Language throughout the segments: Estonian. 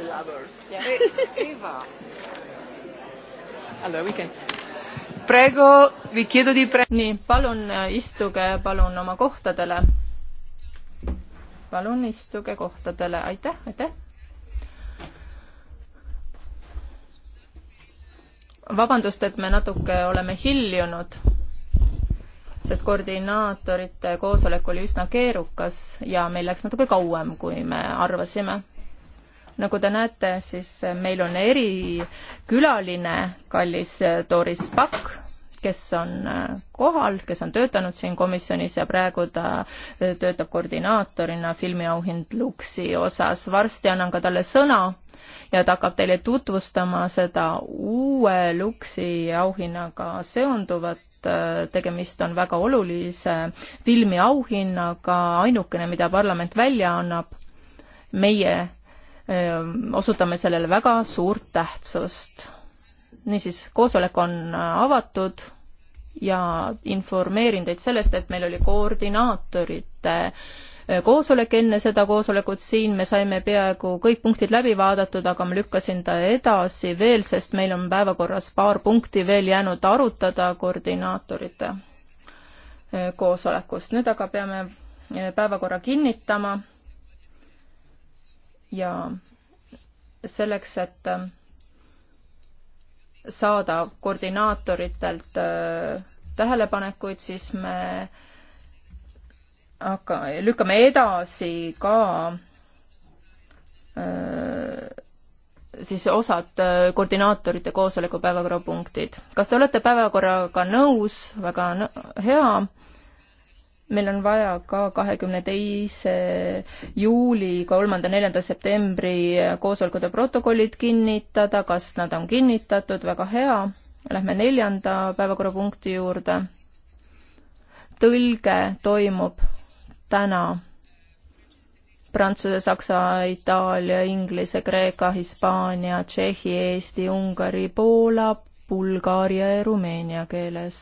the lovers. Yeah. E-, Eva. Allora, we can. Prego, vi chiedo di pre-. nii, palun äh, istuge palun oma kohtadele. palun istuge kohtadele, aitäh, aitäh. vabandust, et me natuke oleme hiljunud, sest koordinaatorite koosolek oli üsna keerukas ja meil läks natuke kauem, kui me arvasime nagu te näete, siis meil on erikülaline, kallis eh, Doris Pakk, kes on eh, kohal, kes on töötanud siin komisjonis ja praegu ta eh, töötab koordinaatorina filmiauhind Luksi osas. varsti annan ka talle sõna ja ta hakkab teile tutvustama seda uue Luksi auhinnaga seonduvat tegemist on väga olulise filmiauhinnaga, ainukene, mida parlament välja annab. meie osutame sellele väga suurt tähtsust. niisiis, koosolek on avatud ja informeerin teid sellest, et meil oli koordinaatorite koosolek enne seda koosolekut siin, me saime peaaegu kõik punktid läbi vaadatud, aga ma lükkasin ta edasi veel, sest meil on päevakorras paar punkti veel jäänud arutada koordinaatorite koosolekust. nüüd aga peame päevakorra kinnitama ja selleks, et äh, saada koordinaatoritelt äh, tähelepanekuid, siis me hakka-, lükkame edasi ka äh, siis osad koordinaatorite koosoleku päevakorrapunktid. kas te olete päevakorraga nõus? väga hea meil on vaja ka kahekümne teise juuli, kolmanda, neljanda septembri koosolekute protokollid kinnitada, kas nad on kinnitatud, väga hea. Lähme neljanda päevakorrapunkti juurde. tõlge toimub täna Prantsuse, Saksa, Itaalia, Inglise, Kreeka, Hispaania, Tšehhi, Eesti, Ungari, Poola, Bulgaaria ja Rumeenia keeles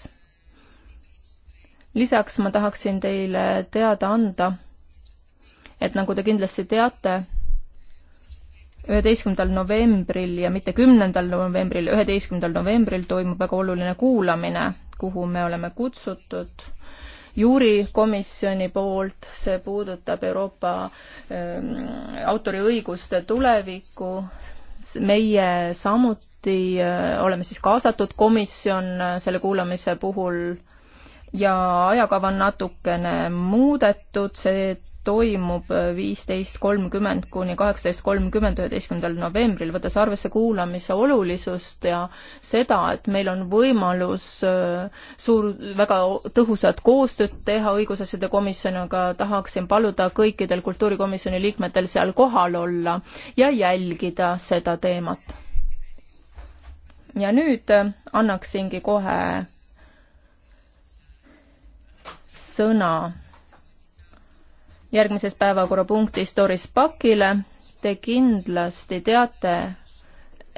lisaks ma tahaksin teile teada anda, et nagu te kindlasti teate, üheteistkümnendal novembril ja mitte kümnendal novembril, üheteistkümnendal novembril toimub väga oluline kuulamine, kuhu me oleme kutsutud juurikomisjoni poolt, see puudutab Euroopa ähm, autoriõiguste tulevikku, meie samuti äh, oleme siis kaasatud komisjon äh, selle kuulamise puhul äh, ja ajakava on natukene muudetud, see toimub viisteist kolmkümmend kuni kaheksateist kolmkümmend üheteistkümnendal novembril, võttes arvesse kuulamise olulisust ja seda, et meil on võimalus äh, suur, väga tõhusat koostööd teha õigusasjade komisjoniga, tahaksin paluda kõikidel kultuurikomisjoni liikmetel seal kohal olla ja jälgida seda teemat. ja nüüd äh, annaksingi kohe sõna järgmises päevakorrapunktis Doris Pakile. Te kindlasti teate,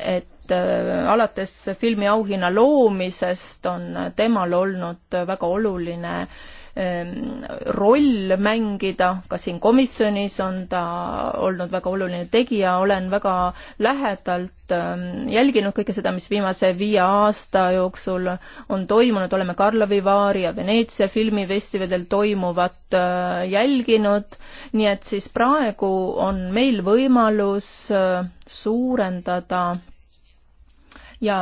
et äh, alates filmi auhinna loomisest on temal olnud väga oluline Ehm, roll mängida, ka siin komisjonis on ta olnud väga oluline tegija, olen väga lähedalt ehm, jälginud kõike seda, mis viimase viie aasta jooksul on toimunud, oleme Karlovi vaari ja Veneetsia filmifestivalidel toimuvat ehm, jälginud, nii et siis praegu on meil võimalus suurendada ja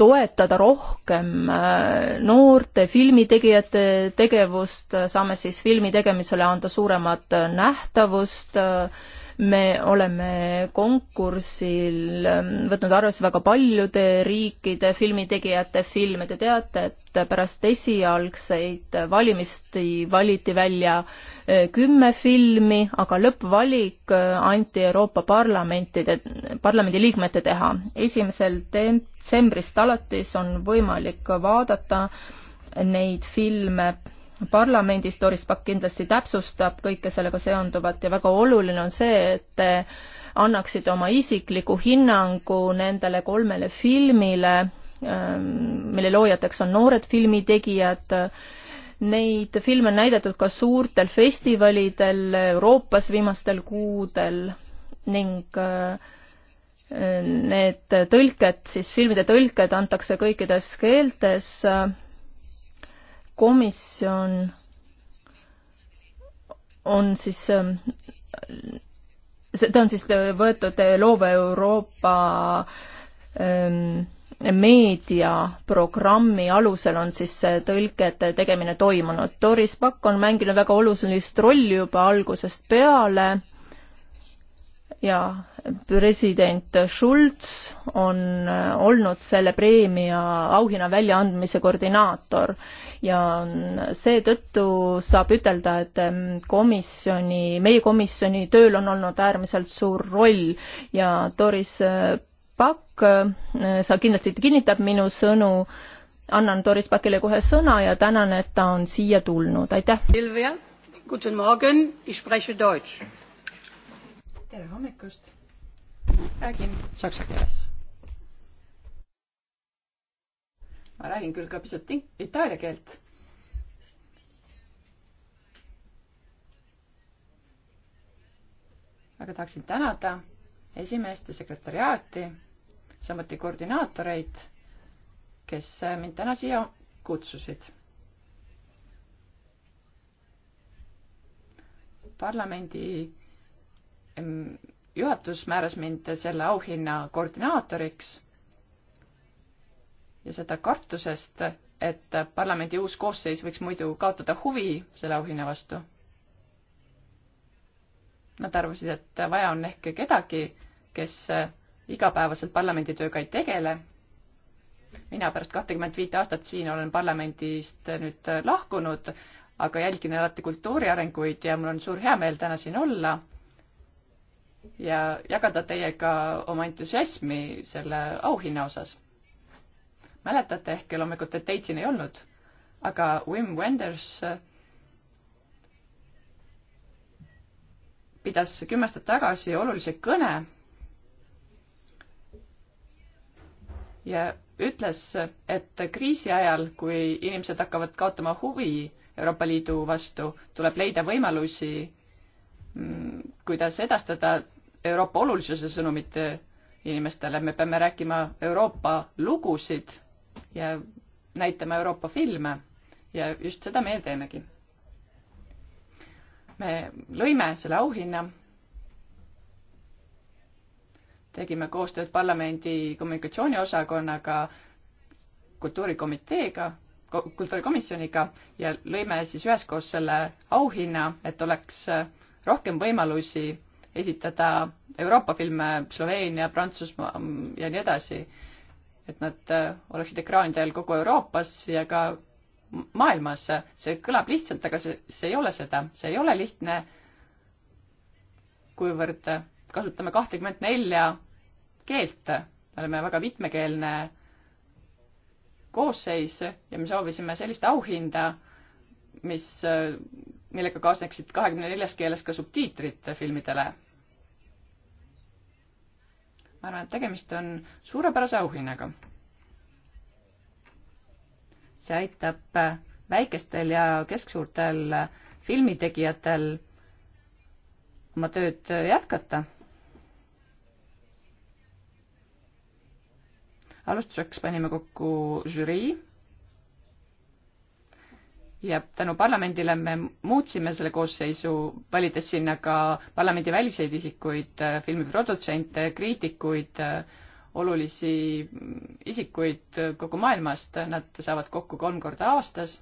toetada rohkem äh, noorte filmitegijate tegevust, saame siis filmi tegemisele anda suuremat äh, nähtavust, äh, me oleme konkursil võtnud arvesse väga paljude riikide filmitegijate filme, te teate, et pärast esialgseid valimisi valiti välja äh, kümme filmi, aga lõppvalik äh, anti Euroopa parlamentide, parlamendi liikmete teha. esimesel detsembrist alates on võimalik vaadata neid filme parlamendis, Doris Pakk kindlasti täpsustab kõike sellega seonduvat ja väga oluline on see, et te annaksite oma isikliku hinnangu nendele kolmele filmile, ähm, mille loojateks on noored filmitegijad Neid filme on näidatud ka suurtel festivalidel Euroopas viimastel kuudel ning äh, need tõlked, siis filmide tõlked antakse kõikides keeltes. komisjon on siis, äh, seda on siis võetud loova Euroopa ähm, meediaprogrammi alusel on siis tõlkete tegemine toimunud. Doris Pakk on mänginud väga olulist rolli juba algusest peale ja president Schulz on olnud selle preemia auhinna väljaandmise koordinaator ja seetõttu saab ütelda, et komisjoni, meie komisjoni tööl on olnud äärmiselt suur roll ja Doris Pakk, äh, sa kindlasti kinnitab minu sõnu, annan Doris Pakile kohe sõna ja tänan, et ta on siia tulnud, aitäh! tere hommikust! räägin saksa keeles. ma räägin küll ka pisut itaalia keelt aga tahaksin tänada esimeest ja sekretäriaati, samuti koordinaatoreid, kes mind täna siia kutsusid. parlamendi juhatus määras mind selle auhinna koordinaatoriks ja seda kartusest, et parlamendi uus koosseis võiks muidu kaotada huvi selle auhinna vastu. Nad arvasid, et vaja on ehk kedagi, kes äh, igapäevaselt parlamenditööga ei tegele. mina pärast kahtekümmet viit aastat siin olen parlamendist äh, nüüd äh, lahkunud, aga jälgin alati kultuuri arenguid ja mul on suur heameel täna siin olla ja jagada teiega oma entusiasmi selle auhinna osas. mäletate ehk loomulikult, et teid siin ei olnud, aga Wim Wenders pidas kümme aastat tagasi olulise kõne ja ütles, et kriisi ajal, kui inimesed hakkavad kaotama huvi Euroopa Liidu vastu, tuleb leida võimalusi, mm, kuidas edastada Euroopa olulisuse sõnumit inimestele, me peame rääkima Euroopa lugusid ja näitama Euroopa filme ja just seda meie teemegi. me lõime selle auhinna tegime koostööd parlamendi kommunikatsiooniosakonnaga, kultuurikomiteega, kultuurikomisjoniga ja lõime siis üheskoos selle auhinna, et oleks äh, rohkem võimalusi esitada Euroopa filme Sloveenia, Prantsusmaa mm, ja nii edasi. et nad äh, oleksid ekraanidel kogu Euroopas ja ka maailmas. see kõlab lihtsalt, aga see, see ei ole seda, see ei ole lihtne, kuivõrd äh, kasutame kahtekümmet nelja keelt, me oleme väga mitmekeelne koosseis ja me soovisime sellist auhinda, mis, millega kaasneksid kahekümne neljas keeles ka subtiitrid filmidele. ma arvan, et tegemist on suurepärase auhinnaga. see aitab väikestel ja kesksuurtel filmitegijatel oma tööd jätkata alustuseks panime kokku žürii ja tänu parlamendile me muutsime selle koosseisu, valides sinna ka parlamendi väliseid isikuid, filmiprodutsente, kriitikuid, olulisi isikuid kogu maailmast, nad saavad kokku kolm korda aastas.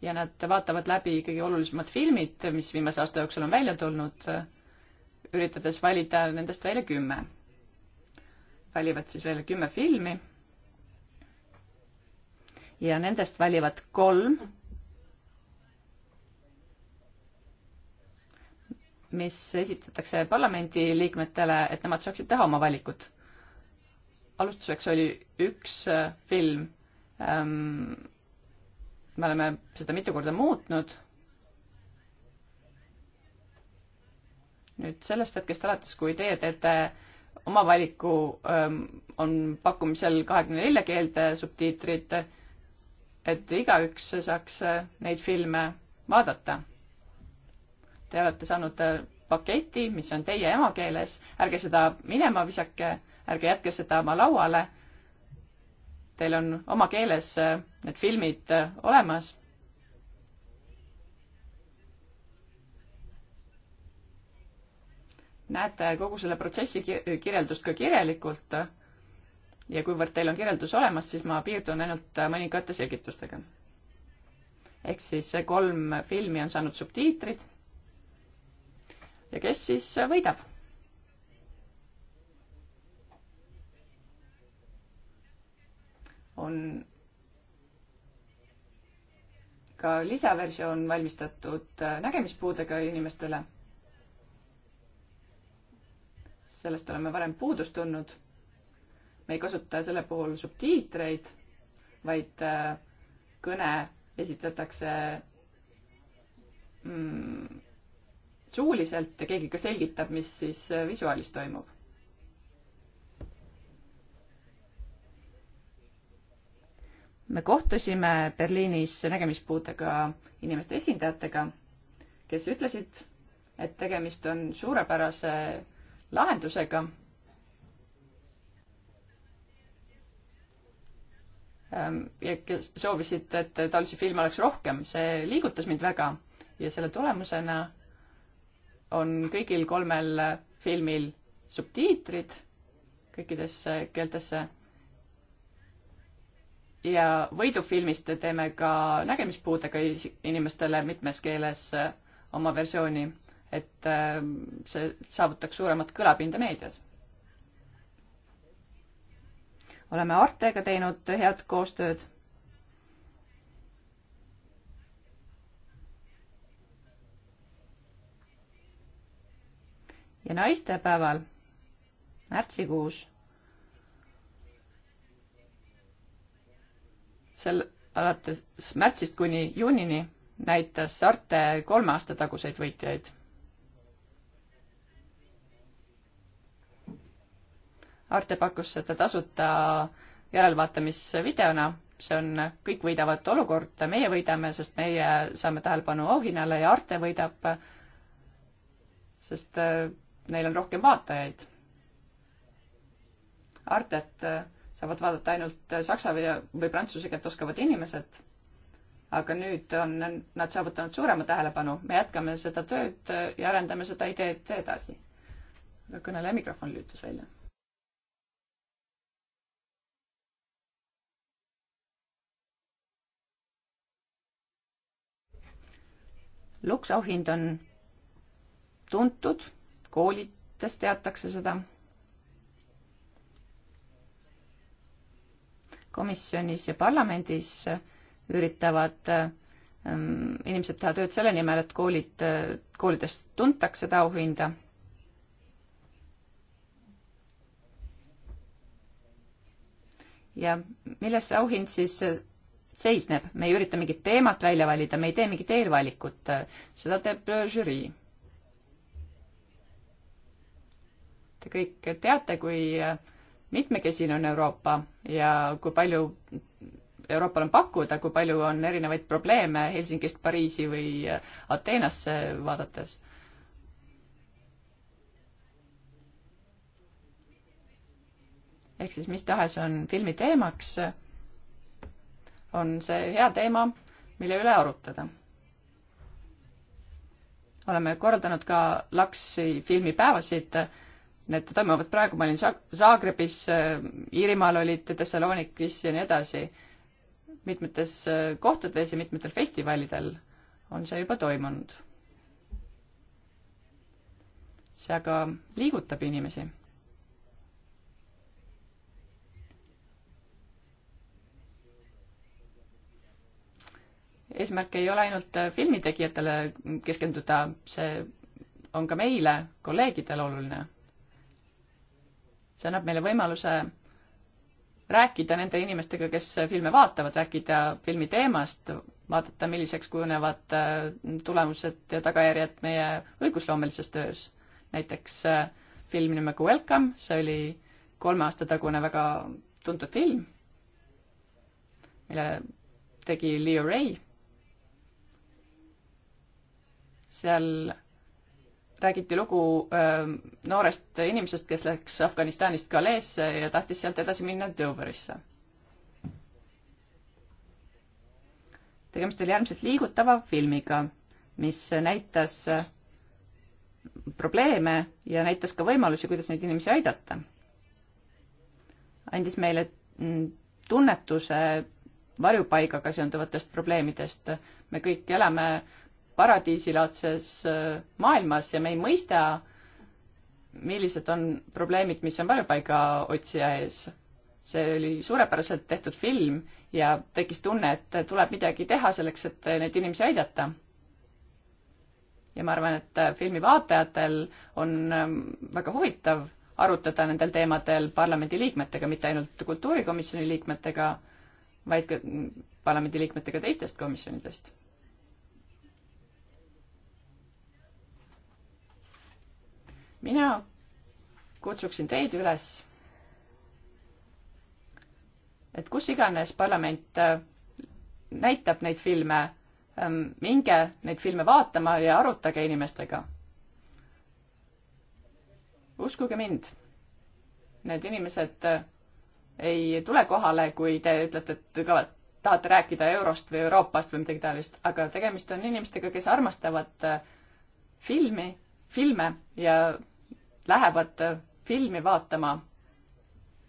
ja nad vaatavad läbi kõige olulisemad filmid, mis viimase aasta jooksul on välja tulnud üritades valida nendest välja kümme. valivad siis välja kümme filmi. ja nendest valivad kolm, mis esitatakse parlamendi liikmetele, et nemad saaksid teha oma valikud. alustuseks oli üks äh, film ähm,. me oleme seda mitu korda muutnud nüüd sellest hetkest alates, kui teie teete oma valiku, ähm, on pakkumisel kahekümne nelja keelde subtiitrid, et igaüks saaks äh, neid filme vaadata. Te olete saanud äh, paketi, mis on teie emakeeles, ärge seda minema visake, ärge jätke seda oma lauale. Teil on oma keeles äh, need filmid olemas näete kogu selle protsessi kirjeldust ka kirjalikult ja kuivõrd teil on kirjeldus olemas, siis ma piirdun ainult mõningate selgitustega. ehk siis kolm filmi on saanud subtiitrid. ja kes siis võidab? on ka lisaversioon valmistatud nägemispuudega inimestele sellest oleme varem puudust tundnud. me ei kasuta selle puhul subtiitreid, vaid äh, kõne esitatakse mm, suuliselt ja keegi ka selgitab, mis siis äh, visuaalis toimub. me kohtusime Berliinis nägemispuudega inimeste esindajatega, kes ütlesid, et tegemist on suurepärase lahendusega. Ähm, ja kes soovisid, et taolisi filme oleks rohkem, see liigutas mind väga ja selle tulemusena on kõigil kolmel filmil subtiitrid kõikidesse keeltesse. ja võidufilmist teeme ka nägemispuudega inimestele mitmes keeles oma versiooni et ähm, see saavutaks suuremat kõlapinda meedias. oleme Artega teinud head koostööd. ja naistepäeval märtsikuus sel alates märtsist kuni juunini näitas Arte kolme aasta taguseid võitjaid Arte pakkus seda tasuta järelvaatamisvideona, see on kõik võidavad olukord, meie võidame, sest meie saame tähelepanu auhinnale ja Arte võidab, sest äh, neil on rohkem vaatajaid. Artet äh, saavad vaadata ainult äh, saksa või, või prantsuse keelt oskavad inimesed, aga nüüd on nad saavutanud suurema tähelepanu, me jätkame seda tööd ja arendame seda ideed edasi. kõneleja mikrofon lülitus välja Lux auhind on tuntud, koolides teatakse seda. komisjonis ja parlamendis üritavad ähm, inimesed teha tööd selle nimel, et koolid, koolides tuntaks seda auhinda ja milles see auhind siis seisneb, me ei ürita mingit teemat välja valida, me ei tee mingit eelvalikut, seda teeb äh, žürii. Te kõik teate, kui äh, mitmekesine on Euroopa ja kui palju Euroopal on pakkuda, kui palju on erinevaid probleeme Helsingist Pariisi või äh, Ateenasse vaadates ehk siis mis tahes on filmi teemaks, on see hea teema, mille üle arutada. oleme korraldanud ka Laksi filmipäevasid, need toimuvad praegu, ma olin Zagrebis, Iirimaal olid Thessalonikis ja nii edasi, mitmetes äh, kohtades ja mitmetel festivalidel on see juba toimunud. see aga liigutab inimesi eesmärk ei ole ainult äh, filmitegijatele keskenduda, see on ka meile, kolleegidele oluline. see annab meile võimaluse rääkida nende inimestega, kes filme vaatavad, rääkida filmi teemast, vaadata, milliseks kujunevad äh, tulemused ja tagajärjed meie õigusloomelises töös. näiteks äh, film nimega Welcome, see oli kolme aasta tagune väga tuntud film, mille tegi Leo Ray seal räägiti lugu ähm, noorest inimesest, kes läks Afganistanist Galeesse ja tahtis sealt edasi minna Doverisse. tegemist oli äärmiselt liigutava filmiga, mis näitas äh, probleeme ja näitas ka võimalusi, kuidas neid inimesi aidata. andis meile mm, tunnetuse varjupaigaga seonduvatest probleemidest. me kõik elame paradiisilaadses äh, maailmas ja me ei mõista, millised on probleemid, mis on varjupaiga otsija ees. see oli suurepäraselt tehtud film ja tekkis tunne, et tuleb midagi teha selleks, et neid inimesi aidata. ja ma arvan, et äh, filmi vaatajatel on ähm, väga huvitav arutada nendel teemadel parlamendiliikmetega, mitte ainult kultuurikomisjoni liikmetega, vaid ka mm, parlamendiliikmetega teistest komisjonidest mina kutsuksin teid üles, et kus iganes parlament äh, näitab neid filme, ähm, minge neid filme vaatama ja arutage inimestega. uskuge mind, need inimesed äh, ei tule kohale, kui te ütlete, et tahate rääkida eurost või Euroopast või midagi taolist, aga tegemist on inimestega, kes armastavad äh, filmi, filme ja lähevad äh, filmi vaatama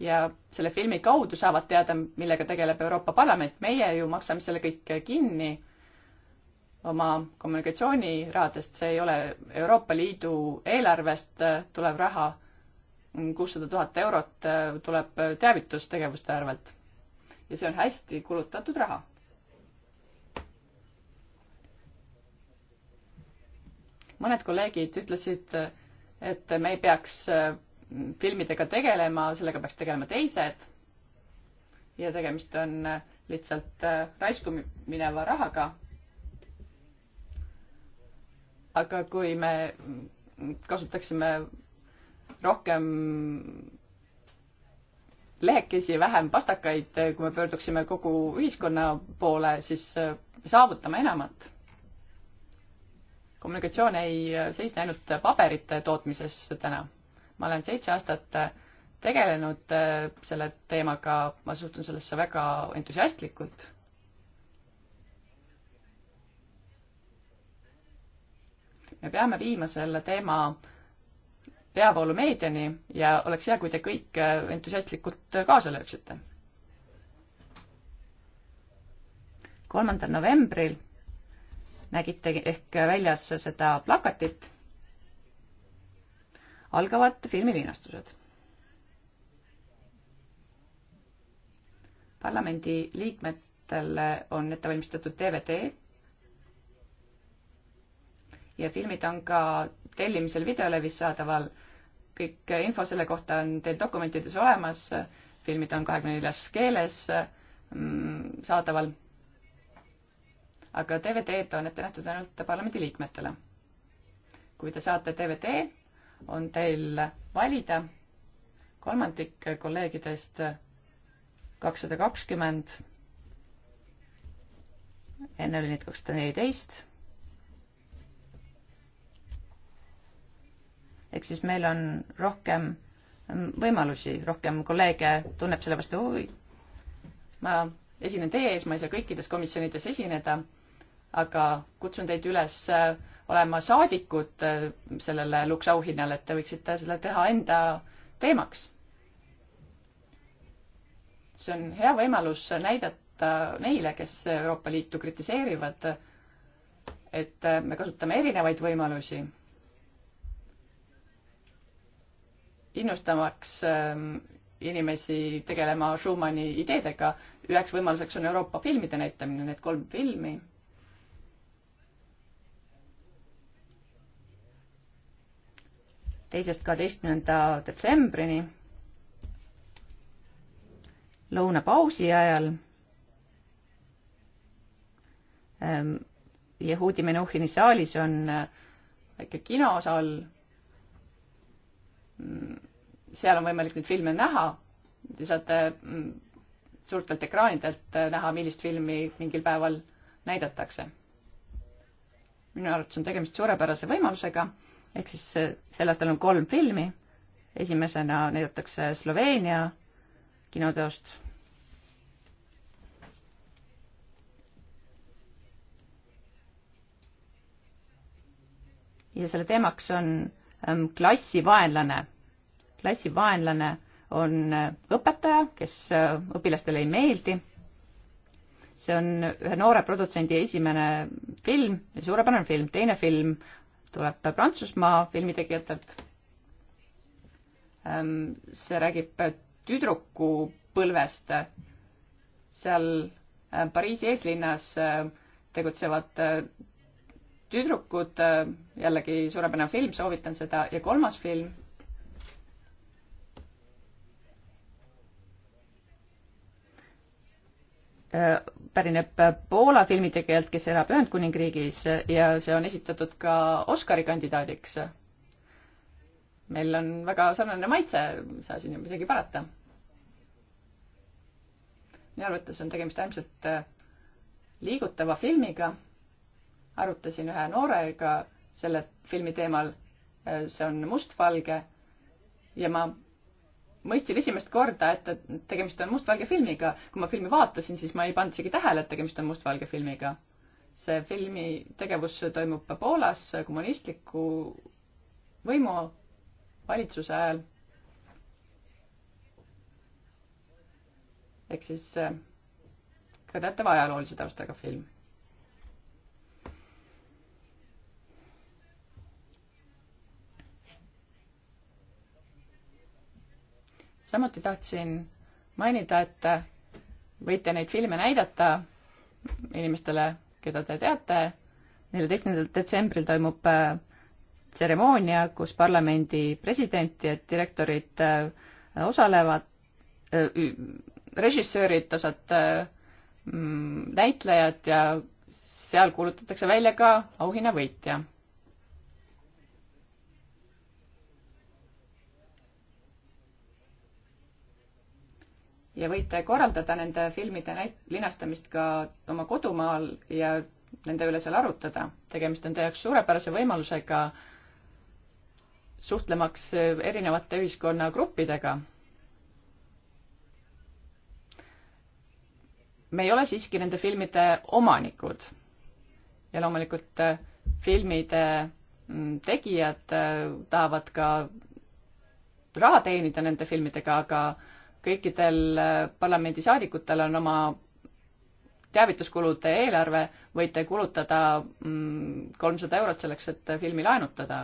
ja selle filmi kaudu saavad teada, millega tegeleb Euroopa Parlament, meie ju maksame selle kõik kinni oma kommunikatsioonirahadest, see ei ole Euroopa Liidu eelarvest äh, tulev raha, kuussada tuhat eurot äh, tuleb teavitustegevuste arvelt. ja see on hästi kulutatud raha. mõned kolleegid ütlesid, et me ei peaks äh, filmidega tegelema, sellega peaks tegelema teised. ja tegemist on äh, lihtsalt äh, raisku mineva rahaga. aga kui me mm, kasutaksime rohkem lehekesi, vähem pastakaid, kui me pöörduksime kogu ühiskonna poole, siis saavutame enamat kommunikatsioon ei seisne ainult paberite tootmises täna. ma olen seitse aastat tegelenud äh, selle teemaga, ma suhtun sellesse väga entusiastlikult. me peame viima selle teema peavoolumeediani ja oleks hea, kui te kõik entusiastlikult kaasa lööksite. kolmandal novembril nägite ehk väljas seda plakatit, algavad filmilinastused. parlamendi liikmetele on ette valmistatud DVD ja filmid on ka tellimisel videolevis saadaval. kõik info selle kohta on teil dokumentides olemas, filmid on kahekümne neljas keeles mm, saadaval aga DVD-d on ette nähtud ainult parlamendiliikmetele. kui te saate DVD, on teil valida kolmandik kolleegidest kakssada kakskümmend, enne oli neid kakssada neliteist. ehk siis meil on rohkem võimalusi, rohkem kolleege tunneb selle vastu huvi. ma esinen teie ees, ma ei saa kõikides komisjonides esineda aga kutsun teid üles äh, olema saadikud äh, sellele Lux auhinnale, et te võiksite selle teha enda teemaks. see on hea võimalus näidata neile, kes Euroopa Liitu kritiseerivad, et äh, me kasutame erinevaid võimalusi innustamaks ähm, inimesi tegelema Schumanni ideedega. üheks võimaluseks on Euroopa filmide näitamine, need kolm filmi teisest kaheteistkümnenda detsembrini lõunapausi ajal ähm, Yehudi Menuhini saalis on äh, väike kinosaal. Mm, seal on võimalik neid filme näha. Te saate mm, suurtelt ekraanidelt äh, näha, millist filmi mingil päeval näidatakse. minu arvates on tegemist suurepärase võimalusega ehk siis äh, sel aastal on kolm filmi. esimesena näidatakse Sloveenia kinoteost. ja selle teemaks on ähm, klassivaenlane. klassivaenlane on äh, õpetaja, kes äh, õpilastele ei meeldi. see on ühe noore produtsendi esimene film, suurepärane film, teine film tuleb Prantsusmaa filmitegijatelt. Ähm, see räägib tüdruku põlvest. seal äh, Pariisi eeslinnas äh, tegutsevad äh, tüdrukud, jällegi suurepärane film, soovitan seda, ja kolmas film Äh, pärineb Poola filmitegijalt, kes elab Ühendkuningriigis äh, ja see on esitatud ka Oscari kandidaadiks. meil on väga sarnane maitse, ei saa siin ju midagi parata. minu arvates on tegemist äärmiselt äh, liigutava filmiga. arutasin ühe noorega selle filmi teemal, see on mustvalge ja ma mõistsin esimest korda, et tegemist on mustvalge filmiga. kui ma filmi vaatasin, siis ma ei pannud isegi tähele, et tegemist on mustvalge filmiga. see filmi tegevus toimub Poolas kommunistliku võimu valitsuse ajal. ehk siis äh, ka teatav ajaloolise taustaga film samuti tahtsin mainida, et võite neid filme näidata inimestele, keda te teate. neljateistkümnendal detsembril toimub äh, tseremoonia, kus parlamendi president ja direktorid äh, osalevad, äh, režissöörid, osad mm, näitlejad ja seal kuulutatakse välja ka auhinnavõitja ja võite korraldada nende filmide näit-, linastamist ka oma kodumaal ja nende üle seal arutada. tegemist on teie jaoks suurepärase võimalusega suhtlemaks erinevate ühiskonnagruppidega. me ei ole siiski nende filmide omanikud ja loomulikult äh, filmide mm, tegijad äh, tahavad ka raha teenida nende filmidega, aga kõikidel äh, parlamendisaadikutel on oma teavituskulude eelarve, võite kulutada mm, kolmsada eurot selleks, et äh, filmi laenutada.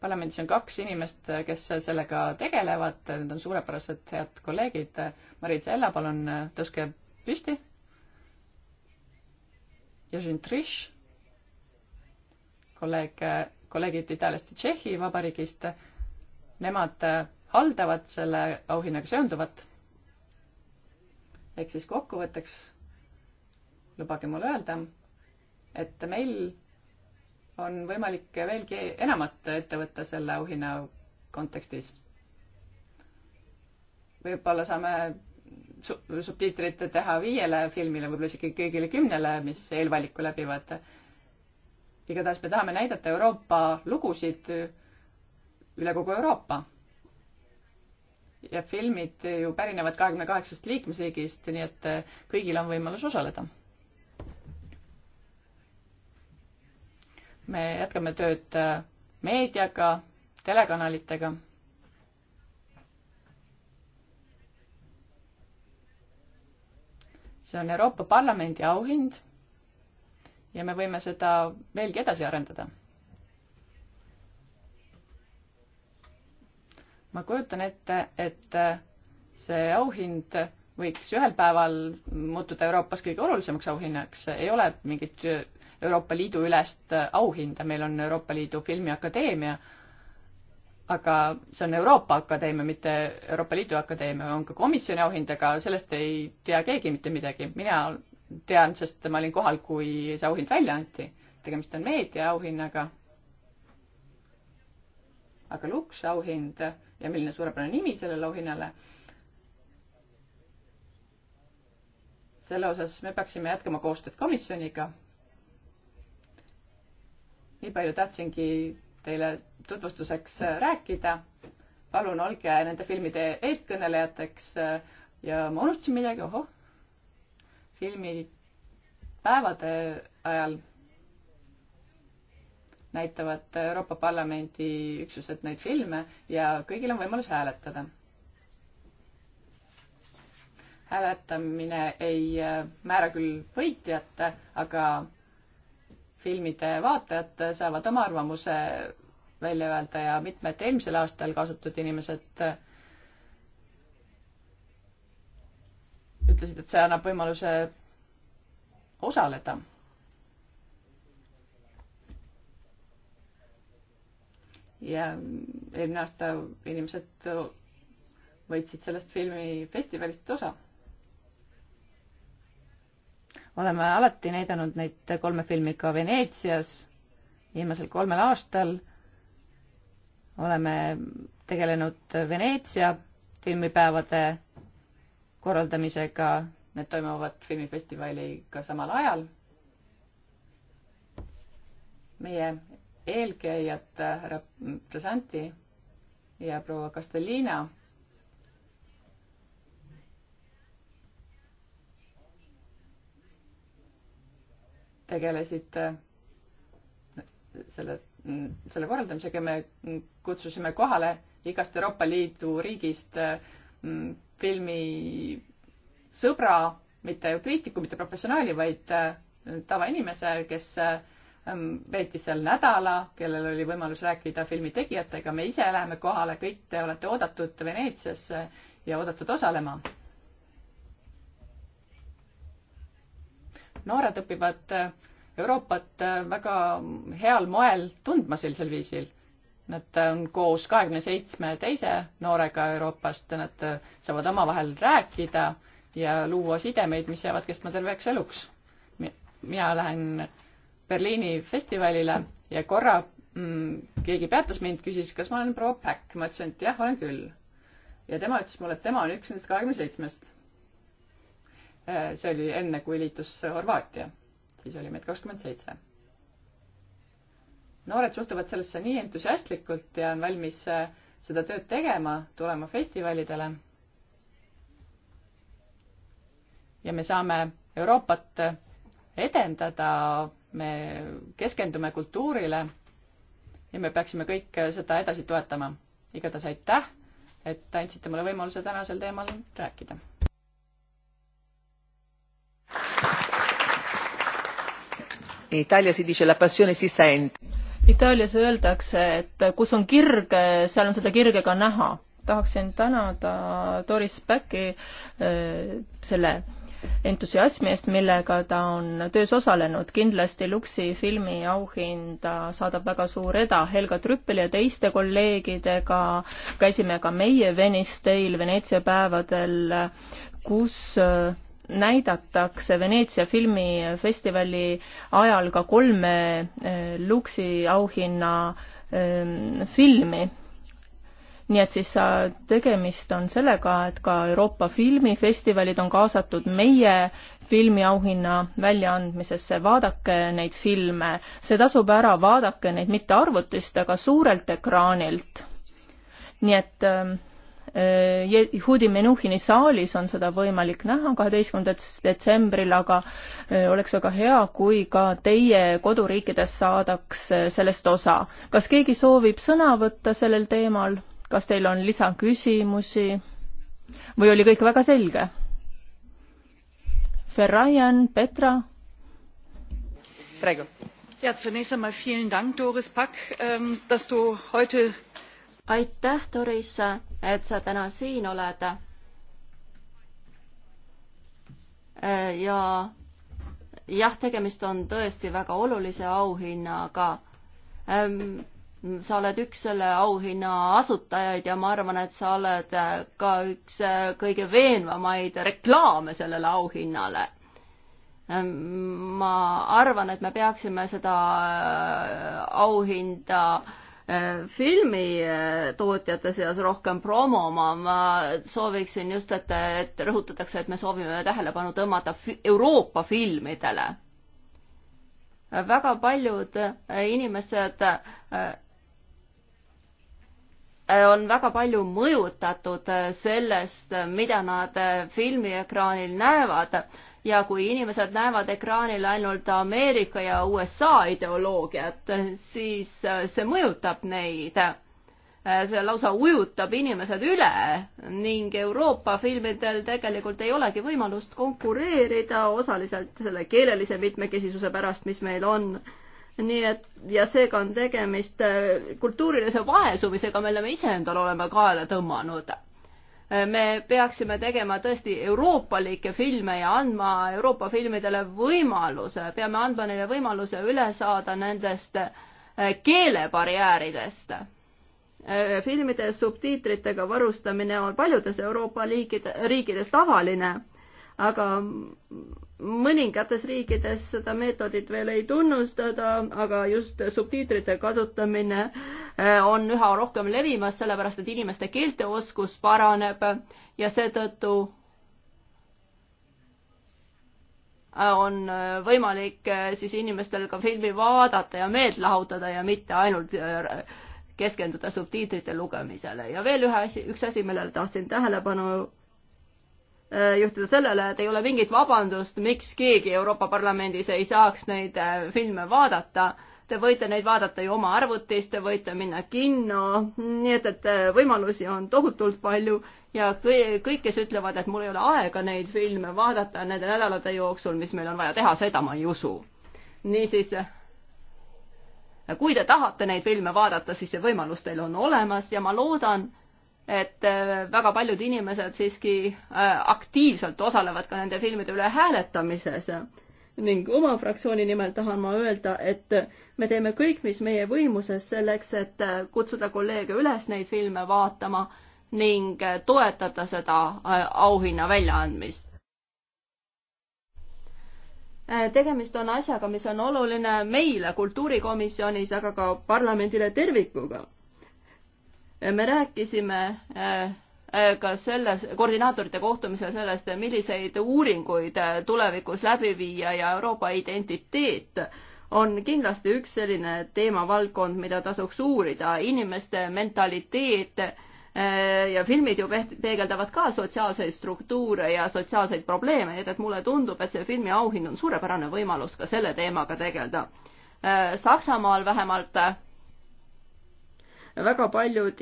parlamendis on kaks inimest, äh, kes sellega tegelevad, need on suurepärased head kolleegid. Marit Sella, palun tõuske püsti. Jožin Trish, kolleeg kolleegid Itaaliast ja Tšehhi Vabariigist, nemad äh, haldavad selle auhinnaga seonduvat. ehk siis kokkuvõtteks lubage mul öelda, et meil on võimalik veelgi enamat ette võtta selle auhinna kontekstis. võib-olla saame subtiitrid teha viiele filmile, võib-olla isegi kõigile kümnele, mis eelvaliku läbivad igatahes me tahame näidata Euroopa lugusid üle kogu Euroopa. ja filmid ju pärinevad kahekümne kaheksast liikmesriigist, nii et eh, kõigil on võimalus osaleda. me jätkame tööd eh, meediaga, telekanalitega see on Euroopa Parlamendi auhind ja me võime seda veelgi edasi arendada. ma kujutan ette, et see auhind võiks ühel päeval muutuda Euroopas kõige olulisemaks auhinnaks, ei ole mingit Euroopa Liidu ülest auhinda, meil on Euroopa Liidu Filmiakadeemia, aga see on Euroopa Akadeemia, mitte Euroopa Liidu Akadeemia, on ka komisjoni auhind, aga sellest ei tea keegi mitte midagi. mina tean, sest ma olin kohal, kui see auhind välja anti. tegemist on meediaauhinnaga. aga Lux auhind ja milline suurepärane nimi sellele auhinnale. selle osas me peaksime jätkama koostööd komisjoniga. nii palju tahtsingi teile tutvustuseks rääkida. palun olge nende filmide eestkõnelejateks ja ma unustasin midagi, ohoh filmipäevade ajal näitavad Euroopa Parlamendi üksused neid filme ja kõigil on võimalus hääletada. hääletamine ei äh, määra küll võitjat, aga filmide vaatajad saavad oma arvamuse välja öelda ja mitmed eelmisel aastal kaasatud inimesed äh, ütlesid, et see annab võimaluse osaleda. ja eelmine aasta inimesed võitsid sellest filmifestivalist osa. oleme alati näidanud neid kolme filmi ka Veneetsias viimasel kolmel aastal. oleme tegelenud Veneetsia filmipäevade korraldamisega, need toimuvad filmifestivaliga samal ajal. meie eelkäijad härra Presanti ja proua Castellina tegelesid selle, selle korraldamisega, me kutsusime kohale igast Euroopa Liidu riigist mm, filmi sõbra, mitte kriitiku, mitte professionaali, vaid äh, tavainimese, kes ähm, veetis seal nädala, kellel oli võimalus rääkida filmi tegijatega, me ise läheme kohale, kõik te olete oodatud Veneetsiasse äh, ja oodatud osalema. noored õpivad äh, Euroopat väga heal moel tundma sellisel viisil Nad on koos kahekümne seitsme teise noorega Euroopast, nad saavad omavahel rääkida ja luua sidemeid, mis jäävad kestma terveks eluks. mina lähen Berliini festivalile ja korra mm, keegi peatas mind, küsis, kas ma olen proua Päkk, ma ütlesin, et jah, olen küll. ja tema ütles mulle, et tema on üks nendest kahekümne seitsmest. Äh, see oli enne, kui liitus Horvaatia, siis oli meid kakskümmend seitse noored suhtuvad sellesse nii entusiastlikult ja on valmis äh, seda tööd tegema, tulema festivalidele. ja me saame Euroopat edendada, me keskendume kultuurile ja me peaksime kõik seda edasi toetama. igatahes aitäh, et andsite mulle võimaluse tänasel teemal rääkida. In Italia si dice la passione si sente Itaalias öeldakse, et kus on kirg, seal on seda kirge ka näha. tahaksin tänada Doris Päki eh, selle entusiasmi eest, millega ta on töös osalenud. kindlasti Luksi filmi auhinda saadab väga suur eda Helga Trüppeli ja teiste kolleegidega. käisime ka meie Venice Tale Veneetsia päevadel, kus eh, näidatakse Veneetsia filmifestivali ajal ka kolme eh, Luksi auhinna eh, filmi. nii et siis äh, tegemist on sellega, et ka Euroopa filmifestivalid on kaasatud meie filmiauhinna väljaandmisesse, vaadake neid filme, see tasub ära, vaadake neid mitte arvutist, aga suurelt ekraanilt. nii et äh, Yehudi äh, Menuhini saalis on seda võimalik näha kaheteistkümnendal detsembril, aga äh, oleks väga hea, kui ka teie koduriikides saadaks äh, sellest osa. kas keegi soovib sõna võtta sellel teemal, kas teil on lisaküsimusi või oli kõik väga selge? Ferrajan, Petra? praegu. Ja, zunächst einmal vielen Dank, Doris Pack, ähm, dass du heute aitäh, Doris, et sa täna siin oled. ja jah, tegemist on tõesti väga olulise auhinnaga ähm, sa oled üks selle auhinna asutajaid ja ma arvan, et sa oled ka üks kõige veenvamaid reklaame sellele auhinnale. Ehm, ma arvan, et me peaksime seda auhinda filmitootjate äh, seas rohkem promoma, ma sooviksin just, et, et rõhutatakse, et me soovime tähelepanu tõmmata fi Euroopa filmidele. väga paljud äh, inimesed äh, on väga palju mõjutatud sellest, mida nad filmiekraanil näevad ja kui inimesed näevad ekraanil ainult Ameerika ja USA ideoloogiat, siis äh, see mõjutab neid. Äh, see lausa ujutab inimesed üle ning Euroopa filmidel tegelikult ei olegi võimalust konkureerida osaliselt selle keelelise mitmekesisuse pärast, mis meil on nii et ja seega on tegemist äh, kultuurilise vaesumisega, mille me ise endale oleme kaela tõmmanud me peaksime tegema tõesti euroopalikke filme ja andma Euroopa filmidele võimaluse, peame andma neile võimaluse üle saada nendest eh, keelebarjääridest. Eh, filmide subtiitritega varustamine on paljudes Euroopa liikide, riikides tavaline aga mõningates riikides seda meetodit veel ei tunnustada, aga just subtiitrite kasutamine eh, on üha rohkem levimas, sellepärast et inimeste keelteoskus paraneb ja seetõttu eh, on eh, võimalik siis inimestel ka filmi vaadata ja meelt lahutada ja mitte ainult keskenduda subtiitrite lugemisele ja veel ühe asi, üks asi, millele tahtsin tähelepanu Äh, juhtida sellele, et ei ole mingit vabandust, miks keegi Euroopa Parlamendis ei saaks neid äh, filme vaadata. Te võite neid vaadata ju oma arvutis, te võite minna kinno, nii et, et äh, võimalusi on tohutult palju ja kõik, kes ütlevad, et mul ei ole aega neid filme vaadata nende nädalate jooksul, mis meil on vaja teha, seda ma ei usu. niisiis, kui te tahate neid filme vaadata, siis see võimalus teil on olemas ja ma loodan, et äh, väga paljud inimesed siiski äh, aktiivselt osalevad ka nende filmide üle hääletamises. ning oma fraktsiooni nimel tahan ma öelda, et me teeme kõik, mis meie võimuses selleks, et äh, kutsuda kolleege üles neid filme vaatama ning toetada seda auhinna väljaandmist. tegemist on asjaga, mis on oluline meile kultuurikomisjonis, aga ka parlamendile tervikuga me rääkisime äh, äh, ka selles, koordinaatorite kohtumisel sellest, milliseid uuringuid äh, tulevikus läbi viia ja Euroopa identiteet on kindlasti üks selline teemavaldkond, mida tasuks uurida, inimeste mentaliteet ja filmid ju peegeldavad ka sotsiaalseid struktuure ja sotsiaalseid probleeme, nii et, et mulle tundub, et see filmi auhind on suurepärane võimalus ka selle teemaga tegeleda. Saksamaal vähemalt väga paljud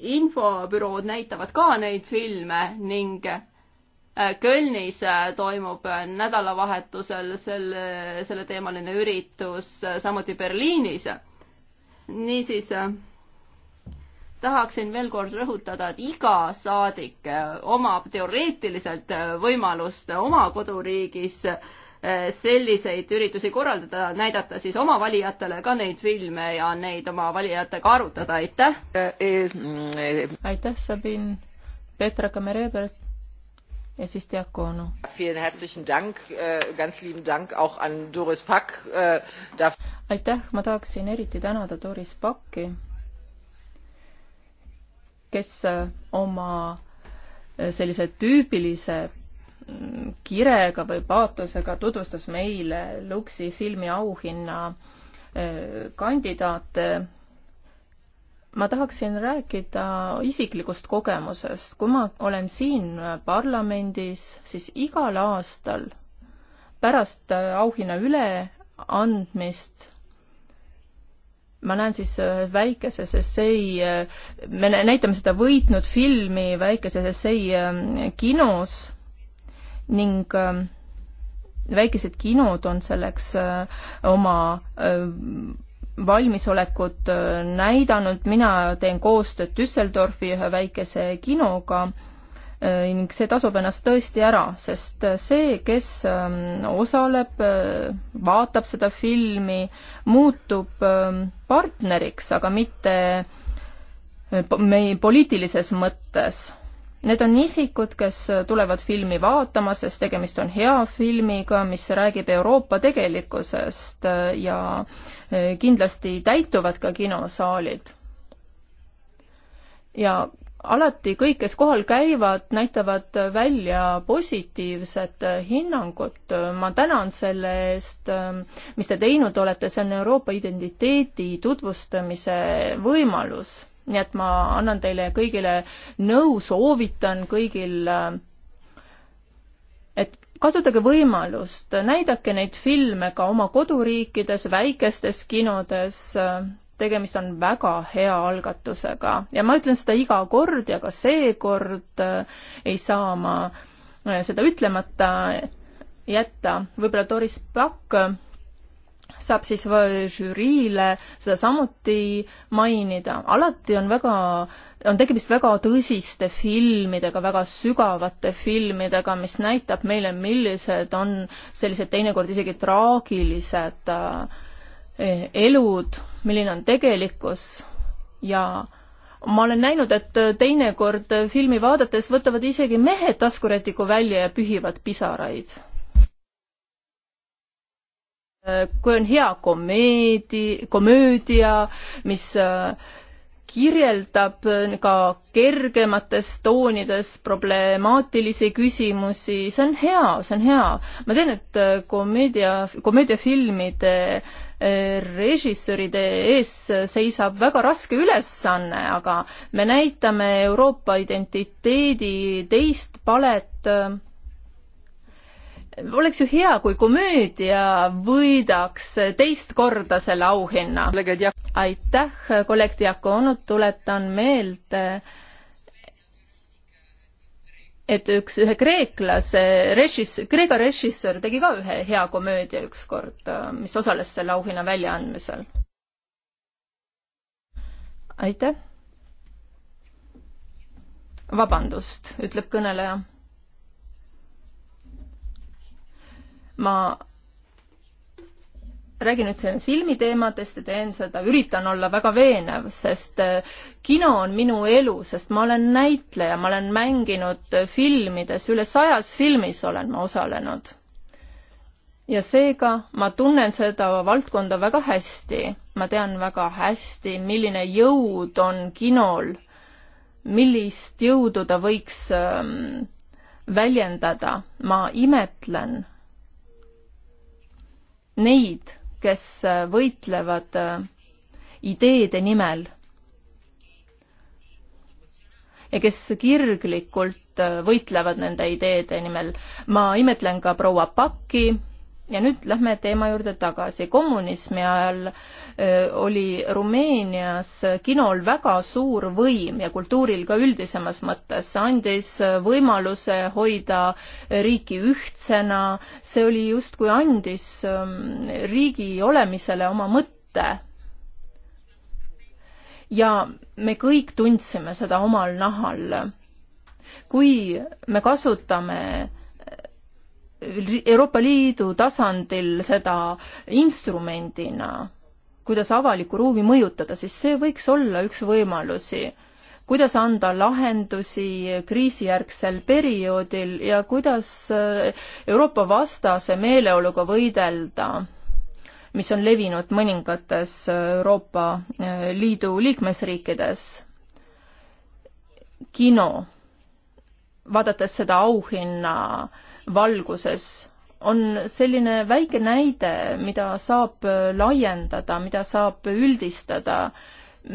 infobürood näitavad ka neid filme ning äh, Kölnis äh, toimub äh, nädalavahetusel selle, selleteemaline üritus, samuti Berliinis. niisiis tahaksin veel kord rõhutada, et iga saadik omab teoreetiliselt võimalust oma koduriigis äh, Äh, selliseid üritusi korraldada, näidata siis oma valijatele ka neid filme ja neid oma valijatega arutada, aitäh! aitäh, Sabin, Petra Kamerebert ja siis Diakonu. aitäh, ma tahaksin eriti tänada Doris Pakki, kes äh, oma äh, sellise tüübilise kirega või paatosega tutvustas meile Luksi filmi auhinna kandidaate. ma tahaksin rääkida isiklikust kogemusest. kui ma olen siin parlamendis, siis igal aastal pärast auhinna üleandmist ma näen siis väikeses essei, me näitame seda võitnud filmi väikeses essei kinos ning ähm, väikesed kinod on selleks äh, oma äh, valmisolekut äh, näidanud, mina teen koostööd Düsseldorfi ühe väikese kinoga ning see tasub ennast tõesti ära, sest see, kes ähm, osaleb, vaatab seda filmi, muutub ähm, partneriks, aga mitte meie poliitilises mõttes Need on isikud, kes tulevad filmi vaatama, sest tegemist on hea filmiga, mis räägib Euroopa tegelikkusest äh, ja äh, kindlasti täituvad ka kinosaalid. ja alati kõik, kes kohal käivad, näitavad välja positiivset hinnangut. ma tänan selle eest, äh, mis te teinud olete, see on Euroopa identiteedi tutvustamise võimalus nii et ma annan teile kõigile nõu, soovitan kõigil, äh, et kasutage võimalust, näidake neid filme ka oma koduriikides, väikestes kinodes, tegemist on väga hea algatusega ja ma ütlen seda iga kord ja ka seekord äh, ei saa ma äh, seda ütlemata jätta. võib-olla Doris Pakk saab siis žüriile seda samuti mainida. alati on väga, on tegemist väga tõsiste filmidega, väga sügavate filmidega, mis näitab meile, millised on sellised teinekord isegi traagilised äh, elud, milline on tegelikkus ja ma olen näinud, et teinekord filmi vaadates võtavad isegi mehed taskurätiku välja ja pühivad pisaraid kui on hea komeedi, komöödia, mis äh, kirjeldab äh, ka kergemates toonides problemaatilisi küsimusi, see on hea, see on hea. ma tean, et äh, komeedia, komeediafilmide režissööride ees seisab väga raske ülesanne, aga me näitame Euroopa identiteedi teist palet oleks ju hea, kui komöödia võidaks teist korda selle auhinna. aitäh, kolleeg Diakonut, tuletan meelde, et üks, ühe kreeklase režissöör, Kreeka režissöör tegi ka ühe hea komöödia ükskord, mis osales selle auhinna väljaandmisel. aitäh. vabandust, ütleb kõneleja ma räägin nüüd siin filmi teemadest ja teen seda, üritan olla väga veenev, sest äh, kino on minu elu, sest ma olen näitleja, ma olen mänginud filmides, üle sajas filmis olen ma osalenud. ja seega ma tunnen seda valdkonda väga hästi, ma tean väga hästi, milline jõud on kinol, millist jõudu ta võiks ähm, väljendada, ma imetlen neid, kes äh, võitlevad äh, ideede nimel ja kes kirglikult äh, võitlevad nende ideede nimel. ma imetlen ka proua Pakki, ja nüüd lähme teema juurde tagasi. kommunismi ajal oli Rumeenias kinol väga suur võim ja kultuuril ka üldisemas mõttes. see andis võimaluse hoida riiki ühtsena, see oli justkui andis riigi olemisele oma mõtte. ja me kõik tundsime seda omal nahal. kui me kasutame Euroopa Liidu tasandil seda instrumendina, kuidas avalikku ruumi mõjutada, siis see võiks olla üks võimalusi. kuidas anda lahendusi kriisijärgsel perioodil ja kuidas äh, Euroopa vastase meeleoluga võidelda, mis on levinud mõningates äh, Euroopa äh, Liidu liikmesriikides. kino, vaadates seda auhinna äh, valguses on selline väike näide, mida saab laiendada, mida saab üldistada.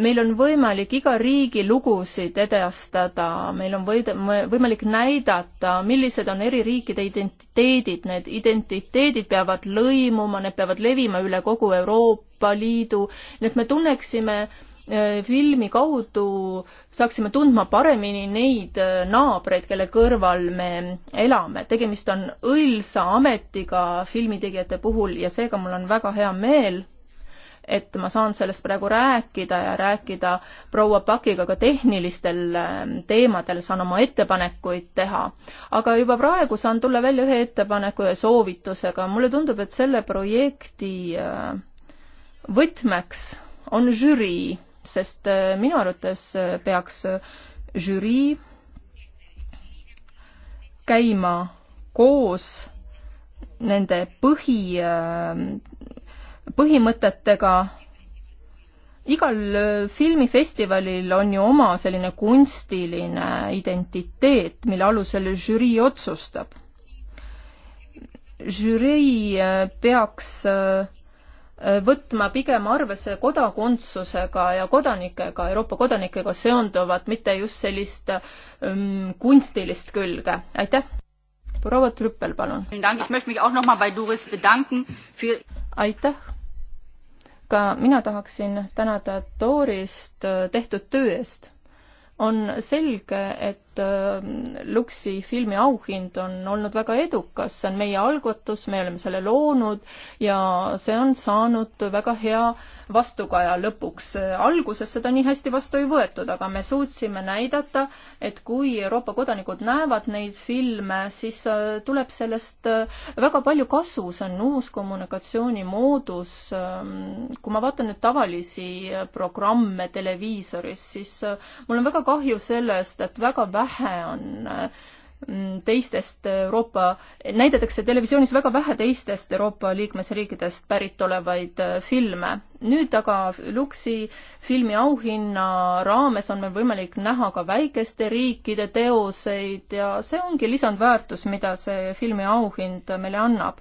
meil on võimalik iga riigi lugusid edastada, meil on võida, võimalik näidata, millised on eri riikide identiteedid, need identiteedid peavad lõimuma, need peavad levima üle kogu Euroopa Liidu, nii et me tunneksime Äh, filmi kaudu saaksime tundma paremini neid äh, naabreid, kelle kõrval me elame. tegemist on õilsa ametiga filmitegijate puhul ja seega mul on väga hea meel, et ma saan sellest praegu rääkida ja rääkida proua Pakiga ka tehnilistel äh, teemadel, saan oma ettepanekuid teha. aga juba praegu saan tulla välja ühe ettepaneku ja soovitusega. mulle tundub, et selle projekti võtmeks on žürii sest äh, minu arvates äh, peaks äh, žürii käima koos nende põhi, põhimõtetega. igal filmifestivalil on ju oma selline kunstiline identiteet, mille alusel žürii otsustab. žürii peaks äh, Äh, võtma pigem arvesse kodakondsusega ja kodanikega, Euroopa kodanikega seonduvat, mitte just sellist um, kunstilist külge. aitäh! proua Trüppel, palun! aitäh! ka mina tahaksin tänada Dorist äh, tehtud töö eest. on selge, et et äh, Luksi filmi auhind on olnud väga edukas, see on meie algatus, me oleme selle loonud ja see on saanud väga hea vastukaja lõpuks. alguses seda nii hästi vastu ei võetud, aga me suutsime näidata, et kui Euroopa kodanikud näevad neid filme, siis äh, tuleb sellest äh, väga palju kasu, see on uus kommunikatsioonimoodus. Ähm, kui ma vaatan nüüd tavalisi programme televiisoris, siis mul on väga kahju sellest, et väga vähe vähe on mm, teistest Euroopa, näidatakse televisioonis väga vähe teistest Euroopa liikmesriikidest pärit olevaid äh, filme. nüüd aga Luksi filmi auhinna raames on meil võimalik näha ka väikeste riikide teoseid ja see ongi lisandväärtus, mida see filmi auhind meile annab.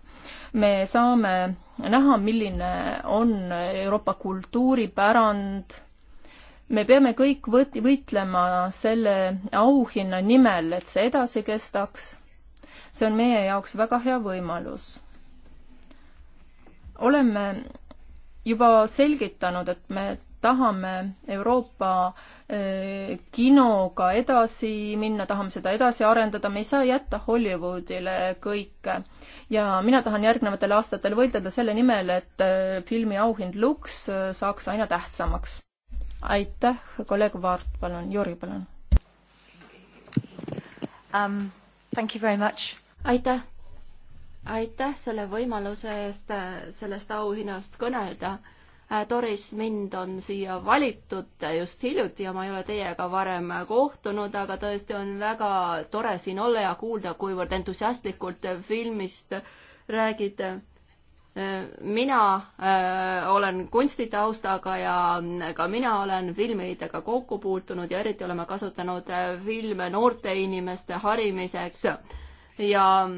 me saame näha, milline on Euroopa kultuuripärand me peame kõik võt-, võitlema selle auhinna nimel, et see edasi kestaks. see on meie jaoks väga hea võimalus. oleme juba selgitanud, et me tahame Euroopa eh, kinoga edasi minna, tahame seda edasi arendada, me ei saa jätta Hollywoodile kõike. ja mina tahan järgnevatel aastatel võidelda selle nimel, et eh, filmi auhind Lux eh, saaks aina tähtsamaks aitäh, kolleeg Vaart, palun, Jüri, palun um,. aitäh, aitäh selle võimaluse eest äh, sellest auhinnast kõnelda. Äh, Doris, mind on siia valitud just hiljuti ja ma ei ole teiega varem kohtunud, aga tõesti on väga tore siin olla ja kuulda, kuivõrd entusiastlikult filmist räägid mina äh, olen kunstitaustaga ja ka mina olen filmidega kokku puutunud ja eriti oleme kasutanud äh, filme noorte inimeste harimiseks ja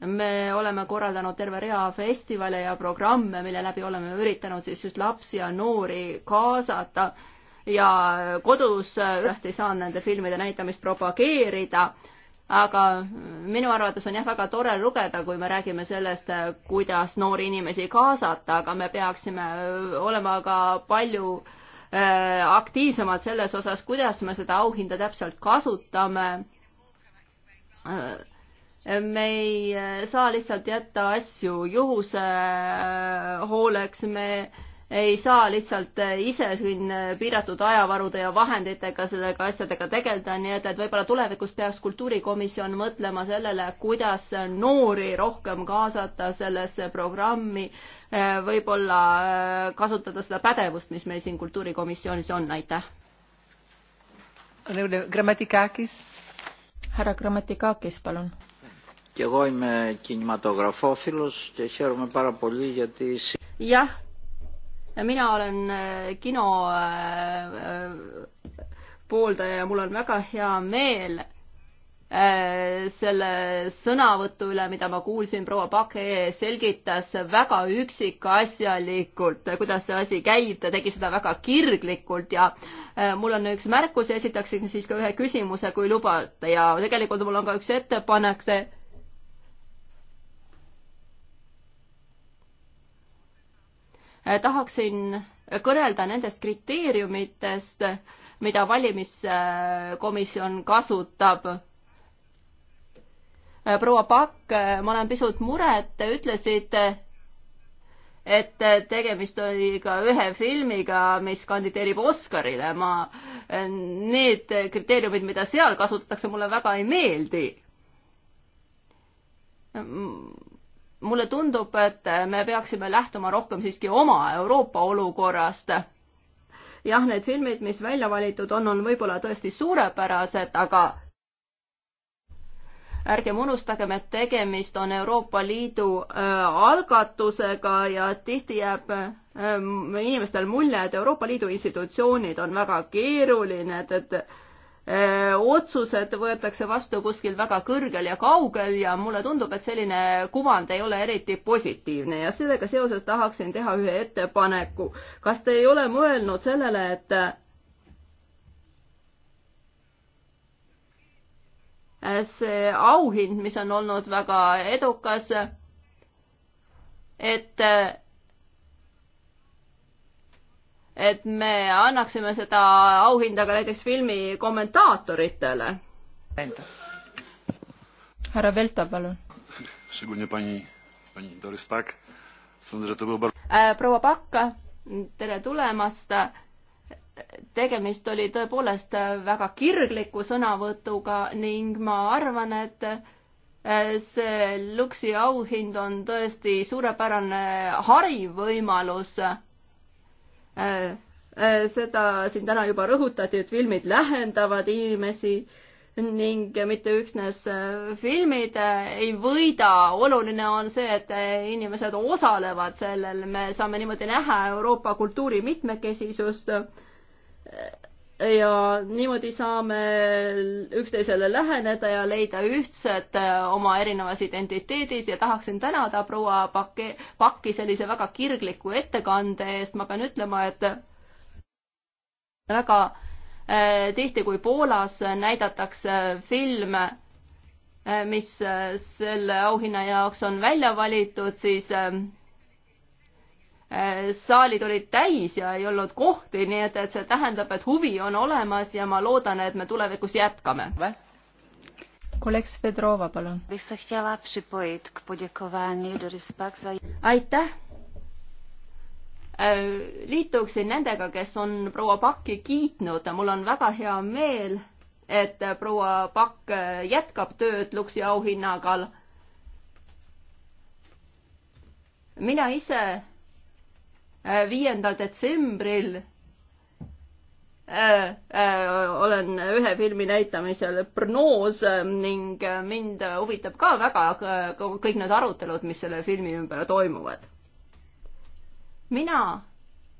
me oleme korraldanud terve rea festivale ja programme, mille läbi oleme üritanud siis just lapsi ja noori kaasata ja kodus äh, üles ei saanud nende filmide näitamist propageerida aga minu arvates on jah väga tore lugeda, kui me räägime sellest, kuidas noori inimesi kaasata, aga me peaksime äh, olema ka palju äh, aktiivsemad selles osas, kuidas me seda auhinda täpselt kasutame. Äh, me ei saa lihtsalt jätta asju juhuse hooleks, me ei saa lihtsalt eh, ise siin eh, piiratud ajavarude ja vahenditega sellega asjadega tegeleda, nii et, et võib-olla tulevikus peaks kultuurikomisjon mõtlema sellele, kuidas noori rohkem kaasata sellesse programmi, eh, võib-olla kasutada seda pädevust, mis meil siin kultuurikomisjonis on, aitäh. Grammatikakis. härra Grammatikakis, palun. Και εγώ είμαι κινηματογραφόφιλος και χαίρομαι πάρα πολύ γιατί... Jah, mina olen äh, kino äh, äh, pooldaja ja mul on väga hea meel selle sõnavõtu üle, mida ma kuulsin, proua Pake selgitas väga üksikasjalikult, kuidas see asi käib, ta tegi seda väga kirglikult ja mul on üks märkus ja esitaksin siis ka ühe küsimuse, kui lubate ja tegelikult mul on ka üks ettepanek, see Äh, tahaksin kõnelda nendest kriteeriumitest, mida valimiskomisjon kasutab. Äh, proua Pakk, äh, ma olen pisut muret, te ütlesite, et tegemist oli ka ühe filmiga, mis kandideerib Oscarile. ma, need kriteeriumid, mida seal kasutatakse, mulle väga ei meeldi mulle tundub, et me peaksime lähtuma rohkem siiski oma Euroopa olukorrast. jah, need filmid, mis välja valitud on, on võib-olla tõesti suurepärased, aga ärgem unustagem, et tegemist on Euroopa Liidu äh, algatusega ja tihti jääb äh, inimestel mulje, et Euroopa Liidu institutsioonid on väga keeruline, et, et otsused võetakse vastu kuskil väga kõrgel ja kaugel ja mulle tundub, et selline kuvand ei ole eriti positiivne ja sellega seoses tahaksin teha ühe ettepaneku. kas te ei ole mõelnud sellele, et äh, see auhind, mis on olnud väga edukas, et äh, et me annaksime seda auhinda ka näiteks filmi kommentaatoritele. härra Velta, palun. Äh, proua Pakka, tere tulemast. tegemist oli tõepoolest väga kirgliku sõnavõtuga ning ma arvan, et äh, see Luksi auhind on tõesti suurepärane harivõimalus Äh, äh, seda siin täna juba rõhutati, et filmid lähendavad inimesi ning mitte üksnes äh, filmid ei võida, oluline on see, et inimesed osalevad sellel, me saame niimoodi näha Euroopa kultuuri mitmekesisust ja niimoodi saame üksteisele läheneda ja leida ühtsed äh, oma erinevas identiteedis ja tahaksin tänada proua Paki, Pakki sellise väga kirgliku ettekande eest, ma pean ütlema, et väga äh, tihti, kui Poolas näidatakse filme, äh, mis selle auhinna jaoks on välja valitud, siis Äh, saalid olid täis ja ei olnud kohti, nii et, et see tähendab, et huvi on olemas ja ma loodan, et me tulevikus jätkame. kolleeg Svedrova, palun. aitäh. Äh, liituksin nendega, kes on proua Pakki kiitnud, mul on väga hea meel, et proua Pakk äh, jätkab tööd Luksi auhinnaga. mina ise Äh, viiendal detsembril Äh, äh, olen ühe filmi näitamisel prognoos äh, ning äh, mind huvitab ka väga kõik need arutelud, mis selle filmi ümber toimuvad. mina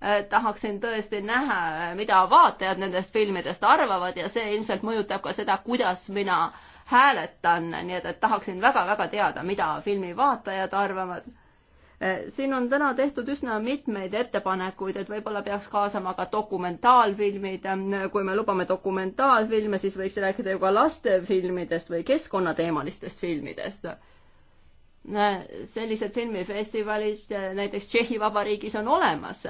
äh, tahaksin tõesti näha, mida vaatajad nendest filmidest arvavad ja see ilmselt mõjutab ka seda, kuidas mina hääletan, nii et, et tahaksin väga-väga teada, mida filmi vaatajad arvavad Eh, siin on täna tehtud üsna mitmeid ettepanekuid, et võib-olla peaks kaasama ka dokumentaalfilmid. kui me lubame dokumentaalfilme, siis võiks rääkida ju ka lastefilmidest või keskkonnateemalistest filmidest. Eh, sellised filmifestivalid eh, näiteks Tšehhi Vabariigis on olemas.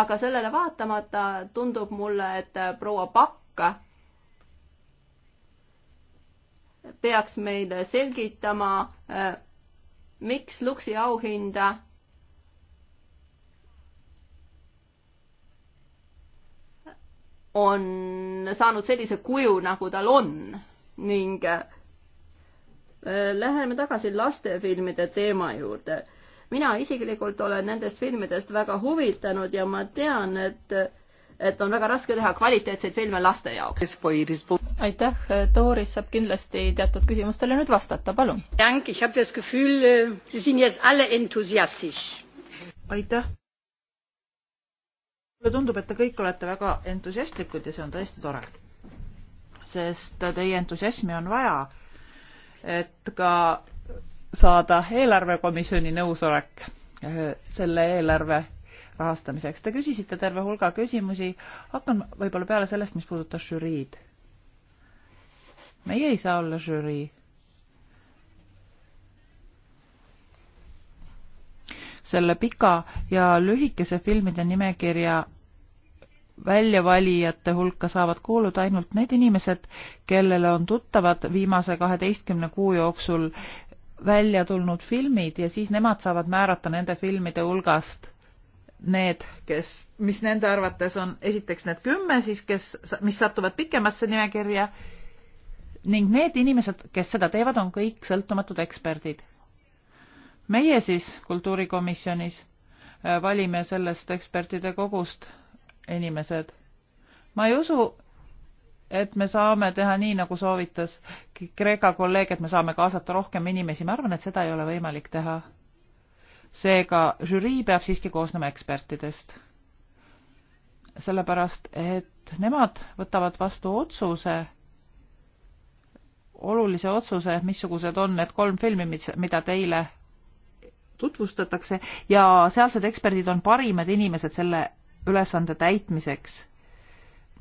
aga sellele vaatamata tundub mulle, et proua Pakk peaks meile selgitama, miks Luksi auhinda on saanud sellise kuju, nagu tal on ning äh, läheme tagasi lastefilmide teema juurde. mina isiklikult olen nendest filmidest väga huvitanud ja ma tean, et et on väga raske teha kvaliteetseid filme laste jaoks. aitäh, Doris saab kindlasti teatud küsimustele nüüd vastata, palun. Äh, aitäh. mulle tundub, et te kõik olete väga entusiastlikud ja see on tõesti tore. sest teie entusiasmi on vaja, et ka saada eelarvekomisjoni nõusolek äh, selle eelarve rahastamiseks. Te küsisite terve hulga küsimusi, hakkan võib-olla peale sellest, mis puudutas žüriid. meie ei saa olla žürii. selle pika ja lühikese filmide nimekirja väljavalijate hulka saavad kuuluda ainult need inimesed, kellele on tuttavad viimase kaheteistkümne kuu jooksul välja tulnud filmid ja siis nemad saavad määrata nende filmide hulgast need, kes, mis nende arvates on esiteks need kümme siis, kes, mis satuvad pikemasse nimekirja ning need inimesed, kes seda teevad, on kõik sõltumatud eksperdid. meie siis kultuurikomisjonis äh, valime sellest ekspertide kogust inimesed. ma ei usu, et me saame teha nii, nagu soovitas Kreeka kolleeg, et me saame kaasata rohkem inimesi, ma arvan, et seda ei ole võimalik teha seega žürii peab siiski koosnema ekspertidest. sellepärast, et nemad võtavad vastu otsuse, olulise otsuse, missugused on need kolm filmi, mis, mida teile tutvustatakse ja sealsed eksperdid on parimad inimesed selle ülesande täitmiseks.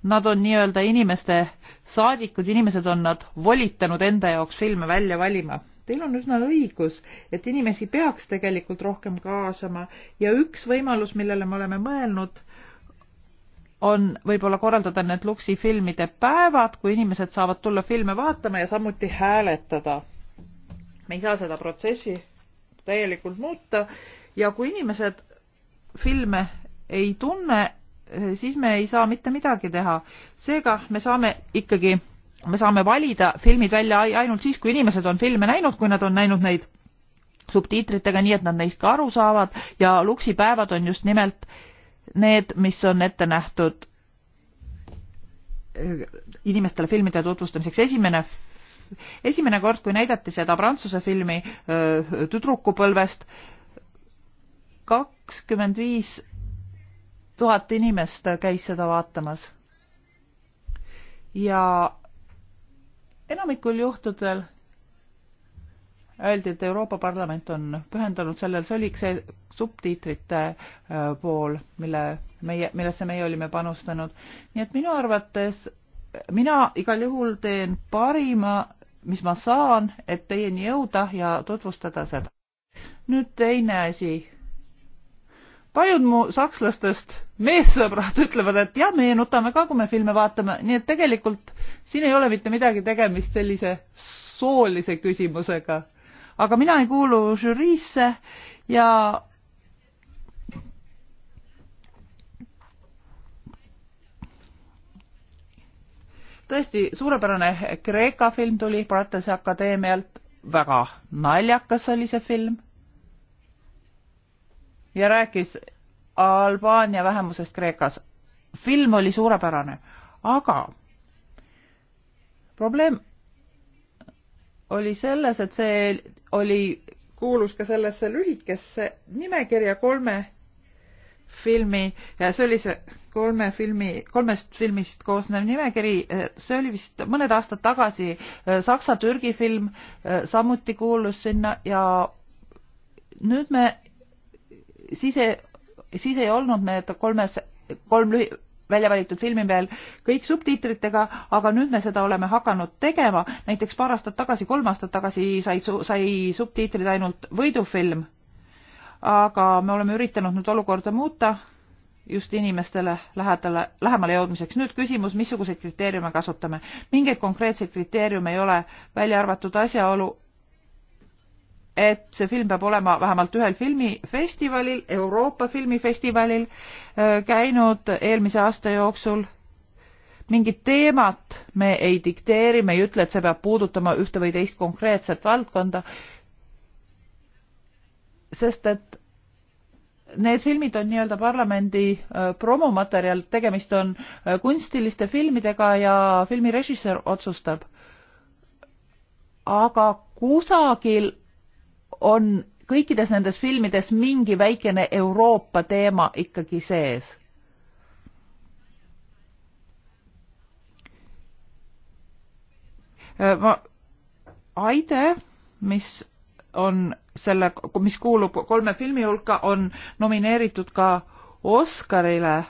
Nad on nii-öelda inimeste saadikud, inimesed on nad volitanud enda jaoks filme välja valima Teil on üsna õigus, et inimesi peaks tegelikult rohkem kaasama ja üks võimalus, millele me oleme mõelnud, on võib-olla korraldada need Luksi filmide päevad, kui inimesed saavad tulla filme vaatama ja samuti hääletada. me ei saa seda protsessi täielikult muuta ja kui inimesed filme ei tunne, siis me ei saa mitte midagi teha. seega me saame ikkagi me saame valida filmid välja ainult siis, kui inimesed on filme näinud, kui nad on näinud neid subtiitritega, nii et nad neist ka aru saavad ja luksipäevad on just nimelt need, mis on ette nähtud äh, inimestele filmide tutvustamiseks. esimene, esimene kord, kui näidati seda prantsuse filmi äh, Tüdrukupõlvest, kakskümmend viis tuhat inimest käis seda vaatamas ja enamikul juhtudel öeldi, et Euroopa Parlament on pühendunud sellele, see oli see subtiitrite äh, pool, mille meie, millesse meie olime panustanud. nii et minu arvates mina igal juhul teen parima, mis ma saan, et teieni jõuda ja tutvustada seda. nüüd teine asi paljud mu sakslastest meessõbrad ütlevad, et jah, meie nutame ka, kui me filme vaatame, nii et tegelikult siin ei ole mitte midagi tegemist sellise soolise küsimusega. aga mina ei kuulu žüriisse ja tõesti suurepärane Kreeka film tuli Pratase akadeemialt, väga naljakas oli see film ja rääkis Albaania vähemusest Kreekas. film oli suurepärane, aga probleem oli selles, et see oli, kuulus ka sellesse lühikesse nimekirja kolme filmi ja see oli see kolme filmi, kolmest filmist koosnev nimekiri, see oli vist mõned aastad tagasi eh, Saksa-Türgi film, eh, samuti kuulus sinna ja nüüd me siis ei, siis ei olnud need kolmes, kolm lühi-, välja valitud filmi peal kõik subtiitritega, aga nüüd me seda oleme hakanud tegema. näiteks paar aastat tagasi, kolm aastat tagasi sai, sai subtiitrid ainult võidufilm. aga me oleme üritanud nüüd olukorda muuta just inimestele lähedale, lähemale jõudmiseks. nüüd küsimus, missuguseid kriteeriume kasutame. mingeid konkreetseid kriteeriume ei ole, välja arvatud asjaolu, et see film peab olema vähemalt ühel filmifestivalil, Euroopa filmifestivalil äh, käinud eelmise aasta jooksul. mingit teemat me ei dikteeri, me ei ütle, et see peab puudutama ühte või teist konkreetset valdkonda. sest et need filmid on nii-öelda parlamendi äh, promomaterjal, tegemist on äh, kunstiliste filmidega ja filmirežissöör otsustab. aga kusagil on kõikides nendes filmides mingi väikene Euroopa teema ikkagi sees. ma, Aide, mis on selle, mis kuulub kolme filmi hulka, on nomineeritud ka Oscarile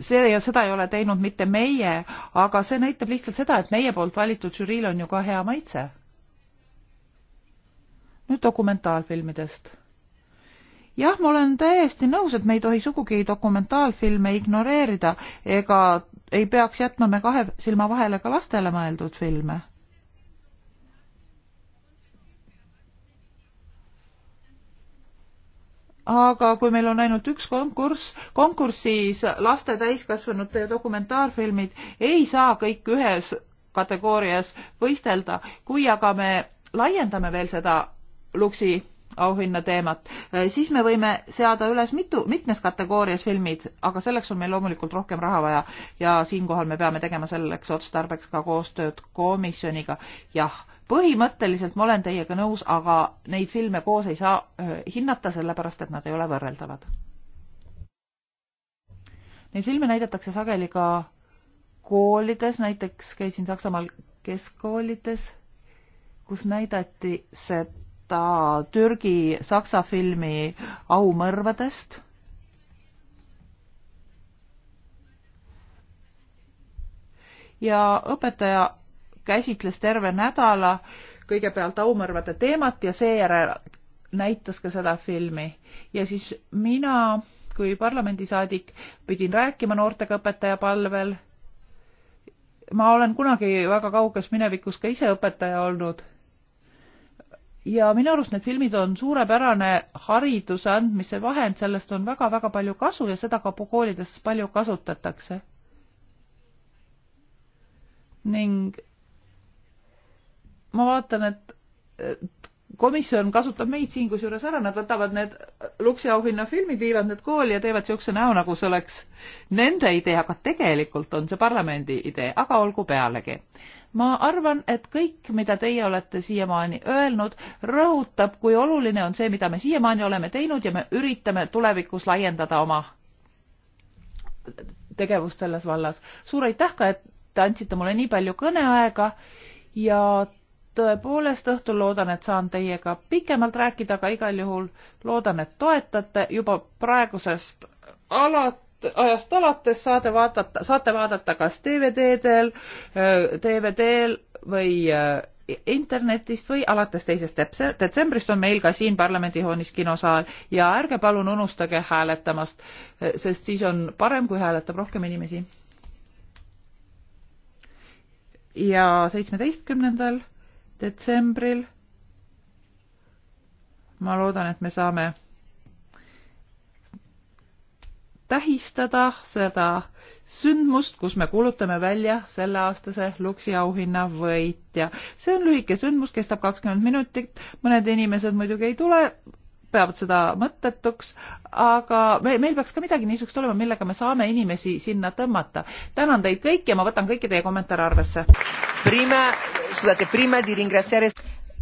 see ja seda ei ole teinud mitte meie, aga see näitab lihtsalt seda, et meie poolt valitud žüriil on ju ka hea maitse nüüd dokumentaalfilmidest. jah, ma olen täiesti nõus, et me ei tohi sugugi dokumentaalfilme ignoreerida ega ei peaks jätma me kahe silma vahele ka lastele mõeldud filme. aga kui meil on ainult üks konkurss, konkurss, siis laste täiskasvanute dokumentaalfilmid ei saa kõik ühes kategoorias võistelda, kui aga me laiendame veel seda Luksi auhinna teemat, äh, siis me võime seada üles mitu, mitmes kategoorias filmid, aga selleks on meil loomulikult rohkem raha vaja ja siinkohal me peame tegema selleks otstarbeks ka koostööd komisjoniga. jah, põhimõtteliselt ma olen teiega nõus, aga neid filme koos ei saa äh, hinnata, sellepärast et nad ei ole võrreldavad. Neid filme näidatakse sageli ka koolides, näiteks käisin Saksamaal keskkoolides, kus näidati seda vaadata Türgi-Saksa filmi Aumõrvadest. ja õpetaja käsitles terve nädala kõigepealt aumõrvade teemat ja seejärel näitas ka seda filmi. ja siis mina kui parlamendisaadik pidin rääkima noortega õpetaja palvel. ma olen kunagi väga kauges minevikus ka ise õpetaja olnud ja minu arust need filmid on suurepärane hariduse andmise vahend, sellest on väga-väga palju kasu ja seda ka koolides palju kasutatakse. ning ma vaatan, et komisjon kasutab meid siin kusjuures ära, nad võtavad need Luksi auhinna filmid, viivad need kooli ja teevad niisuguse näo, nagu see oleks nende idee, aga tegelikult on see parlamendi idee, aga olgu pealegi ma arvan, et kõik, mida teie olete siiamaani öelnud, rõhutab, kui oluline on see, mida me siiamaani oleme teinud ja me üritame tulevikus laiendada oma tegevust selles vallas. suur aitäh ka, et te andsite mulle nii palju kõneaega ja tõepoolest õhtul loodan, et saan teiega pikemalt rääkida, aga igal juhul loodan, et toetate juba praegusest alati ajast alates saate vaadata, saate vaadata kas DVD-del, DVD-l äh, või äh, internetist või alates teisest detsembrist on meil ka siin parlamendihoonis kinosaal ja ärge palun unustage hääletamast, äh, sest siis on parem, kui hääletab rohkem inimesi. ja seitsmeteistkümnendal detsembril ma loodan, et me saame tähistada seda sündmust, kus me kuulutame välja selleaastase Luksi auhinna võitja. see on lühike sündmus, kestab kakskümmend minutit, mõned inimesed muidugi ei tule, peavad seda mõttetuks, aga me, meil peaks ka midagi niisugust olema, millega me saame inimesi sinna tõmmata. tänan teid kõiki ja ma võtan kõiki teie kommentaare arvesse.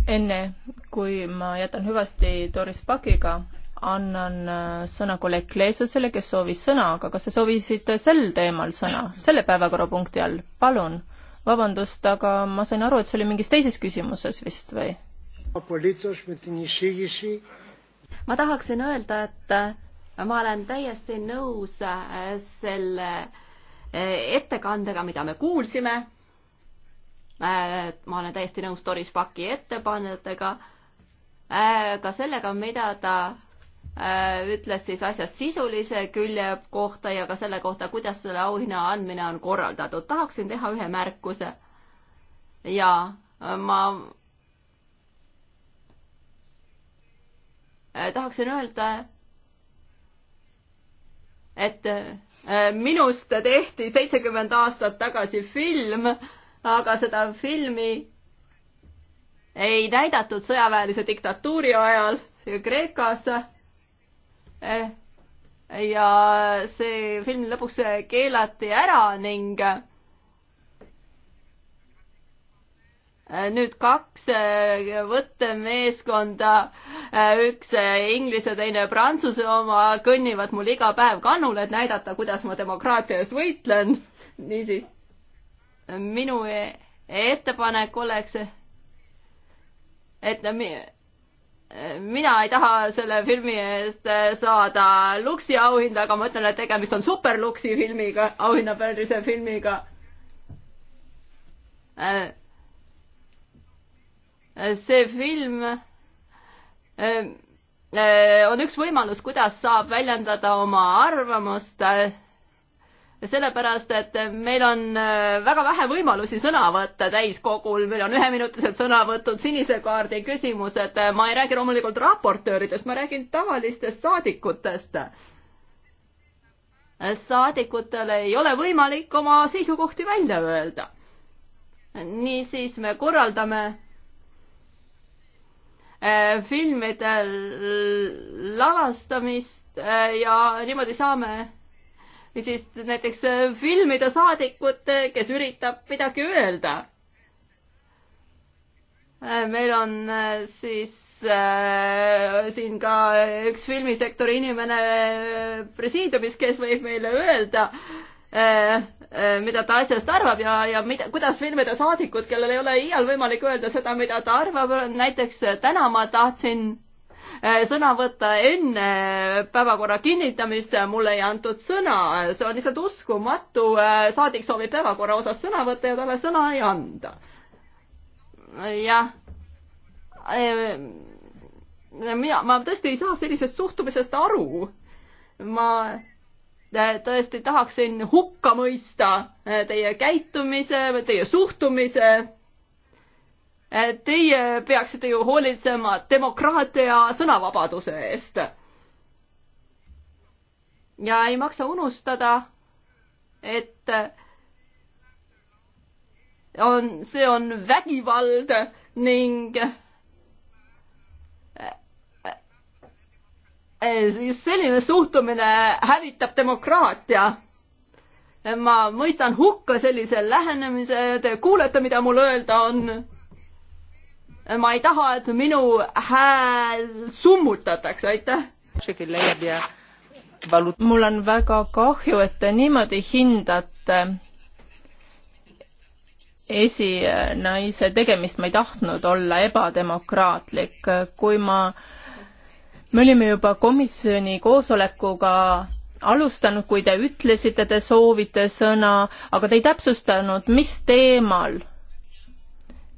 enne kui ma jätan hüvasti Doris Pakiga, annan äh, sõna kolleeg Kleesusele, kes soovis sõna, aga kas te soovisite sel teemal sõna, selle päevakorrapunkti all? palun. vabandust, aga ma sain aru, et see oli mingis teises küsimuses vist või? ma tahaksin öelda, et äh, ma olen täiesti nõus äh, selle ettekandega, mida me kuulsime. ma olen täiesti nõus Doris Paki ettepanetega ka sellega, mida ta Äh, ütles siis asjast sisulise külje kohta ja ka selle kohta, kuidas selle auhinna andmine on korraldatud. tahaksin teha ühe märkuse. ja äh, ma äh, tahaksin öelda, et minust tehti seitsekümmend aastat tagasi film, aga seda filmi ei näidatud sõjaväelise diktatuuri ajal Kreekas Eh, ja see film lõpuks keelati ära ning eh, nüüd kaks eh, võttemeeskonda, üks Inglise, teine Prantsuse oma, kõnnivad mul iga päev kannul, et näidata, kuidas ma demokraatia eest võitlen. niisiis, minu e-, ettepanek oleks, et mina ei taha selle filmi eest äh, saada Luksi auhinda, aga ma ütlen, et tegemist on super Luksi filmiga, auhinnapärase filmiga. Äh, äh, see film on üks võimalus, kuidas saab väljendada oma arvamust sellepärast, et meil on äh, väga vähe võimalusi sõna võtta täiskogul, meil on üheminutilised sõnavõtud, sinise kaardi küsimused, ma ei räägi loomulikult raportööridest, ma räägin tavalistest saadikutest. saadikutel ei ole võimalik oma seisukohti välja öelda. niisiis me korraldame äh, filmide lavastamist äh, ja niimoodi saame siis näiteks äh, filmida saadikut, äh, kes üritab midagi öelda. Äh, meil on siis äh, siin ka üks filmisektori inimene presiidiumis, kes võib meile öelda äh,, mida ta asjast arvab ja, ja mida, kuidas filmida saadikut, kellel ei ole iial võimalik öelda seda, mida ta arvab. näiteks täna ma tahtsin Eh, sõna võtta enne päevakorra kinnitamist, mulle ei antud sõna, see on lihtsalt uskumatu, eh, saadik soovib päevakorra osas sõna võtta ja talle sõna ei anda. jah eh, mina, ma tõesti ei saa sellisest suhtumisest aru. ma tõesti tahaksin hukka mõista teie käitumise, teie suhtumise Teie peaksite ju hoolitsema demokraatia sõnavabaduse eest. ja ei maksa unustada, et on, see on vägivald ning just selline suhtumine hävitab demokraatia. ma mõistan hukka sellise lähenemise, te kuulete, mida mul öelda on ma ei taha, et minu hääl summutatakse, aitäh. mul on väga kahju, et te niimoodi hindate esinaise tegemist, ma ei tahtnud olla ebademokraatlik, kui ma, me olime juba komisjoni koosolekuga alustanud, kui te ütlesite, te soovite sõna, aga te ei täpsustanud, mis teemal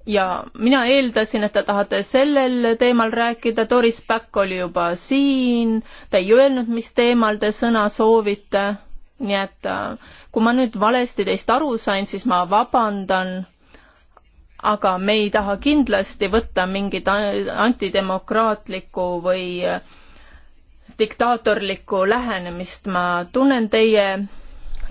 ja mina eeldasin, et te tahate sellel teemal rääkida, Doris Back oli juba siin, ta ei öelnud, mis teemal te sõna soovite, nii et äh, kui ma nüüd valesti teist aru sain, siis ma vabandan, aga me ei taha kindlasti võtta mingit antidemokraatlikku või äh, diktaatorlikku lähenemist, ma tunnen teie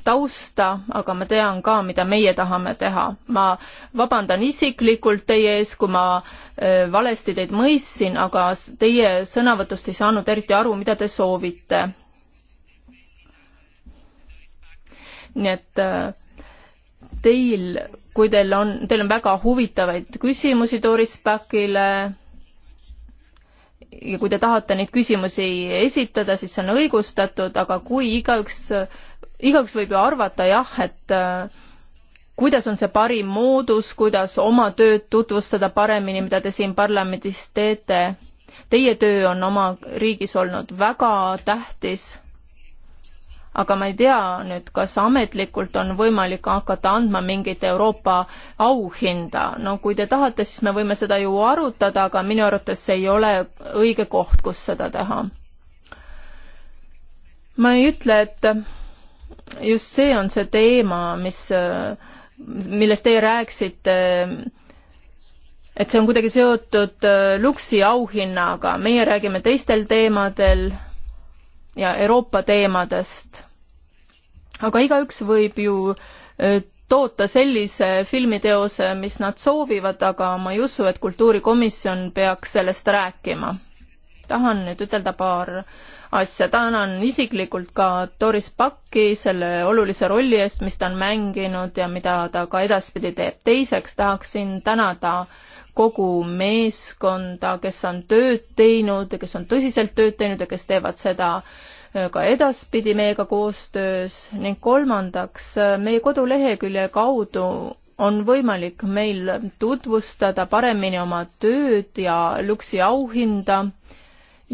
tausta, aga ma tean ka, mida meie tahame teha. ma vabandan isiklikult teie ees, kui ma äh, valesti teid mõistsin, aga teie sõnavõtust ei saanud eriti aru, mida te soovite. nii et äh, teil, kui teil on, teil on väga huvitavaid küsimusi Doris Päkile ja kui te tahate neid küsimusi esitada, siis see on õigustatud, aga kui igaüks, igaüks võib ju arvata jah, et äh, kuidas on see parim moodus, kuidas oma tööd tutvustada paremini, mida te siin parlamendis teete. Teie töö on oma riigis olnud väga tähtis aga ma ei tea nüüd, kas ametlikult on võimalik hakata andma mingit Euroopa auhinda. no kui te tahate, siis me võime seda ju arutada, aga minu arvates see ei ole õige koht, kus seda teha. ma ei ütle, et just see on see teema, mis, millest teie rääkisite et see on kuidagi seotud Luksi auhinnaga, meie räägime teistel teemadel ja Euroopa teemadest. aga igaüks võib ju toota sellise filmiteose, mis nad soovivad, aga ma ei usu, et kultuurikomisjon peaks sellest rääkima. tahan nüüd ütelda paar asja, tänan isiklikult ka Doris Pakki selle olulise rolli eest, mis ta on mänginud ja mida ta ka edaspidi teeb. teiseks tahaksin tänada ta kogu meeskonda, kes on tööd teinud ja kes on tõsiselt tööd teinud ja kes teevad seda äh, ka edaspidi meiega koostöös ning kolmandaks, äh, meie kodulehekülje kaudu on võimalik meil tutvustada paremini oma tööd ja Luksi auhinda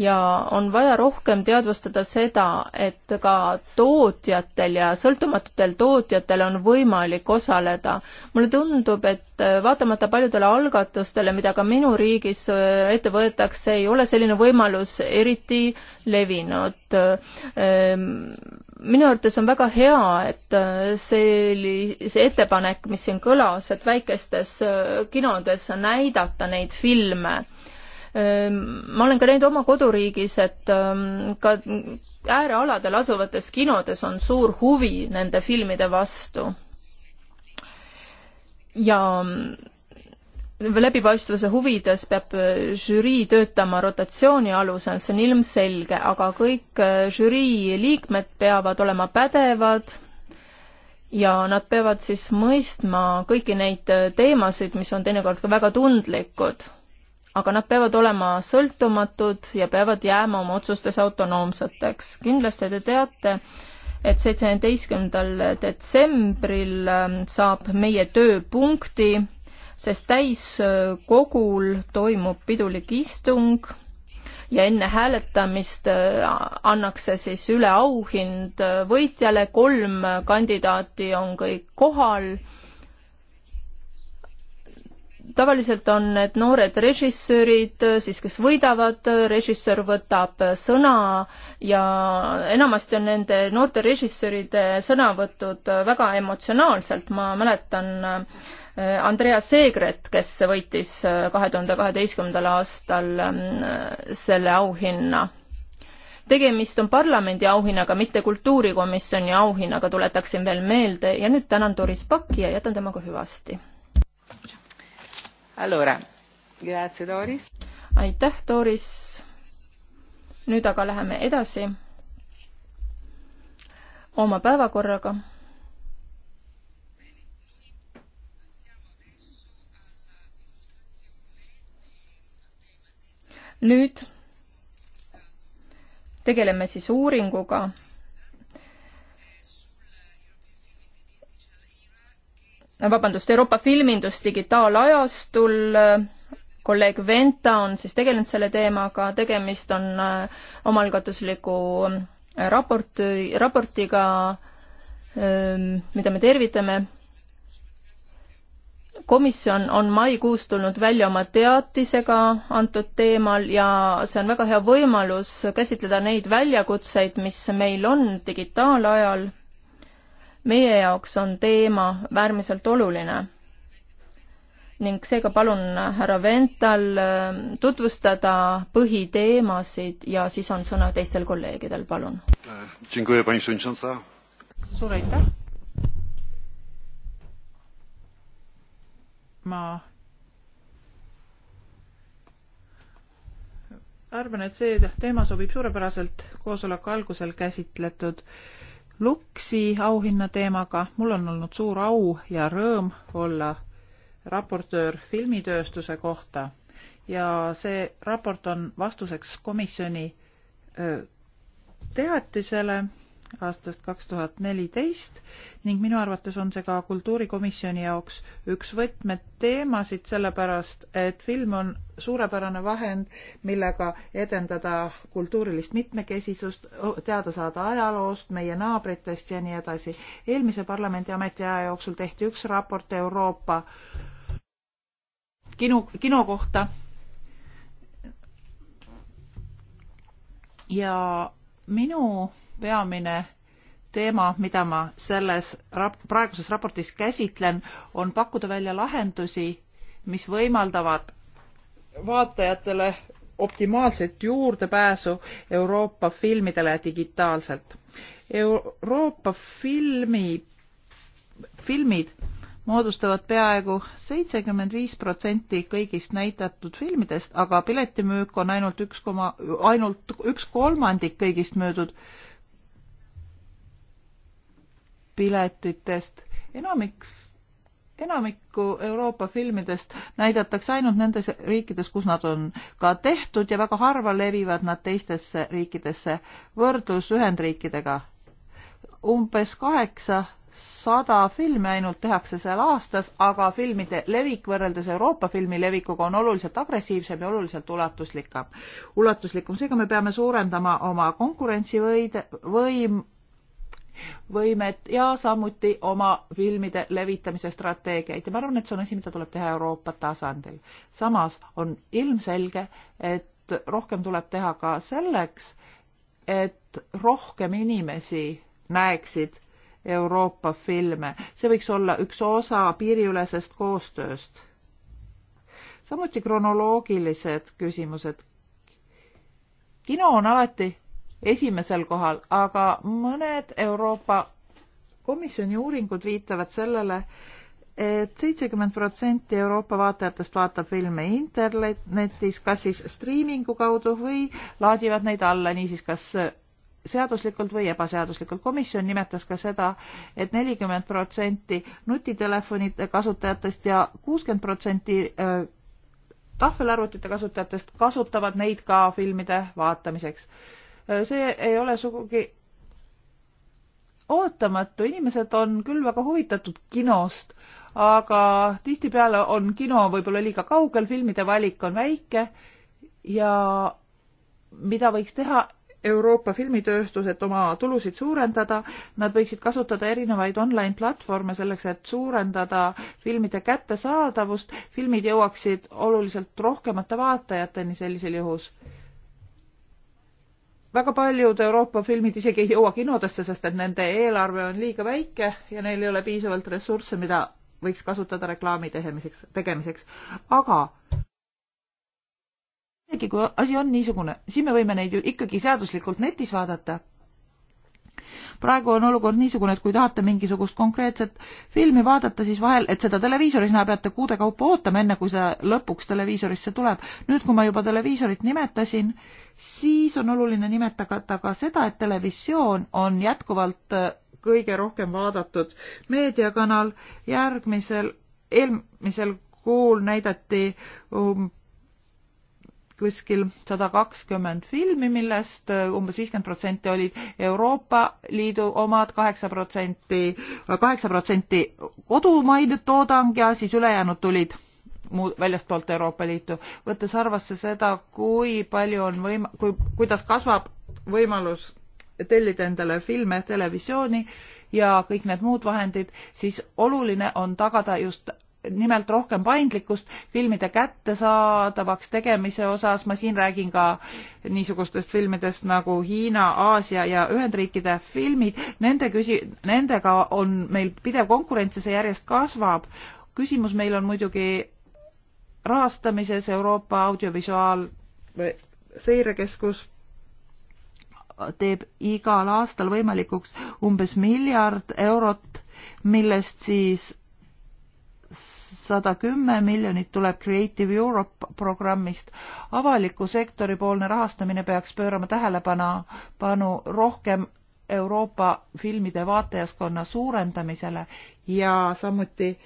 ja on vaja rohkem teadvustada seda, et ka tootjatel ja sõltumatutel tootjatel on võimalik osaleda. mulle tundub, et vaatamata paljudele algatustele, mida ka minu riigis äh, ette võetakse, ei ole selline võimalus eriti levinud. Ähm, minu arvates on väga hea, et äh, see oli see ettepanek, mis siin kõlas, et väikestes äh, kinodes näidata neid filme Ehm, ma olen ka näinud oma koduriigis, et ehm, ka äärealadel asuvates kinodes on suur huvi nende filmide vastu. ja ehm, läbipaistvuse huvides peab žürii töötama rotatsiooni alusel, see on ilmselge, aga kõik žürii liikmed peavad olema pädevad ja nad peavad siis mõistma kõiki neid teemasid, mis on teinekord ka väga tundlikud aga nad peavad olema sõltumatud ja peavad jääma oma otsustes autonoomseteks. kindlasti te teate, et seitsmeteistkümnendal detsembril ähm, saab meie tööpunkti, sest täiskogul toimub pidulik istung ja enne hääletamist äh, annaks see siis üle auhind äh, võitjale, kolm kandidaati on kõik kohal tavaliselt on need noored režissöörid äh, siis, kes võidavad, äh, režissöör võtab äh, sõna ja enamasti on nende noorte režissööride sõnavõtud väga emotsionaalselt, ma mäletan Andrea Seegret, kes võitis kahe tuhande kaheteistkümnendal aastal ähm, selle auhinna tegemist on parlamendi auhinnaga, mitte kultuurikomisjoni auhinnaga, tuletaksin veel meelde ja nüüd tänan Doris Pakki ja jätan temaga hüvasti Allora, grazie, Doris. aitäh, Doris. nüüd aga läheme edasi oma päevakorraga nüüd tegeleme siis uuringuga, Ah, vabandust, Euroopa filmindus digitaalajastul, äh, kolleeg Venta on siis tegelenud selle teemaga, tegemist on äh, omalgatusliku äh, raporti, raportiga, ähm, mida me tervitame. komisjon on maikuus tulnud välja oma teatisega antud teemal ja see on väga hea võimalus käsitleda neid väljakutseid, mis meil on digitaalajal meie jaoks on teema äärmiselt oluline ning seega palun härra Vental äh, tutvustada põhiteemasid ja siis on sõna teistel kolleegidel, palun. suur aitäh. ma arvan, et see teema sobib suurepäraselt koosoleku algusel käsitletud äh, Luksi auhinna teemaga. mul on olnud suur au ja rõõm olla raportöör filmitööstuse kohta ja see raport on vastuseks komisjoni teatisele aastast kaks tuhat neliteist ning minu arvates on see ka kultuurikomisjoni jaoks üks võtmeteemasid, sellepärast et film on suurepärane vahend, millega edendada kultuurilist mitmekesisust, teada saada ajaloost, meie naabritest ja nii edasi. eelmise parlamendi ametiaja jooksul tehti üks raport Euroopa kino, kino kohta. ja minu peamine teema, mida ma selles rap-, praeguses raportis käsitlen, on pakkuda välja lahendusi, mis võimaldavad vaatajatele optimaalset juurdepääsu Euroopa filmidele digitaalselt. Euroopa filmi, filmid moodustavad peaaegu seitsekümmend viis protsenti kõigist näidatud filmidest, aga piletimüük on ainult üks koma, ainult üks kolmandik kõigist müüdud äh, piletitest. enamik, enamikku Euroopa filmidest näidatakse ainult nendes riikides, kus nad on ka tehtud ja väga harva levivad nad teistesse riikidesse. võrdlus Ühendriikidega. umbes kaheksa sada filmi ainult tehakse seal aastas, aga filmide levik võrreldes Euroopa filmi levikuga on oluliselt agressiivsem ja oluliselt ulatuslikum. ulatuslikum, seega me peame suurendama oma konkurentsivõid-, võim-, võimet ja samuti oma filmide levitamise strateegiaid ja ma arvan, et see on asi, mida tuleb teha Euroopa tasandil. samas on ilmselge, et rohkem tuleb teha ka selleks, et rohkem inimesi näeksid Euroopa filme, see võiks olla üks osa piiriülesest koostööst. samuti kronoloogilised küsimused. kino on alati esimesel kohal, aga mõned Euroopa Komisjoni uuringud viitavad sellele, et seitsekümmend protsenti Euroopa vaatajatest vaatab filme internetis, kas siis striimingu kaudu või laadivad neid alla, niisiis kas seaduslikult või ebaseaduslikult. komisjon nimetas ka seda et, et nelikümmend protsenti nutitelefonide kasutajatest ja kuuskümmend protsenti äh, tahvelarvutite kasutajatest kasutavad neid ka filmide vaatamiseks see ei ole sugugi ootamatu, inimesed on küll väga huvitatud kinost, aga tihtipeale on kino võib-olla liiga kaugel, filmide valik on väike ja mida võiks teha Euroopa filmitööstus, et oma tulusid suurendada, nad võiksid kasutada erinevaid online platvorme selleks, et suurendada filmide kättesaadavust, filmid jõuaksid oluliselt rohkemate vaatajateni sellisel juhus väga paljud Euroopa filmid isegi ei jõua kinodesse, sest et nende eelarve on liiga väike ja neil ei ole piisavalt ressursse, mida võiks kasutada reklaami tegemiseks, tegemiseks. aga isegi kui asi on niisugune, siis me võime neid ju ikkagi seaduslikult netis vaadata praegu on olukord niisugune, et kui tahate mingisugust konkreetset filmi vaadata, siis vahel, et seda televiisoris näha, peate kuude kaupa ootama, enne kui see lõpuks televiisorisse tuleb. nüüd, kui ma juba televiisorit nimetasin, siis on oluline nimetada ka seda, et televisioon on jätkuvalt äh, kõige rohkem vaadatud meediakanal. järgmisel, eelmisel kuul näidati um, kuskil sada kakskümmend filmi, millest äh, umbes viiskümmend protsenti olid Euroopa Liidu omad, kaheksa protsenti, kaheksa protsenti kodumaine toodang ja siis ülejäänud tulid muu, väljastpoolt Euroopa Liitu, võttes arvesse seda, kui palju on võim-, kui, kuidas kasvab võimalus tellida endale filme, televisiooni ja kõik need muud vahendid, siis oluline on tagada just nimelt rohkem paindlikkust filmide kättesaadavaks tegemise osas. ma siin räägin ka niisugustest filmidest nagu Hiina, Aasia ja Ühendriikide filmid. Nende küsi-, nendega on meil pidev konkurents ja see järjest kasvab. küsimus meil on muidugi rahastamises Euroopa audiovisuaal- või seirekeskus teeb igal aastal võimalikuks umbes miljard eurot, millest siis sada kümme miljonit tuleb Creative Europe programmist. avaliku sektori poolne rahastamine peaks pöörama tähelepanu rohkem Euroopa filmide vaatajaskonna suurendamisele ja samuti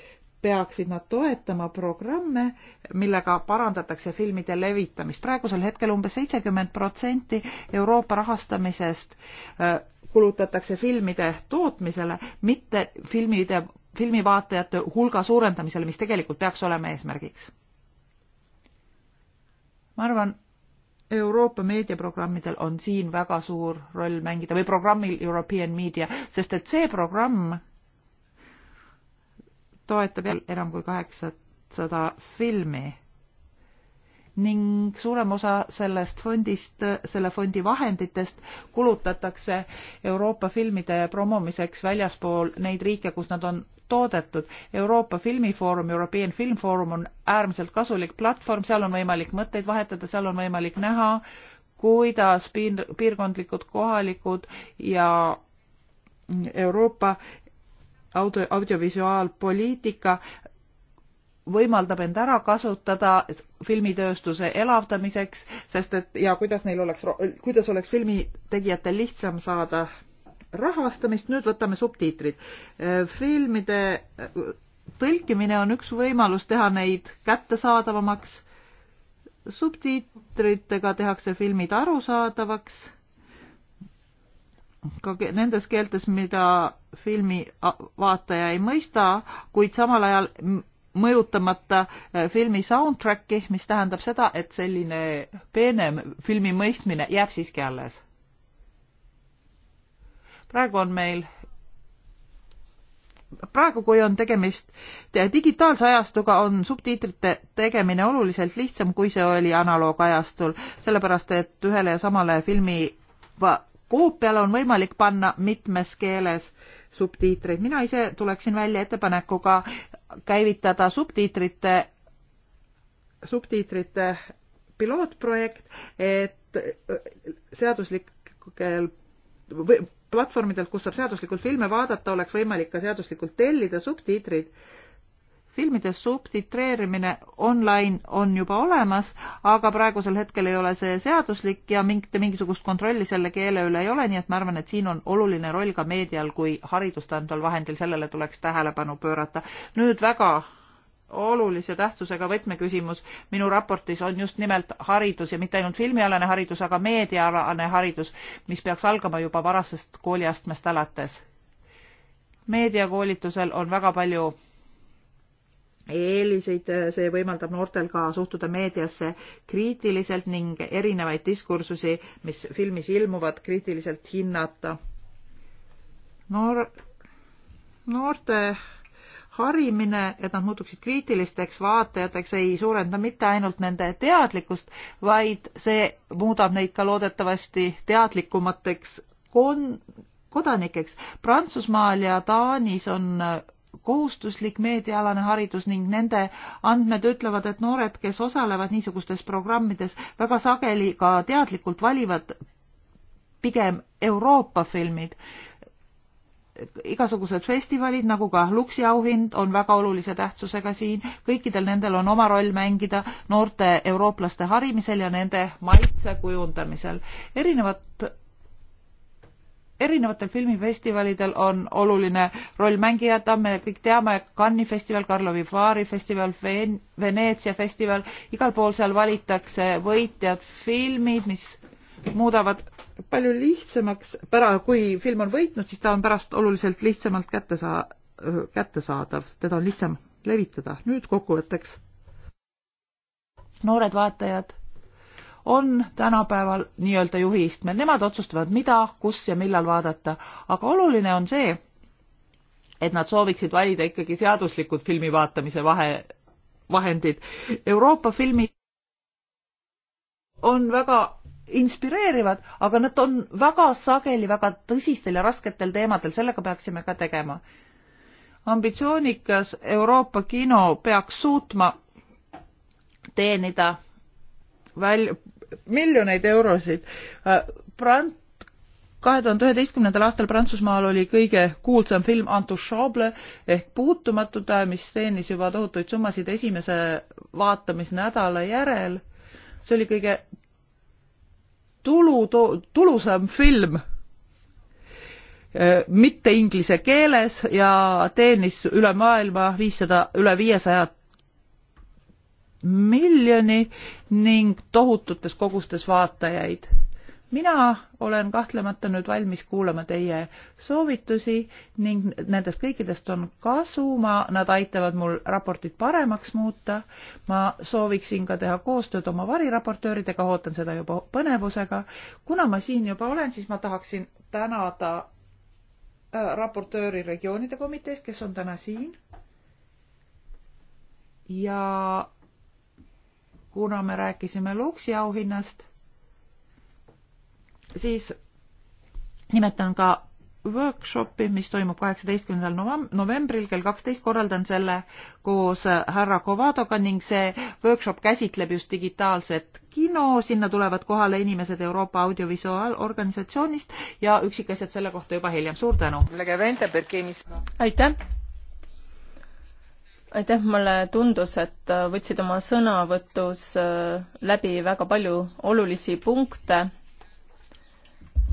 peaksid nad toetama programme, millega parandatakse filmide levitamist. praegusel hetkel umbes seitsekümmend protsenti Euroopa rahastamisest äh, kulutatakse filmide tootmisele, mitte filmide filmivaatajate hulga suurendamisele, mis tegelikult peaks olema eesmärgiks. ma arvan, Euroopa meediaprogrammidel on siin väga suur roll mängida või programmil European Media, sest et see programm toetab enam kui kaheksasada filmi ning suurem osa sellest fondist, selle fondi vahenditest kulutatakse Euroopa filmide promomiseks väljaspool neid riike, kus nad on toodetud. Euroopa Filmifoorum, European Film Forum on äärmiselt kasulik platvorm, seal on võimalik mõtteid vahetada, seal on võimalik näha, kuidas piir, piirkondlikud, kohalikud ja Euroopa audio, audiovisuaalpoliitika võimaldab end ära kasutada filmitööstuse elavdamiseks, sest et ja kuidas neil oleks, kuidas oleks filmitegijatel lihtsam saada rahastamist, nüüd võtame subtiitrid. filmide tõlkimine on üks võimalus teha neid kättesaadavamaks. subtiitritega tehakse filmid arusaadavaks ka nendes keeltes, mida filmi vaataja ei mõista, kuid samal ajal mõjutamata äh, filmi soundtracki, mis tähendab seda, et selline peenem filmi mõistmine jääb siiski alles. praegu on meil praegu, kui on tegemist digitaalse ajastuga, on subtiitrite tegemine oluliselt lihtsam, kui see oli analoogajastul, sellepärast et ühele ja samale filmi koopiale on võimalik panna mitmes keeles subtiitreid. mina ise tuleksin välja ettepanekuga käivitada subtiitrite, subtiitrite pilootprojekt, et äh, seaduslikel platvormidelt, kus saab seaduslikult filme vaadata, oleks võimalik ka seaduslikult tellida subtiitrid filmide subtitreerimine online on juba olemas, aga praegusel hetkel ei ole see seaduslik ja mingit, mingisugust kontrolli selle keele üle ei ole, nii et ma arvan, et siin on oluline roll ka meedial kui haridust andval vahendil, sellele tuleks tähelepanu pöörata. nüüd väga olulise tähtsusega võtmeküsimus minu raportis on just nimelt haridus ja mitte ainult filmialane haridus, aga meediaalane haridus, mis peaks algama juba varasest kooliastmest alates. meediakoolitusel on väga palju eeliseid, see võimaldab noortel ka suhtuda meediasse kriitiliselt ning erinevaid diskursusi, mis filmis ilmuvad, kriitiliselt hinnata. noor, noorte harimine, et nad muutuksid kriitilisteks vaatajateks, ei suurenda mitte ainult nende teadlikkust, vaid see muudab neid ka loodetavasti teadlikumateks kon-, kodanikeks. Prantsusmaal ja Taanis on kohustuslik meediaalane haridus ning nende andmed ütlevad, et noored, kes osalevad niisugustes programmides, väga sageli ka teadlikult valivad pigem Euroopa filmid igasugused festivalid nagu ka Luksi auhind on väga olulise tähtsusega siin, kõikidel nendel on oma roll mängida noorte eurooplaste harimisel ja nende maitse kujundamisel. erinevad erinevatel filmifestivalidel on oluline roll mängijata, me kõik teame, Cannes'i festival, Karlovi Vaari festival Ven, Veneetsia festival, igal pool seal valitakse võitjad filmid, mis muudavad palju lihtsamaks, pära-, kui film on võitnud, siis ta on pärast oluliselt lihtsamalt kätte saa-, kättesaadav, teda on lihtsam levitada. nüüd kokkuvõtteks. noored vaatajad on tänapäeval nii-öelda juhiistmed, nemad otsustavad, mida, kus ja millal vaadata, aga oluline on see, et nad sooviksid valida ikkagi seaduslikud filmi vaatamise vahe, vahendid. Euroopa filmid on väga inspireerivad, aga nad on väga sageli väga tõsistel ja rasketel teemadel, sellega peaksime ka tegema. ambitsioonikas Euroopa kino peaks suutma teenida väl-, miljoneid eurosid. Prant-, äh, kahe tuhande üheteistkümnendal aastal Prantsusmaal oli kõige kuulsam film Intouchable ehk Puutumatud, äh, mis teenis juba tohutuid summasid esimese vaatamisnädala järel. see oli kõige tulu, tulusam film äh, mitte inglise keeles ja teenis üle maailma viissada, üle viiesaja miljoni ning tohututes kogustes vaatajaid. mina olen kahtlemata nüüd valmis kuulama teie soovitusi ning nendest kõikidest on kasu, ma, nad aitavad mul raportit paremaks muuta. ma sooviksin ka teha koostööd oma variraportööridega, ootan seda juba põnevusega. kuna ma siin juba olen, siis ma tahaksin tänada äh, raportööri regioonide komiteest, kes on täna siin ja kuna me rääkisime Luksi auhinnast, siis nimetan ka workshopi, mis toimub kaheksateistkümnendal novembril kell kaksteist, korraldan selle koos härra Kovadoga ning see workshop käsitleb just digitaalset kino, sinna tulevad kohale inimesed Euroopa audiovisuaalorganisatsioonist ja üksikasjad selle kohta juba hiljem, suur tänu! aitäh! aitäh, mulle tundus, et äh, võtsid oma sõnavõtus äh, läbi väga palju olulisi punkte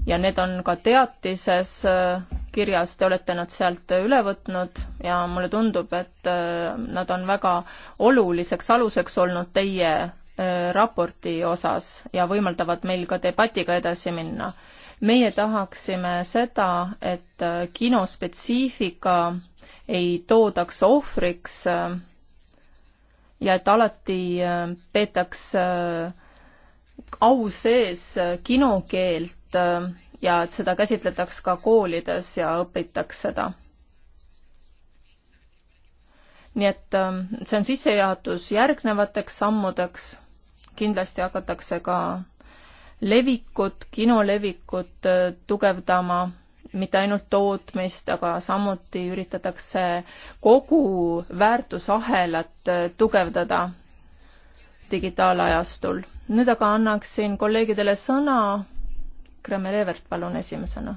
ja need on ka teatises äh, kirjas, te olete nad sealt üle võtnud ja mulle tundub, et nad on väga oluliseks aluseks olnud teie raporti osas ja võimaldavad meil ka debatiga edasi minna meie tahaksime seda, et äh, kinospetsiifika ei toodaks ohvriks äh, ja et alati äh, peetaks au sees kinokeelt ja et seda käsitletaks ka koolides ja õpitaks seda nii et ähm, see on sissejuhatus järgnevateks sammudeks. kindlasti hakatakse ka levikut, kinolevikut äh, tugevdama, mitte ainult tootmist, aga samuti üritatakse kogu väärtusahelat äh, tugevdada digitaalajastul. nüüd aga annaksin kolleegidele sõna. Kremel Evert, palun esimesena.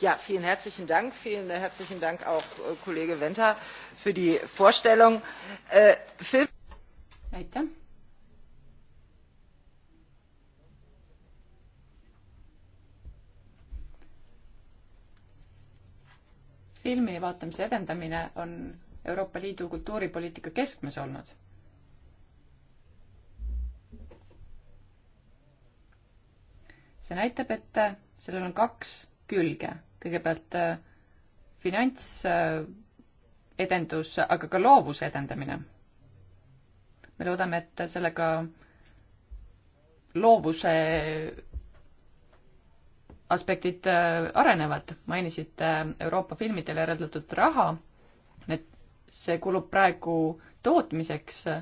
Ja, vielen herzlichen Dank. Vielen herzlichen Dank auch äh, Kollege Venter für die Vorstellung. Äh, Film Aitäh filmi vaatamise edendamine on Euroopa Liidu kultuuripoliitika keskmes olnud. see näitab, et äh, sellel on kaks külge. kõigepealt äh, finantsedendus, äh, aga ka loovuse edendamine. me loodame, et sellega loovuse aspektid äh, arenevad, mainisite äh, Euroopa filmidele eraldatud raha, et see kulub praegu tootmiseks, äh,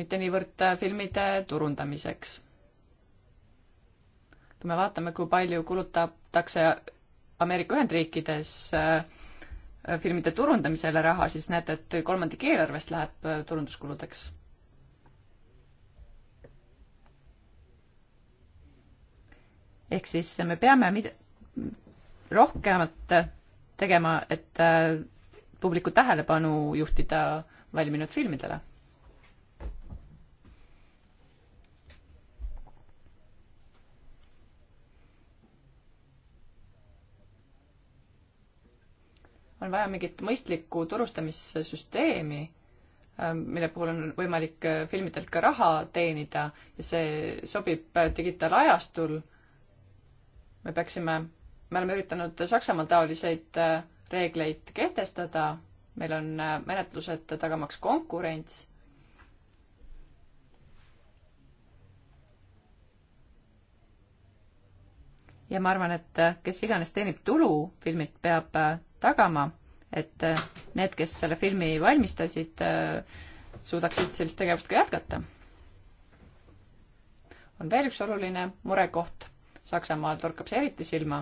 mitte niivõrd filmide turundamiseks. kui me vaatame, kui palju kulutatakse Ameerika Ühendriikides filmide turundamisele raha, siis näete, et kolmandik eelarvest läheb turunduskuludeks ehk siis me peame mid-, rohkemat tegema, et äh, publiku tähelepanu juhtida valminud filmidele. on vaja mingit mõistlikku turustamissüsteemi, äh, mille puhul on võimalik äh, filmidelt ka raha teenida ja see sobib digitaalajastul me peaksime, me oleme üritanud Saksamaal taoliseid äh, reegleid kehtestada, meil on äh, menetlused tagamaks konkurents. ja ma arvan, et äh, kes iganes teenib tulu filmilt, peab tagama, et need, kes selle filmi valmistasid, suudaksid sellist tegevust ka jätkata. on veel üks oluline murekoht Saksamaal torkab see eriti silma.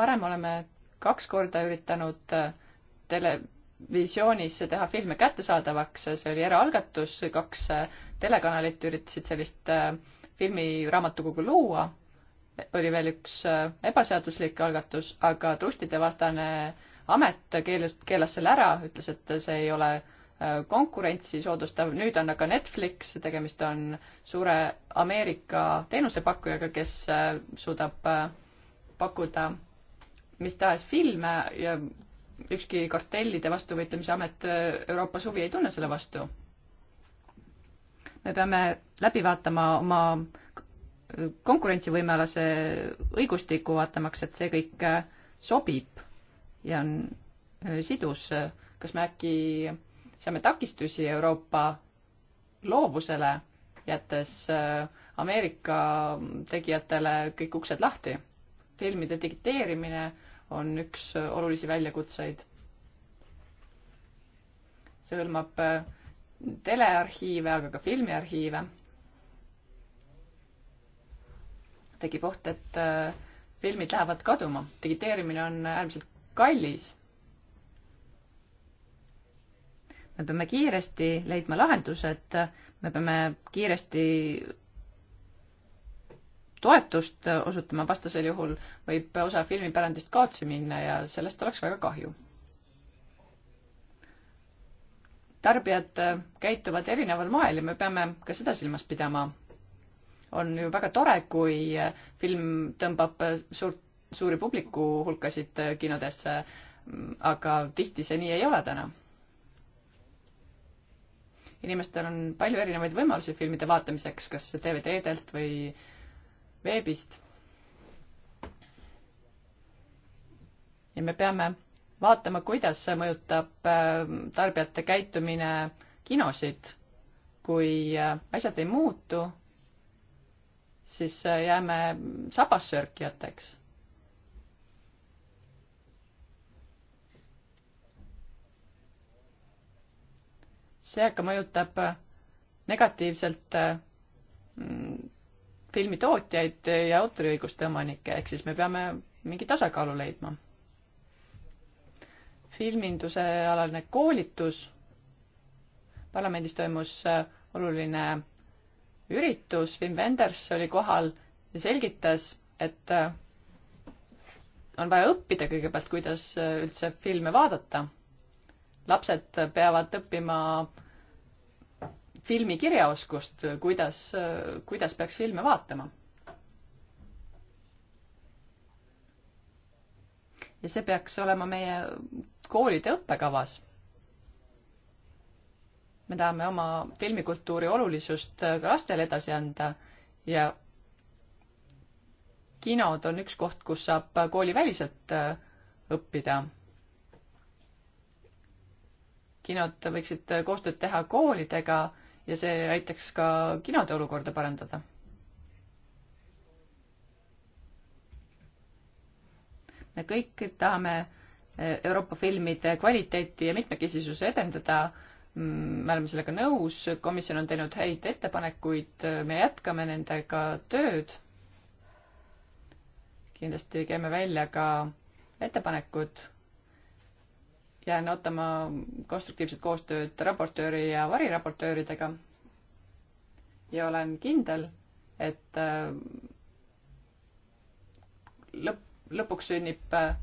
varem oleme kaks korda üritanud äh, televisioonis teha filme kättesaadavaks, see oli eraalgatus, kaks äh, telekanalit üritasid sellist äh, filmiraamatukogu luua, oli veel üks ebaseaduslik algatus, aga trustide vastane äh, amet keelas, keelas selle ära, ütles, et see ei ole äh, konkurentsi soodustav, nüüd on aga Netflix, tegemist on suure Ameerika teenusepakkujaga, kes äh, suudab äh, pakkuda mis tahes filme ja ükski kartellide vastu võitlemise amet Euroopas huvi ei tunne selle vastu. me peame läbi vaatama oma konkurentsivõimealase õigustiku, vaatamaks, et see kõik sobib ja on äh, sidus. kas me äkki seame takistusi Euroopa loovusele, jättes äh, Ameerika tegijatele kõik uksed lahti? filmide digiteerimine on üks äh, olulisi väljakutseid. see hõlmab telearhiive, aga ka filmiarhiive. tekib oht, et filmid lähevad kaduma. digiteerimine on äärmiselt kallis. me peame kiiresti leidma lahendused, me peame kiiresti toetust osutama, vastasel juhul võib osa filmipärandist kaotsi minna ja sellest oleks väga kahju. tarbijad käituvad erineval moel ja me peame ka seda silmas pidama. on ju väga tore, kui film tõmbab suurt suuri publiku hulkasid äh, kinodesse, mm, aga tihti see nii ei ole täna. inimestel on palju erinevaid võimalusi filmide vaatamiseks, kas DVD-delt või veebist. ja me peame vaatama, kuidas see mõjutab äh, tarbijate käitumine kinosid. kui äh, asjad ei muutu, siis jääme sabassörkijateks seega mõjutab äh, negatiivselt äh, mm, filmitootjaid ja autoriõiguste omanikke, ehk siis me peame mingi tasakaalu leidma. filminduse alaline koolitus, parlamendis toimus äh, oluline üritus, Wim Wenders oli kohal ja selgitas, et on vaja õppida kõigepealt, kuidas üldse filme vaadata. lapsed peavad õppima äh, filmikirjaoskust, kuidas, kuidas peaks filme vaatama. ja see peaks olema meie koolide õppekavas. me tahame oma filmikultuuri olulisust ka lastele edasi anda ja kinod on üks koht, kus saab kooliväliselt äh, õppida. kinod võiksid koostööd teha koolidega ja see aitaks ka kinode olukorda parandada. me kõik tahame eh, Euroopa filmide kvaliteeti ja mitmekesisuse edendada, mm, me oleme sellega nõus, komisjon on teinud häid ettepanekuid, me jätkame nendega tööd. kindlasti käime välja ka ettepanekud jään ootama konstruktiivset koostööd raportööri ja variraportööridega. ja olen kindel, et äh, lõpp, lõpuks sünnib äh,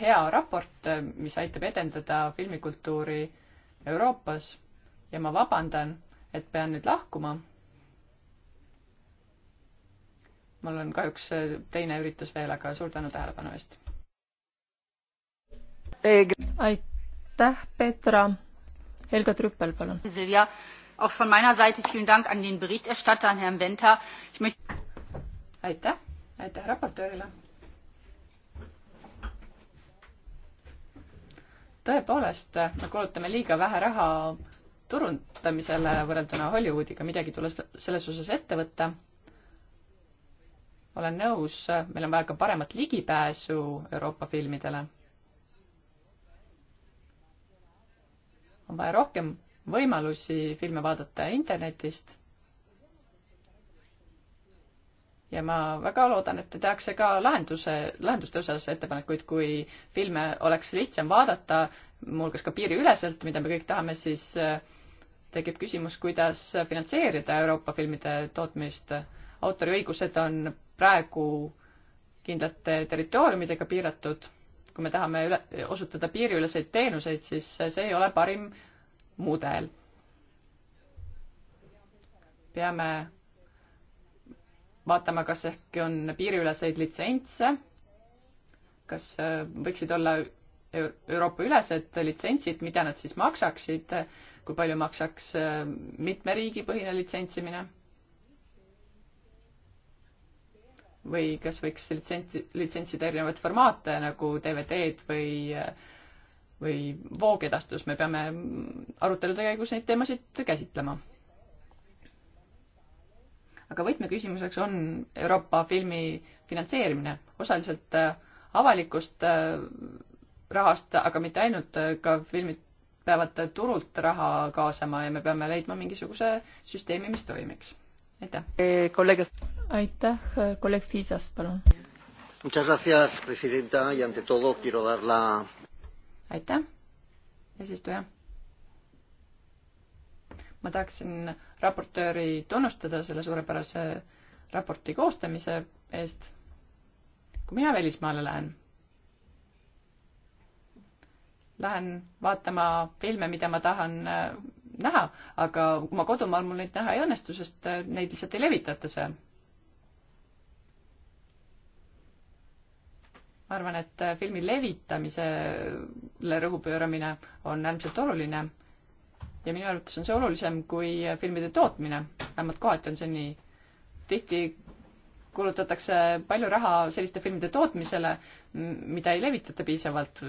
hea raport, mis aitab edendada filmikultuuri Euroopas ja ma vabandan, et pean nüüd lahkuma. mul on kahjuks äh, teine üritus veel, aga suur tänu tähelepanu eest aitäh, Petra. Helga Trüppel, palun. Silvia, auch von meiner Seite vielen Dank an den Berichterstatter, an Herrn Venter. aitäh, aitäh raportöörile. tõepoolest, me kulutame liiga vähe raha turundamisele võrrelduna Hollywoodiga, midagi tuleb selles osas ette võtta. olen nõus, meil on vaja ka paremat ligipääsu Euroopa filmidele. on vaja rohkem võimalusi filme vaadata internetist. ja ma väga loodan, et tehakse ka lahenduse, lahenduste osas ettepanekuid, kui filme oleks lihtsam vaadata, muuhulgas ka piiriüleselt, mida me kõik tahame, siis äh, tekib küsimus, kuidas finantseerida Euroopa filmide tootmist. autoriõigused on praegu kindlate territooriumidega piiratud kui me tahame üle, osutada piiriüleseid teenuseid, siis see ei ole parim mudel. peame vaatama, kas ehk on piiriüleseid litsentse, kas äh, võiksid olla Euroopa ülesed litsentsid, mida nad siis maksaksid, kui palju maksaks äh, mitme riigi põhine litsentsimine või kas võiks litsentsi, litsentsida erinevaid formaate nagu DVD-d või, või voogedastus, me peame arutelude käigus neid teemasid käsitlema. aga võtmeküsimuseks on Euroopa filmi finantseerimine, osaliselt äh, avalikust äh, rahast, aga mitte ainult, äh, ka filmid peavad turult raha kaasama ja me peame leidma mingisuguse süsteemi, mis toimiks aitäh. Eh, aitäh, kolleeg Fiisas, palun. aitäh, eesistuja. ma tahaksin raportööri tunnustada selle suurepärase raporti koostamise eest. kui mina välismaale lähen, lähen vaatama filme, mida ma tahan näha, aga oma kodumaal mul neid näha ei õnnestu, sest äh, neid lihtsalt ei levitata seal. ma arvan, et äh, filmi levitamisele rõhu pööramine on äärmiselt oluline ja minu arvates on see olulisem kui äh, filmide tootmine, vähemalt kohati on see nii. tihti kulutatakse palju raha selliste filmide tootmisele, mida ei levitata piisavalt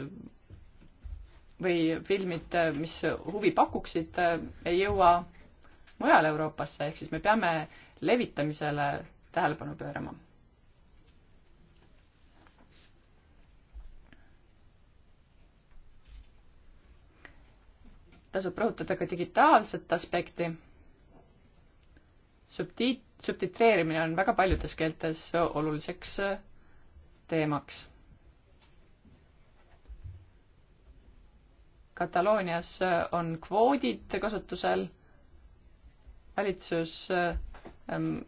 või filmid, mis huvi pakuksid, ei jõua mujale Euroopasse, ehk siis me peame levitamisele tähelepanu pöörama. tasub rõhutada ka digitaalset aspekti. subtiit-, subtitreerimine on väga paljudes keeltes oluliseks teemaks Kataloonias äh, on kvoodid kasutusel, valitsus äh, ähm,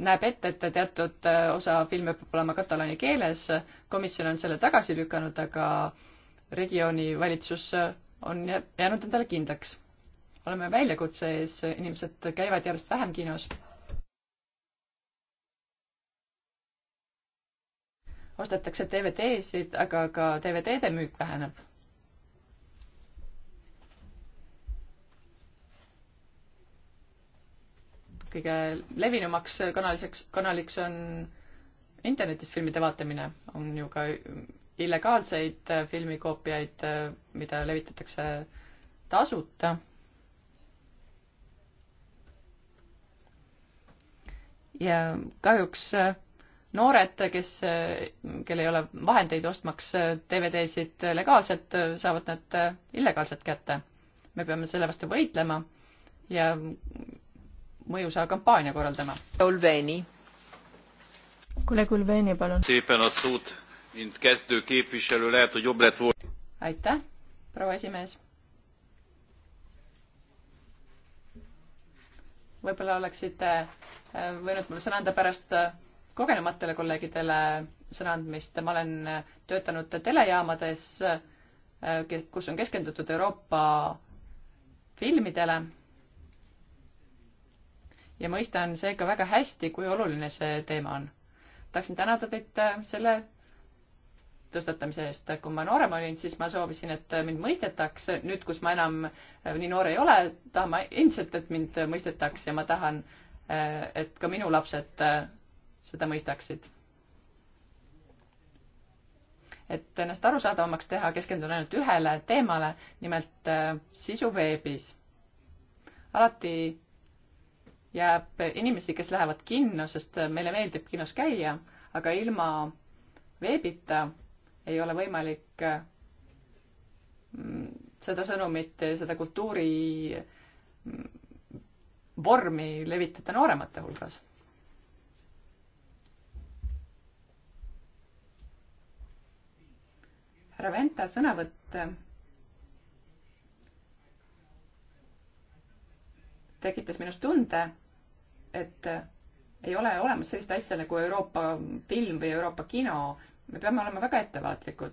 näeb ette, et teatud äh, osa filme peab olema katalooni keeles, komisjon on selle tagasi lükanud, aga regiooni valitsus on jäänud endale kindlaks. oleme väljakutse ees, inimesed käivad järjest vähem kinos. ostetakse DVD-sid, aga ka DVD-de müük väheneb kõige levinumaks kanaliseks, kanaliks on internetist filmide vaatamine, on ju ka illegaalseid äh, filmikoopiaid, äh, mida levitatakse tasuta. ja kahjuks äh, noored, kes, kel ei ole vahendeid ostmaks DVD-sid legaalselt, saavad nad illegaalselt kätte. me peame selle vastu võitlema ja mõjusa kampaania korraldama. Ulveni. kolleeg Ulveni, palun. aitäh, proua esimees. võib-olla oleksite äh, võinud mulle sõna anda pärast äh, kogenematele kolleegidele sõna andmist. ma olen äh, töötanud telejaamades, kus on keskendutud Euroopa filmidele ja mõistan seega väga hästi, kui oluline see teema on. tahaksin tänada teid äh, selle tõstatamise eest. kui ma noorem olin, siis ma soovisin, et mind mõistetaks. nüüd, kus ma enam äh, nii noor ei ole, tahan ma endiselt, et mind mõistetaks ja ma tahan, äh, et ka minu lapsed seda mõistaksid. et ennast arusaadavamaks teha, keskendun ainult ühele teemale, nimelt sisu veebis. alati jääb inimesi, kes lähevad kinno, sest meile meeldib kinos käia, aga ilma veebita ei ole võimalik mm, seda sõnumit, seda kultuuri mm, vormi levitada nooremate hulgas. härra Venta sõnavõtt tekitas minus tunde, et ei ole olemas sellist asja nagu Euroopa film või Euroopa kino. me peame olema väga ettevaatlikud.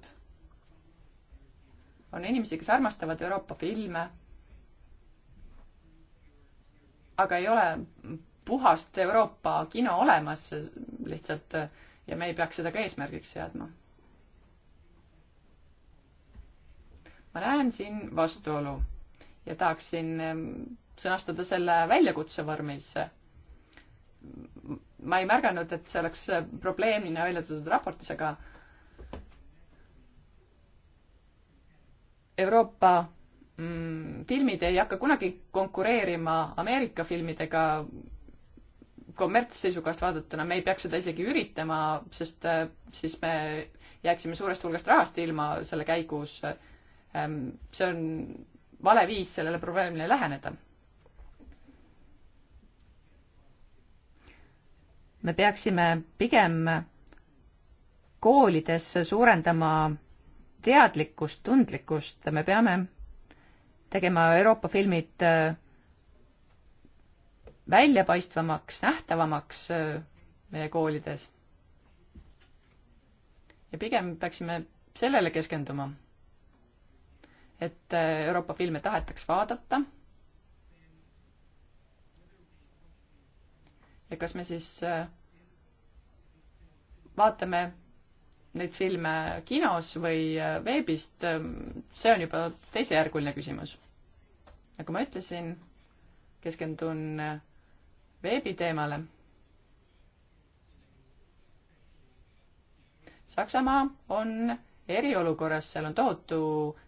on inimesi, kes armastavad Euroopa filme, aga ei ole puhast Euroopa kino olemas lihtsalt ja me ei peaks seda ka eesmärgiks seadma. ma näen siin vastuolu ja tahaksin sõnastada selle väljakutse vormis. ma ei märganud, et see oleks probleemina välja toodud raportis, aga Euroopa mm, filmid ei hakka kunagi konkureerima Ameerika filmidega kommertsseisukohast vaadatuna, me ei peaks seda isegi üritama, sest äh, siis me jääksime suurest hulgast rahast ilma selle käigus. Ähm, see on vale viis sellele probleemile läheneda me peaksime pigem koolides suurendama teadlikkust, tundlikkust, me peame tegema Euroopa filmid äh, väljapaistvamaks, nähtavamaks äh, meie koolides. ja pigem peaksime sellele keskenduma, et äh, Euroopa filme tahetaks vaadata. ja kas me siis äh, vaatame neid filme kinos või äh, veebist, ähm, see on juba teisejärguline küsimus. nagu ma ütlesin, keskendun äh, veebiteemale. Saksamaa on eriolukorras, seal on tohutu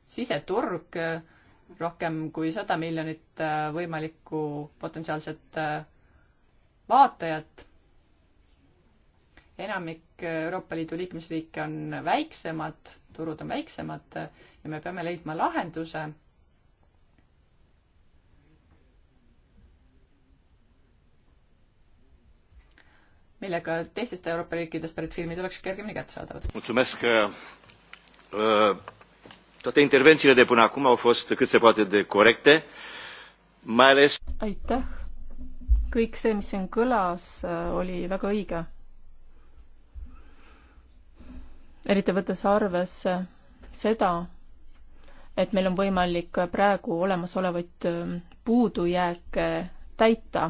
siseturg, äh, rohkem kui sada miljonit võimalikku potentsiaalset vaatajat enamik Euroopa Liidu liikmesriike on väiksemad, turud on väiksemad ja me peame leidma lahenduse. millega teistest Euroopa riikidest pärit filmid oleks kergemini kättesaadavad. mulțumesc eh, eh, toate intervențiile de până acum au fost cât se poate de corecte, mai ales aitäh, kõik see, mis siin kõlas, eh, oli väga õige eriti võttes arvesse seda, et meil on võimalik praegu olemasolevaid ähm, puudujääke täita.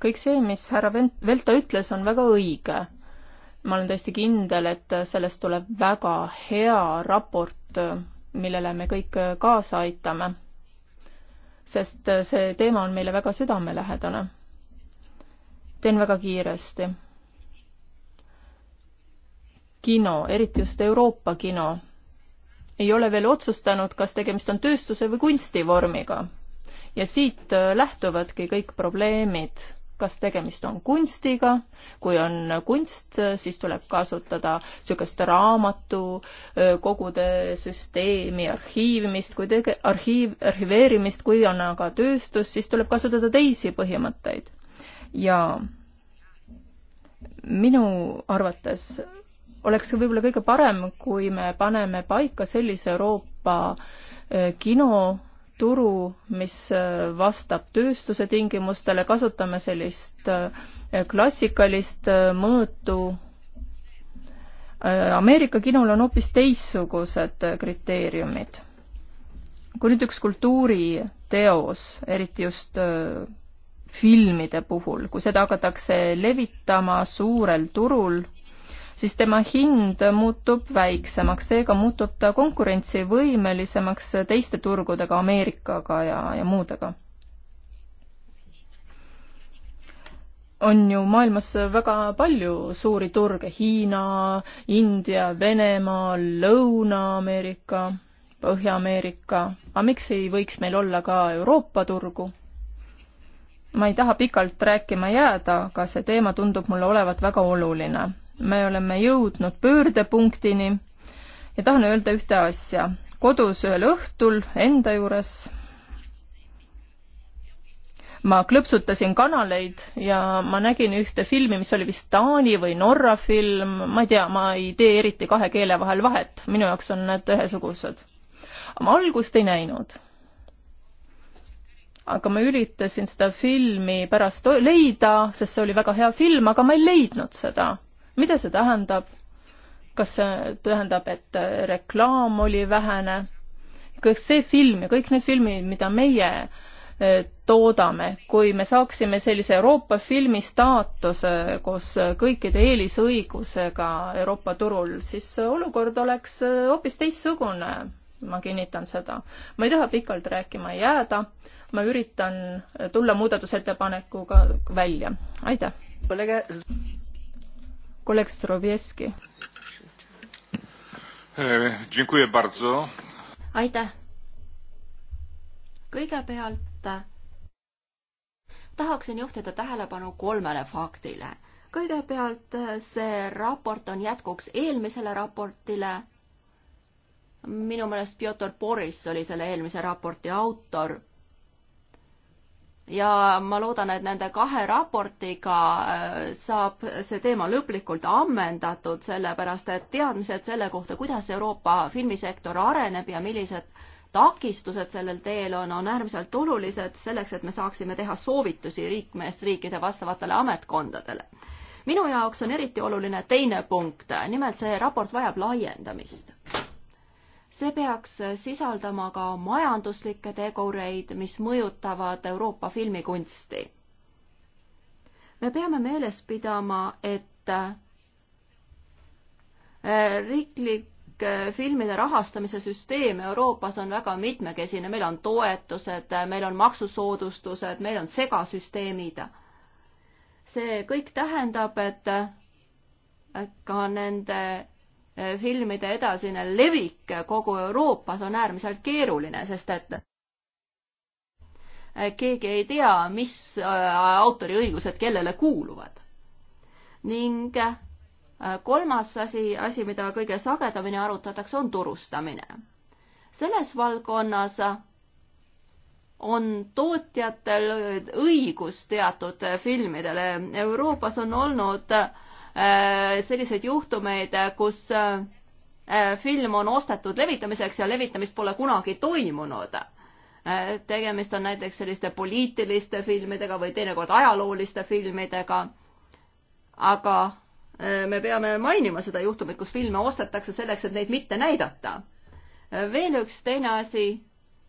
kõik see, mis härra Velta ütles, on väga õige. ma olen täiesti kindel, et sellest tuleb väga hea raport, millele me kõik kaasa aitame. sest see teema on meile väga südamelähedane. teen väga kiiresti kino, eriti just Euroopa kino, ei ole veel otsustanud, kas tegemist on tööstuse või kunstivormiga. ja siit äh, lähtuvadki kõik probleemid, kas tegemist on kunstiga, kui on kunst, äh, siis tuleb kasutada niisugust raamatukogude äh, süsteemi arhiivimist, kui tege-, arhiiv, arhiveerimist, kui on aga tööstus, siis tuleb kasutada teisi põhimõtteid. ja minu arvates oleks võib-olla kõige parem, kui me paneme paika sellise Euroopa eh, kinoturu, mis eh, vastab tööstuse tingimustele, kasutame sellist eh, klassikalist mõõtu. Ameerika kinol on hoopis teistsugused kriteeriumid. kui nüüd üks kultuuriteos, eriti just filmide puhul, kui seda hakatakse levitama suurel turul, siis tema hind muutub väiksemaks, seega muutub ta konkurentsivõimelisemaks teiste turgudega, Ameerikaga ja, ja muudega on ju maailmas väga palju suuri turge, Hiina, India, Venemaa, Lõuna-Ameerika, Põhja-Ameerika, aga miks ei võiks meil olla ka Euroopa turgu? ma ei taha pikalt rääkima jääda, aga see teema tundub mulle olevat väga oluline me oleme jõudnud pöördepunktini ja tahan öelda ühte asja. kodus ühel õhtul enda juures ma klõpsutasin kanaleid ja ma nägin ühte filmi, mis oli vist Taani või Norra film, ma ei tea, ma ei tee eriti kahe keele vahel vahet, minu jaoks on need ühesugused. ma algust ei näinud. aga ma üritasin seda filmi pärast leida, sest see oli väga hea film, aga ma ei leidnud seda mida see tähendab? kas see tähendab, et äh, reklaam oli vähene? kas see film ja kõik need filmid, mida meie äh, toodame, kui me saaksime sellise Euroopa filmi staatuse koos äh, kõikide eelisõigusega Euroopa turul, siis olukord oleks hoopis teistsugune. ma kinnitan seda. ma ei taha pikalt rääkima jääda, ma üritan tulla muudatusettepanekuga välja. aitäh! kolleeg Strovjeski. E, aitäh. kõigepealt äh, tahaksin juhtida tähelepanu kolmele faktile. kõigepealt äh, see raport on jätkuks eelmisele raportile. minu meelest Piotr Boris oli selle eelmise raporti autor ja ma loodan, et nende kahe raportiga äh, saab see teema lõplikult ammendatud, sellepärast et teadmised selle kohta, kuidas Euroopa filmisektor areneb ja millised takistused sellel teel on, on äärmiselt olulised selleks, et me saaksime teha soovitusi liikmesriikide vastavatele ametkondadele. minu jaoks on eriti oluline teine punkt, nimelt see raport vajab laiendamist see peaks sisaldama ka majanduslikke tegureid, mis mõjutavad Euroopa filmikunsti. me peame meeles pidama, et äh, riiklik äh, filmide rahastamise süsteem Euroopas on väga mitmekesine, meil on toetused, meil on maksusoodustused, meil on segasüsteemid. see kõik tähendab, et äh, ka nende Eh, filmide edasine levik kogu Euroopas on äärmiselt keeruline, sest et eh, keegi ei tea, mis eh, autoriõigused kellele kuuluvad. ning kolmas asi, asi, mida kõige sagedamini arutatakse, on turustamine. selles valdkonnas on tootjatel õigus teatud filmidele. Euroopas on olnud äh, Äh, selliseid juhtumeid, kus äh, film on ostetud levitamiseks ja levitamist pole kunagi toimunud. Äh, tegemist on näiteks selliste poliitiliste filmidega või teinekord ajalooliste filmidega. aga me peame mainima seda juhtumit, kus filme ostetakse selleks, et neid mitte näidata. veel üks teine asi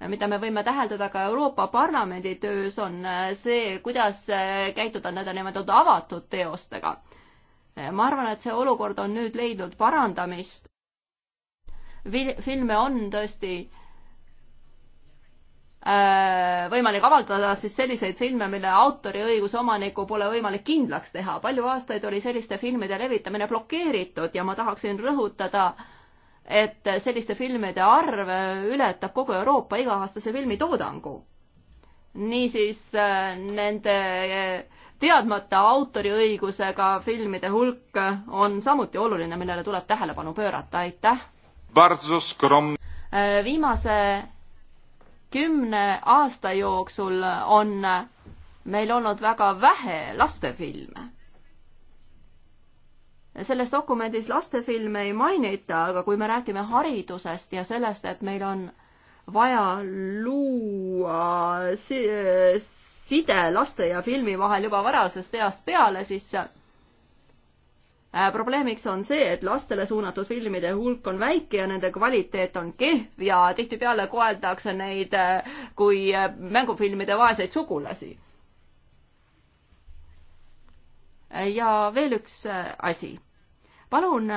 mida me võime täheldada ka Euroopa Parlamendi töös, on see, kuidas käituda nõndanimetatud avatud teostega ma arvan, et see olukord on nüüd leidnud parandamist. filme on tõesti äh, võimalik avaldada siis selliseid filme, mille autoriõiguse omanikku pole võimalik kindlaks teha. palju aastaid oli selliste filmide levitamine blokeeritud ja ma tahaksin rõhutada, et selliste filmide arv äh, ületab kogu Euroopa iga-aastase filmitoodangu. niisiis äh, nende teadmata autoriõigusega filmide hulk on samuti oluline, millele tuleb tähelepanu pöörata, aitäh! Äh, viimase kümne aasta jooksul on meil olnud väga vähe lastefilme. selles dokumendis lastefilme ei mainita, aga kui me räägime haridusest ja sellest, et meil on vaja luua si-, side laste ja filmi vahel juba varasest east peale, siis äh, probleemiks on see, et lastele suunatud filmide hulk on väike ja nende kvaliteet on kehv ja tihtipeale koheldakse neid äh, kui äh, mängufilmide vaeseid sugulasi. ja veel üks asi. palun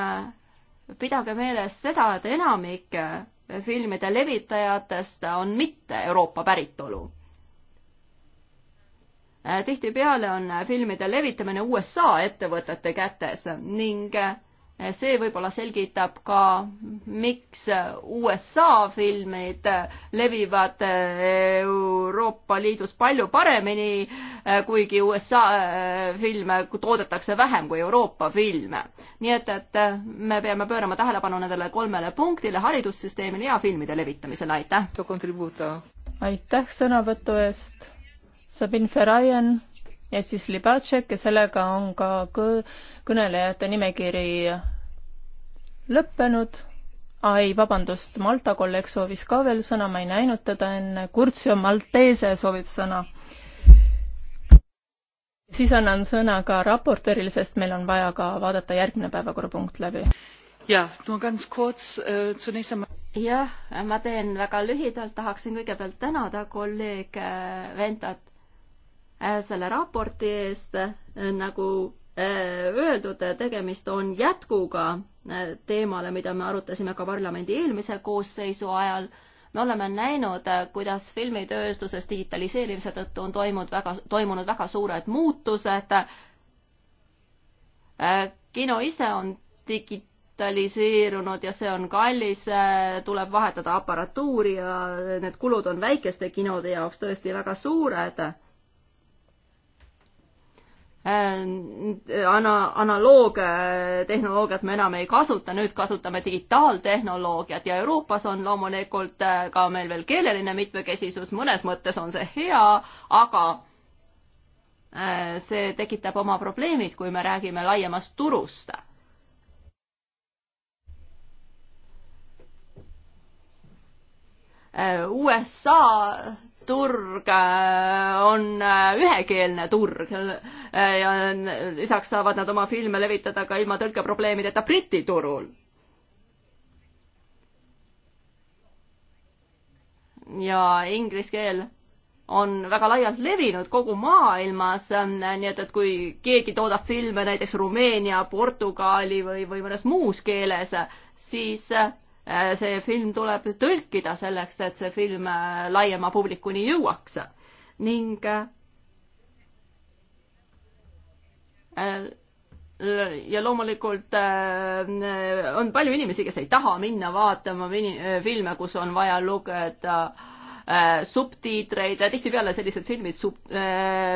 pidage meeles seda, et enamik filmide levitajatest on mitte Euroopa päritolu Äh, tihtipeale on äh, filmide levitamine USA ettevõtete kätes ning äh, see võib-olla selgitab ka, miks USA filmid levivad Euroopa Liidus palju paremini, kuigi USA filme toodetakse vähem kui Euroopa filme. nii et, et me peame pöörama tähelepanu nendele kolmele punktile, haridussüsteemile ja filmide levitamisele, aitäh! aitäh sõnavõtu eest! Sabine Ferraien ja siis Libatšek ja sellega on ka kõnelejate nimekiri lõppenud. ai, vabandust, Malta kolleeg soovis ka veel sõna, ma ei näinud teda enne. Curcio Maltese soovib sõna. siis annan sõna ka raportööril, sest meil on vaja ka vaadata järgmine päevakorrapunkt läbi. jah, no ganz kurz äh, zunächst einmal jah, ma teen väga lühidalt, tahaksin kõigepealt tänada kolleeg äh, Ventat Äh, selle raporti eest, äh, nagu äh, öeldud, tegemist on jätkuga teemale, mida me arutasime ka parlamendi eelmise koosseisu ajal. me oleme näinud, kuidas filmitööstuses digitaliseerimise tõttu on toimunud väga, toimunud väga suured muutused. kino ise on digitaliseerunud ja see on kallis, tuleb vahetada aparatuuri ja need kulud on väikeste kinode jaoks tõesti väga suured Äh, ana-, analoogtehnoloogiat me enam ei kasuta, nüüd kasutame digitaaltehnoloogiat ja Euroopas on loomulikult äh, ka meil veel keeleline mitmekesisus, mõnes mõttes on see hea, aga äh, see tekitab oma probleemid, kui me räägime laiemast turust. USA turg äh, on äh, ühekeelne turg äh, ja lisaks saavad nad oma filme levitada ka ilma tõlkeprobleemideta Briti turul. ja inglise keel on väga laialt levinud kogu maailmas, nii et, et kui keegi toodab filme näiteks Rumeenia, Portugali või, või mõnes muus keeles, siis Äh, see film tuleb tõlkida selleks, et see film äh, laiema publikuni jõuaks ning äh, ja loomulikult on palju inimesi, kes ei taha minna vaatama filme, kus on vaja lugeda subtiitreid ja tihtipeale sellised filmid sub-,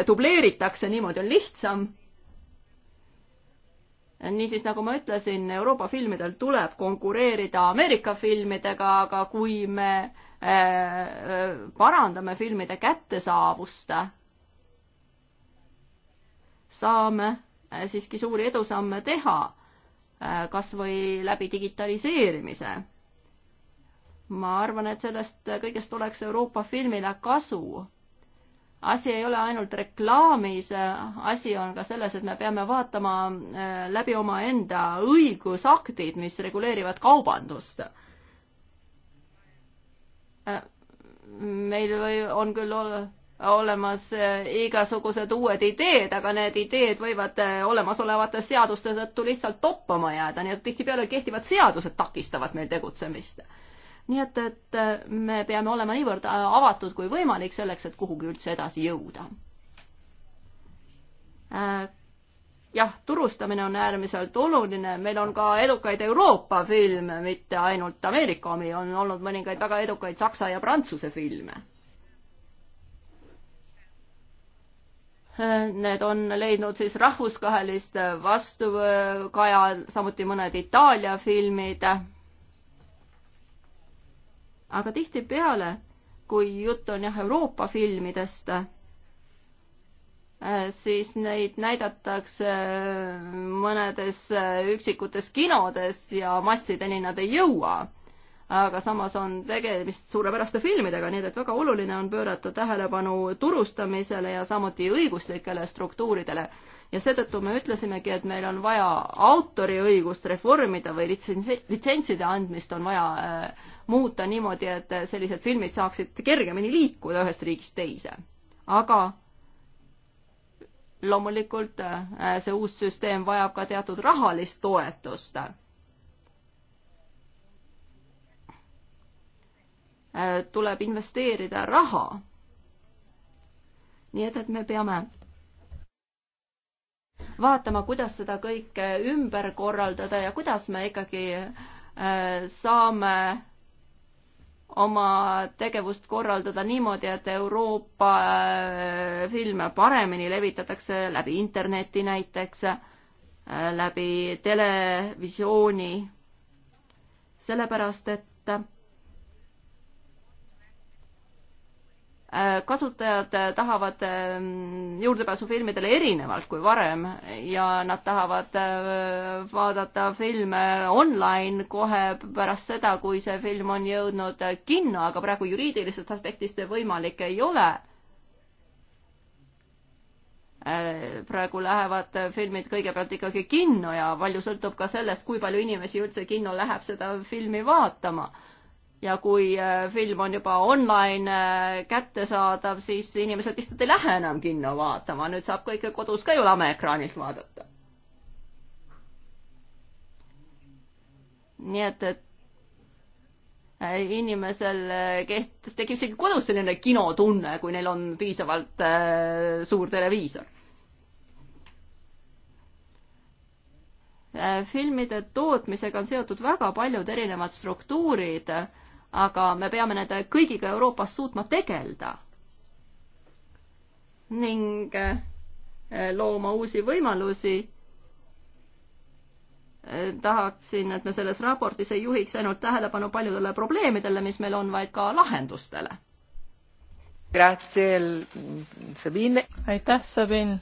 dubleeritakse, niimoodi on lihtsam niisiis, nagu ma ütlesin, Euroopa filmidel tuleb konkureerida Ameerika filmidega, aga kui me äh, parandame filmide kättesaavust, saame äh, siiski suuri edusamme teha, äh, kas või läbi digitaliseerimise. ma arvan, et sellest kõigest oleks Euroopa filmile kasu asi ei ole ainult reklaamis, asi on ka selles, et me peame vaatama äh, läbi omaenda õigusaktid, mis reguleerivad kaubandust. Äh, meil või on küll olemas äh, igasugused uued ideed, aga need ideed võivad olemasolevate seaduste tõttu lihtsalt toppama jääda, nii et tihtipeale kehtivad seadused takistavad meil tegutsemist nii et, et äh, me peame olema niivõrd äh, avatud kui võimalik selleks, et kuhugi üldse edasi jõuda. Äh, jah, turustamine on äärmiselt oluline, meil on ka edukaid Euroopa filme, mitte ainult Ameerika omi, on olnud mõningaid väga edukaid Saksa ja Prantsuse filme. Need on leidnud siis rahvusvahelist vastukaja, samuti mõned Itaalia filmid aga tihtipeale, kui jutt on jah Euroopa filmidest, äh, siis neid näidatakse äh, mõnedes äh, üksikutes kinodes ja massideni nad ei jõua. aga samas on tegemist suurepäraste filmidega, nii et väga oluline on pöörata tähelepanu turustamisele ja samuti õiguslikele struktuuridele. ja seetõttu me ütlesimegi, et meil on vaja autoriõigust reformida või litsentsi, litsentside andmist on vaja muuta niimoodi, et sellised filmid saaksid kergemini liikuda ühest riigist teise. aga loomulikult äh, see uus süsteem vajab ka teatud rahalist toetust. Äh, tuleb investeerida raha. nii et, et me peame vaatama, kuidas seda kõike ümber korraldada ja kuidas me ikkagi äh, saame oma tegevust korraldada niimoodi, et Euroopa äh, filme paremini levitatakse läbi interneti näiteks, äh, läbi televisiooni, sellepärast et Äh, kasutajad äh, tahavad ähm, juurdepääsu filmidele erinevalt kui varem ja nad tahavad äh, vaadata filme online kohe pärast seda, kui see film on jõudnud kinno, aga praegu juriidilisest aspektist võimalik ei ole. praegu lähevad filmid kõigepealt ikkagi kinno ja palju sõltub ka sellest, kui palju inimesi üldse kinno läheb seda filmi vaatama ja kui äh, film on juba online äh, kättesaadav, siis inimesed lihtsalt ei lähe enam kinno vaatama, nüüd saab kõike kodus ka ju lameekraanilt vaadata. nii et, et äh, inimesel keht-, tekib isegi kodus selline kinotunne, kui neil on piisavalt suur televiisor filmide tootmisega on seotud väga paljud erinevad struktuurid aga me peame nende kõigiga Euroopas suutma tegeleda ning eh, looma uusi võimalusi. Eh, tahaksin, et me selles raportis ei juhiks ainult tähelepanu paljudele probleemidele, mis meil on, vaid ka lahendustele. aitäh, Sabin.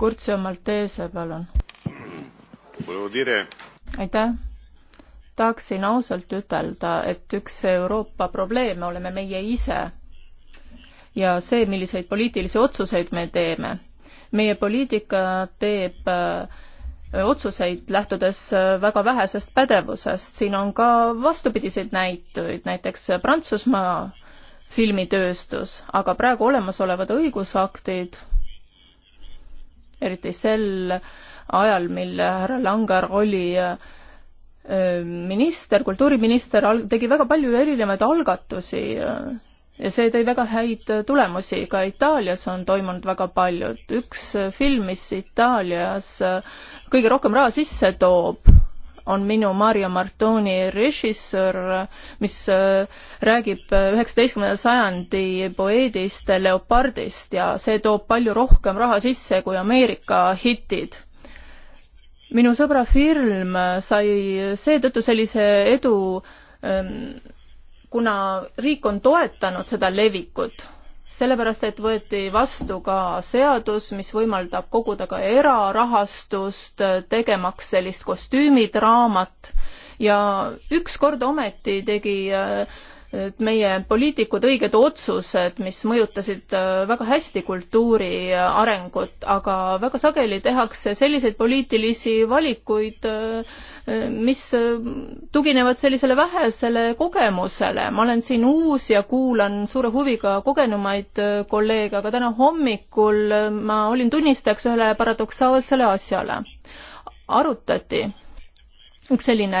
Kurtsio Maltese, palun. aitäh tahaksin ausalt ütelda, et üks Euroopa probleeme oleme meie ise ja see, milliseid poliitilisi otsuseid me teeme. meie poliitika teeb äh, otsuseid lähtudes äh, väga vähesest pädevusest, siin on ka vastupidiseid näiteid, näiteks Prantsusmaa filmitööstus, aga praegu olemasolevad õigusaktid, eriti sel ajal, mil härra Langar oli äh, minister, kultuuriminister tegi väga palju erinevaid algatusi ja see tõi väga häid tulemusi, ka Itaalias on toimunud väga palju, et üks film, mis Itaalias kõige rohkem raha sisse toob, on minu Mario Martoni režissöör, mis räägib üheksateistkümnenda sajandi poeedist Leopardist ja see toob palju rohkem raha sisse kui Ameerika hitid minu sõbra firm sai seetõttu sellise edu, ähm, kuna riik on toetanud seda levikut, sellepärast et võeti vastu ka seadus, mis võimaldab koguda ka erarahastust, tegemaks sellist kostüümidraamat ja ükskord ometi tegi äh, meie poliitikud õiged otsused, mis mõjutasid äh, väga hästi kultuuri arengut, aga väga sageli tehakse selliseid poliitilisi valikuid, äh, mis äh, tuginevad sellisele vähesele kogemusele. ma olen siin uus ja kuulan suure huviga kogenumaid kolleege, aga täna hommikul ma olin tunnistajaks ühele paradoksaalsele asjale. arutati üks selline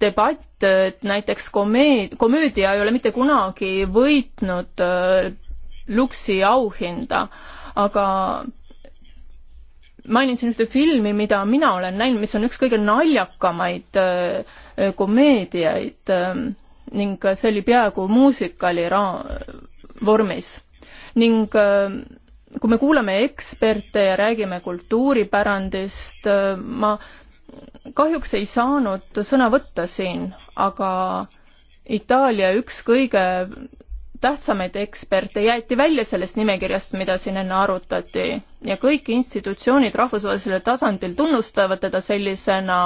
debatt et näiteks komeed-, komöödia ei ole mitte kunagi võitnud äh, Luksi auhinda, aga mainin siin ühte filmi, mida mina olen näinud, mis on üks kõige naljakamaid äh, komeediaid ähm, ning see oli peaaegu muusikali ra-, vormis. ning ähm, kui me kuulame eksperte ja räägime kultuuripärandist, äh, ma kahjuks ei saanud sõna võtta siin, aga Itaalia üks kõige tähtsamaid eksperte jäeti välja sellest nimekirjast, mida siin enne arutati ja kõik institutsioonid rahvusvahelisel tasandil tunnustavad teda sellisena.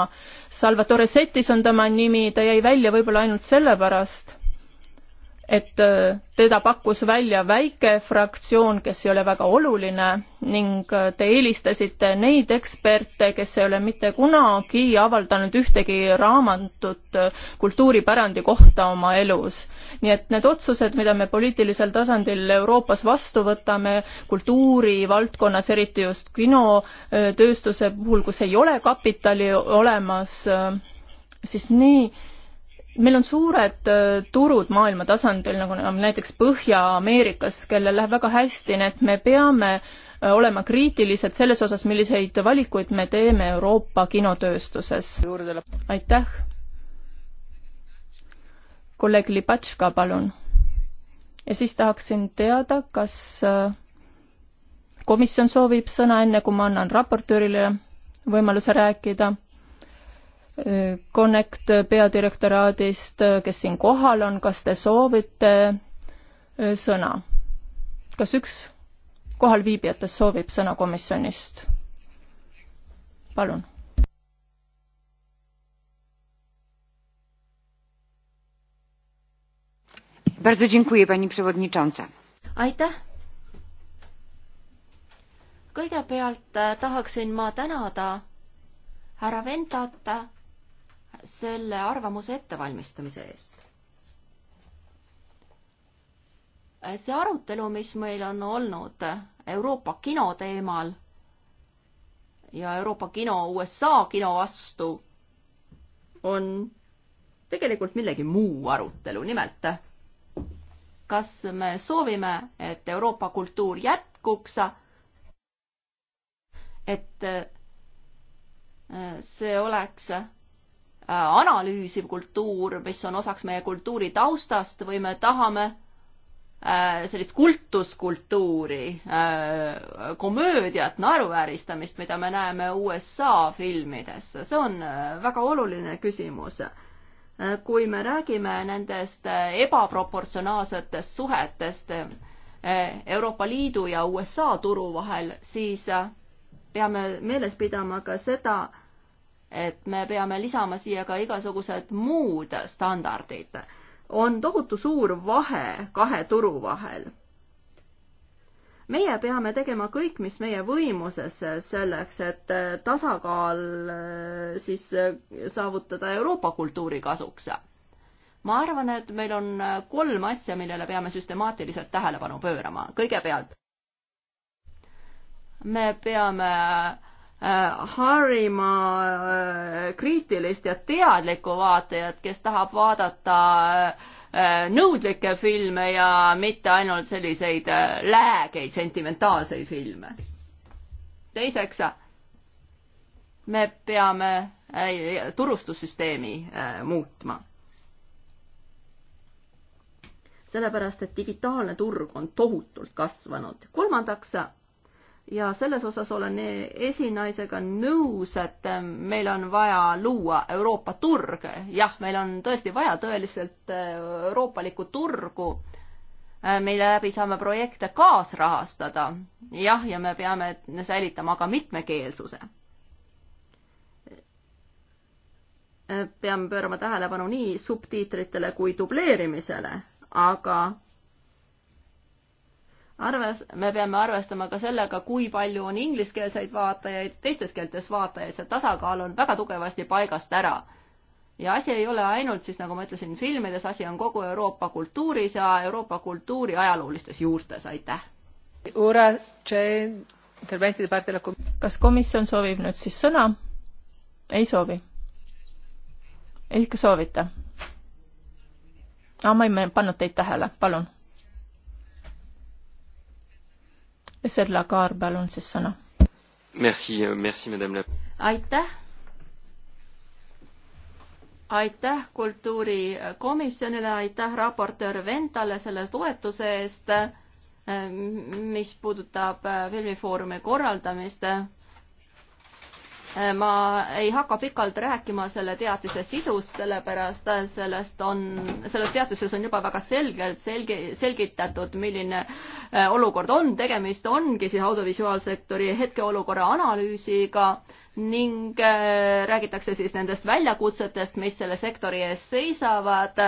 Salvatore Setis on tema nimi, ta jäi välja võib-olla ainult sellepärast, et äh, teda pakkus välja väike fraktsioon, kes ei ole väga oluline ning äh, te eelistasite neid eksperte, kes ei ole mitte kunagi avaldanud ühtegi raamatut äh, kultuuripärandi kohta oma elus. nii et need otsused, mida me poliitilisel tasandil Euroopas vastu võtame, kultuurivaldkonnas, eriti just kinotööstuse puhul, kus ei ole kapitali olemas, siis nii meil on suured äh, turud maailma tasandil, nagu näiteks Põhja-Ameerikas, kellel läheb väga hästi, nii et me peame äh, olema kriitilised selles osas, milliseid valikuid me teeme Euroopa kinotööstuses. aitäh. kolleeg Libatška, palun. ja siis tahaksin teada, kas äh, komisjon soovib sõna, enne kui ma annan raportöörile võimaluse rääkida Connect peadirektoraadist, kes siin kohal on, kas te soovite äh, sõna? kas üks kohalviibijatest soovib sõna komisjonist? palun. aitäh kõigepealt äh, tahaksin ma tänada härra Ventat selle arvamuse ettevalmistamise eest. see arutelu, mis meil on olnud Euroopa kino teemal ja Euroopa kino USA kino vastu, on tegelikult millegi muu arutelu, nimelt kas me soovime, et Euroopa kultuur jätkuks, et see oleks Äh, analüüsiv kultuur, mis on osaks meie kultuuri taustast või me tahame äh, sellist kultuskultuuri, äh, komöödiat, naeruvääristamist, mida me näeme USA filmides, see on väga oluline küsimus. kui me räägime nendest ebaproportsionaalsetest suhetest Euroopa Liidu ja USA turu vahel, siis peame meeles pidama ka seda, et me peame lisama siia ka igasugused muud standardid. on tohutu suur vahe kahe turu vahel. meie peame tegema kõik, mis meie võimuses selleks, et tasakaal eh, siis eh, saavutada Euroopa kultuuri kasuks. ma arvan, et meil on kolm asja, millele peame süstemaatiliselt tähelepanu pöörama. kõigepealt me peame Äh, harima äh, kriitilist ja teadlikku vaatajat, kes tahab vaadata äh, nõudlikke filme ja mitte ainult selliseid läägeid sentimentaalseid filme. teiseks, me peame turustussüsteemi muutma. sellepärast, et digitaalne turg on tohutult kasvanud. kolmandaks ja selles osas olen e- esinaisega nõus, et meil on vaja luua Euroopa turg. jah, meil on tõesti vaja tõeliselt e, euroopalikku turgu, e, mille läbi saame projekte kaasrahastada. jah, ja me peame säilitama ka mitmekeelsuse. peame pöörama tähelepanu nii subtiitritele kui dubleerimisele, aga arves, me peame arvestama ka sellega, kui palju on ingliskeelseid vaatajaid, teistes keeltes vaatajaid, see tasakaal on väga tugevasti paigast ära. ja asi ei ole ainult siis, nagu ma ütlesin, filmides, asi on kogu Euroopa kultuuris ja Euroopa kultuuri ajaloolistes juurtes, aitäh. kas komisjon soovib nüüd siis sõna? ei soovi? ikka soovite? aa, ma ei pannud teid tähele, palun Sedla Kaar, palun siis sõna. Merci, euh, merci, madame la. aitäh. aitäh kultuurikomisjonile, äh, aitäh raportöör Ventale selle toetuse eest, äh, mis puudutab äh, filmifoorumi korraldamist ma ei hakka pikalt rääkima selle teatise sisust, sellepärast sellest on, selles teatises on juba väga selgelt selgi-, selgitatud, milline äh, olukord on, tegemist ongi siis audiovisuaalsektori hetkeolukorra analüüsiga ning äh, räägitakse siis nendest väljakutsetest, mis selle sektori ees seisavad,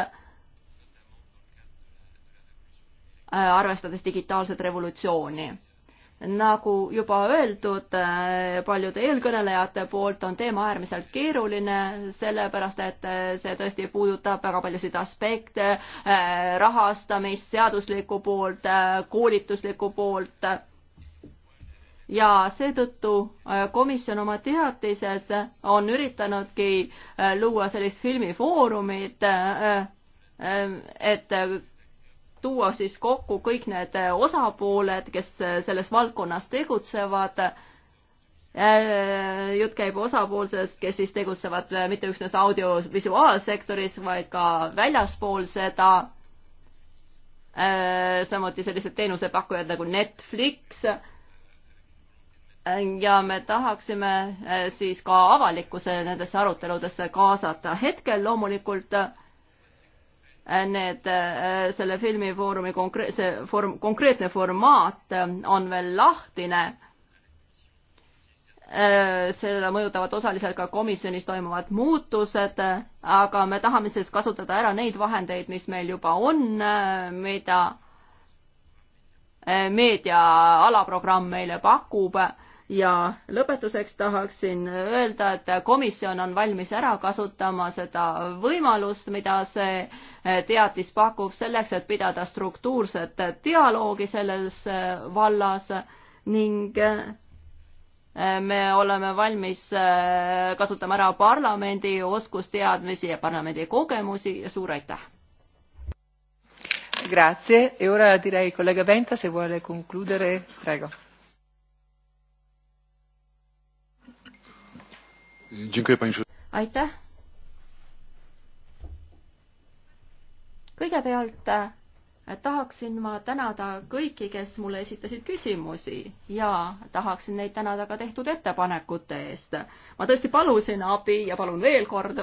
äh, arvestades digitaalset revolutsiooni nagu juba öeldud äh, paljude eelkõnelejate poolt, on teema äärmiselt keeruline, sellepärast et äh, see tõesti puudutab väga paljusid aspekte, äh, rahastamist, seaduslikku poolt, koolituslikku poolt. ja seetõttu komisjon oma teatises on üritanudki luua sellist filmifoorumit, et tuua siis kokku kõik need äh, osapooled, kes äh, selles valdkonnas tegutsevad. Äh, jutt käib osapoolsest, kes siis tegutsevad mitte üksnes audiovisuaalsektoris, vaid ka väljaspool seda. samuti sellised teenusepakkujad nagu Netflix. ja me tahaksime siis ka avalikkuse nendesse aruteludesse kaasata. hetkel loomulikult need, äh, selle filmifoorumi konkre-, see form, konkreetne formaat äh, on veel lahtine. Äh, seda mõjutavad osaliselt ka komisjonis toimuvad muutused, aga me tahame siis kasutada ära neid vahendeid, mis meil juba on, mida meedia alaprogramm meile pakub ja lõpetuseks tahaksin öelda, et komisjon on valmis ära kasutama seda võimalust, mida see eh, teatis pakub selleks, et pidada struktuurset dialoogi selles eh, vallas ning eh, me oleme valmis kasutama ära parlamendi oskusteadmisi ja parlamendi kogemusi ja suur aitäh! Grazie e ora direi collega Venta se vuole concludere, prego aitäh. kõigepealt eh, tahaksin ma tänada kõiki, kes mulle esitasid küsimusi ja tahaksin neid tänada ka tehtud ettepanekute eest. ma tõesti palusin abi ja palun veel kord.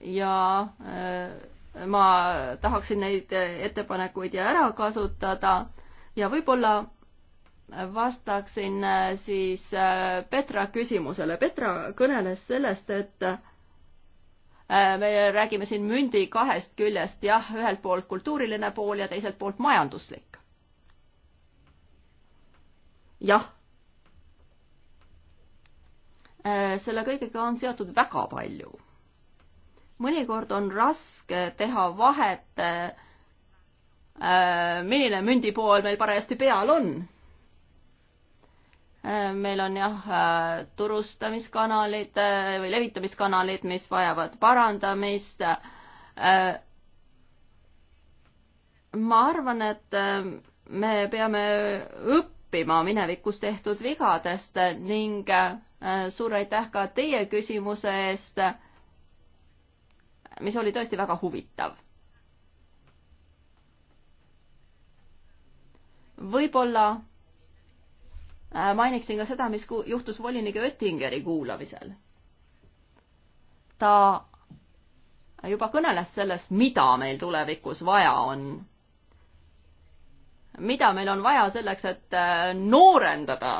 ja eh, ma tahaksin neid ettepanekuid ja ära kasutada ja võib-olla vastaksin äh, siis äh, Petra küsimusele. Petra kõneles sellest, et äh, me räägime siin mündi kahest küljest, jah, ühelt poolt kultuuriline pool ja teiselt poolt majanduslik. jah. selle kõigega on seotud väga palju. mõnikord on raske teha vahet, milline mündi pool meil parajasti peal on meil on jah turustamiskanalid äh, või levitamiskanalid, mis vajavad parandamist. Äh, ma arvan, et äh, me peame õppima minevikus tehtud vigadest ning suur aitäh ka teie küsimuse eest, mis oli tõesti väga huvitav. võib-olla Äh, mainiksin ka seda, mis juhtus volinik Oettingeri kuulamisel. ta juba kõneles sellest, mida meil tulevikus vaja on. mida meil on vaja selleks, et äh, noorendada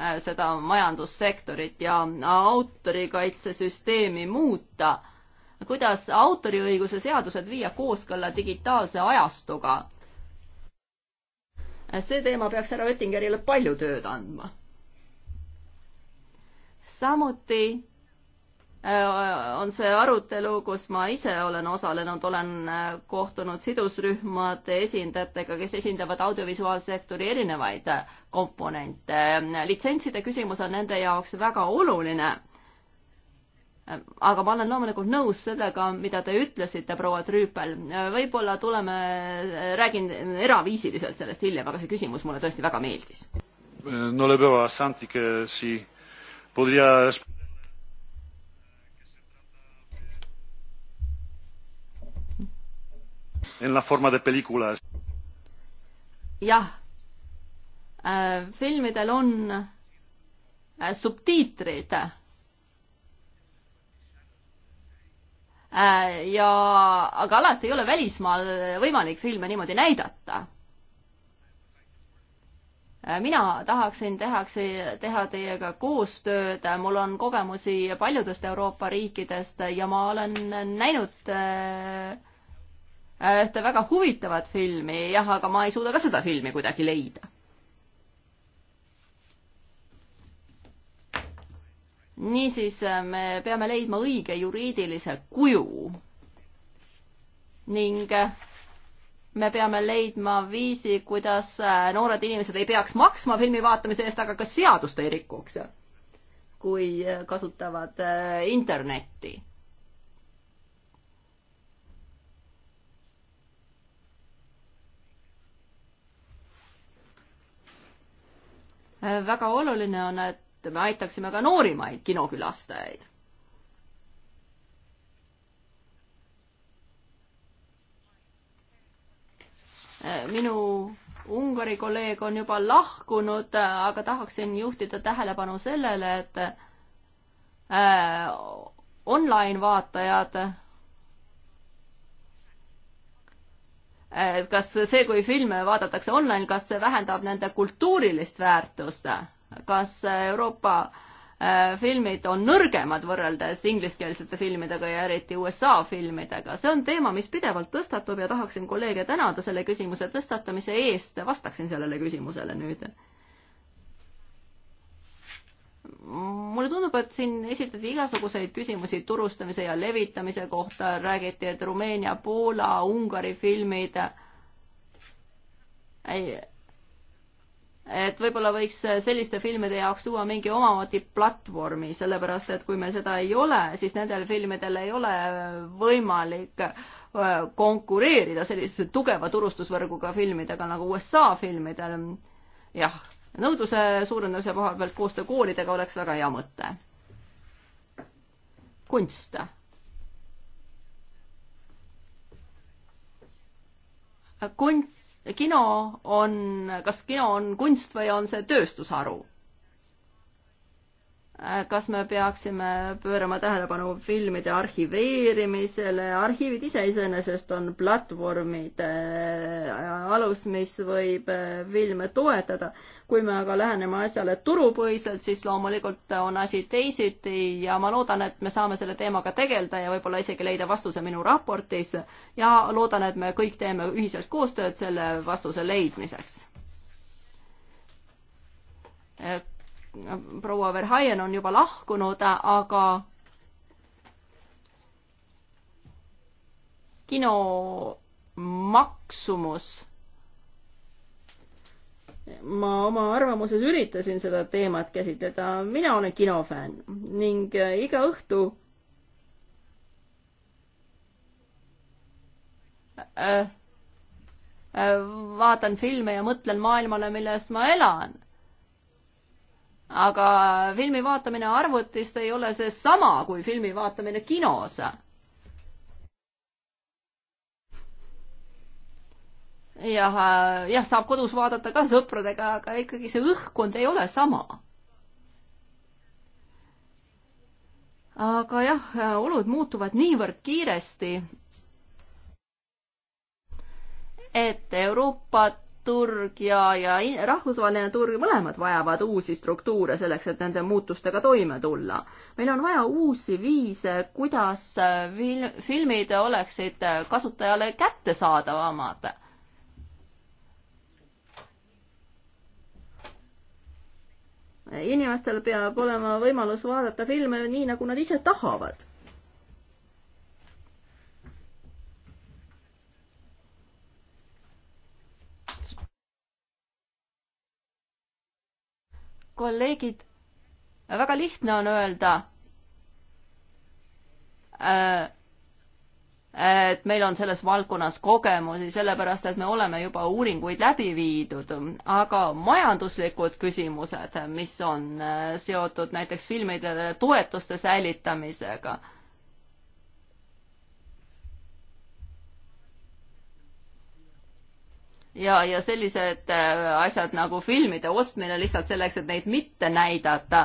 äh, seda majandussektorit ja autorikaitsesüsteemi muuta, kuidas autoriõiguse seadused viia kooskõlla digitaalse ajastuga see teema peaks härra Oettingerile palju tööd andma. samuti äh, on see arutelu, kus ma ise olen osalenud, olen äh, kohtunud sidusrühmade esindajatega, kes esindavad audiovisuaalsektori erinevaid äh, komponente. litsentside küsimus on nende jaoks väga oluline aga ma olen loomulikult nõus sellega, mida te ütlesite, proua Trüüpel. võib-olla tuleme, räägin eraviisiliselt sellest hiljem, aga see küsimus mulle tõesti väga meeldis. no le veo bastante que si podría en la forma de películas. jah äh,, filmidel on äh, subtiitrid Äh, ja, aga alati ei ole välismaal võimalik filme niimoodi näidata. Äh, mina tahaksin, tehakse, teha teiega koostööd, mul on kogemusi paljudest Euroopa riikidest ja ma olen näinud äh, ühte väga huvitavat filmi, jah, aga ma ei suuda ka seda filmi kuidagi leida niisiis äh, me peame leidma õige juriidilise kuju ning äh, me peame leidma viisi, kuidas äh, noored inimesed ei peaks maksma filmi vaatamise eest, aga ka seadust ei rikuks, kui kasutavad internetti väga oluline on, et et me aitaksime ka noorimaid kinokülastajaid. minu Ungari kolleeg on juba lahkunud, aga tahaksin juhtida tähelepanu sellele, et äh, online vaatajad äh, kas see, kui filme vaadatakse online, kas see vähendab nende kultuurilist väärtust? kas Euroopa äh, filmid on nõrgemad võrreldes ingliskeelsete filmidega ja eriti USA filmidega. see on teema, mis pidevalt tõstatub ja tahaksin kolleege tänada selle küsimuse tõstatamise eest. vastaksin sellele küsimusele nüüd. mulle tundub, et siin esitati igasuguseid küsimusi turustamise ja levitamise kohta, räägiti, et Rumeenia, Poola, Ungari filmid ei et võib-olla võiks selliste filmide jaoks luua mingi omamoodi platvormi, sellepärast et kui meil seda ei ole, siis nendel filmidel ei ole võimalik äh, konkureerida sellise tugeva turustusvõrguga filmidega nagu USA filmidel. jah, nõudluse suurendamise koha pealt koostöö koolidega oleks väga hea mõte. kunst. kunst kino on, kas kino on kunst või on see tööstusharu? Äh, kas me peaksime pöörama tähelepanu filmide arhiveerimisele, arhiivid ise iseenesest on platvormid äh,, alus, mis võib äh, filme toetada. kui me aga läheneme asjale turupõhiselt, siis loomulikult on asi teisiti ja ma loodan, et me saame selle teemaga tegeleda ja võib-olla isegi leida vastuse minu raportis ja loodan, et me kõik teeme ühiselt koostööd selle vastuse leidmiseks äh, proua Verhaien on juba lahkunud, aga kino maksumus. ma oma arvamuses üritasin seda teemat käsitleda, mina olen kinofänn ning iga õhtu äh, äh, vaatan filme ja mõtlen maailmale, milles ma elan aga filmi vaatamine arvutist ei ole seesama kui filmi vaatamine kinos. jah, jah, saab kodus vaadata ka sõpradega, aga ikkagi see õhkkond ei ole sama. aga jah, olud muutuvad niivõrd kiiresti, et Euroopat turg ja, ja rahvusvaheline turg, mõlemad vajavad uusi struktuure selleks, et nende muutustega toime tulla. meil on vaja uusi viise, kuidas äh, vil-, filmid oleksid äh, kasutajale kättesaadavamad. inimestel peab olema võimalus vaadata filme nii, nagu nad ise tahavad kolleegid, väga lihtne on öelda, äh, et meil on selles valdkonnas kogemusi, sellepärast et me oleme juba uuringuid läbi viidud, aga majanduslikud küsimused, mis on äh, seotud näiteks filmide toetuste säilitamisega ja, ja sellised äh, asjad nagu filmide ostmine lihtsalt selleks, et neid mitte näidata.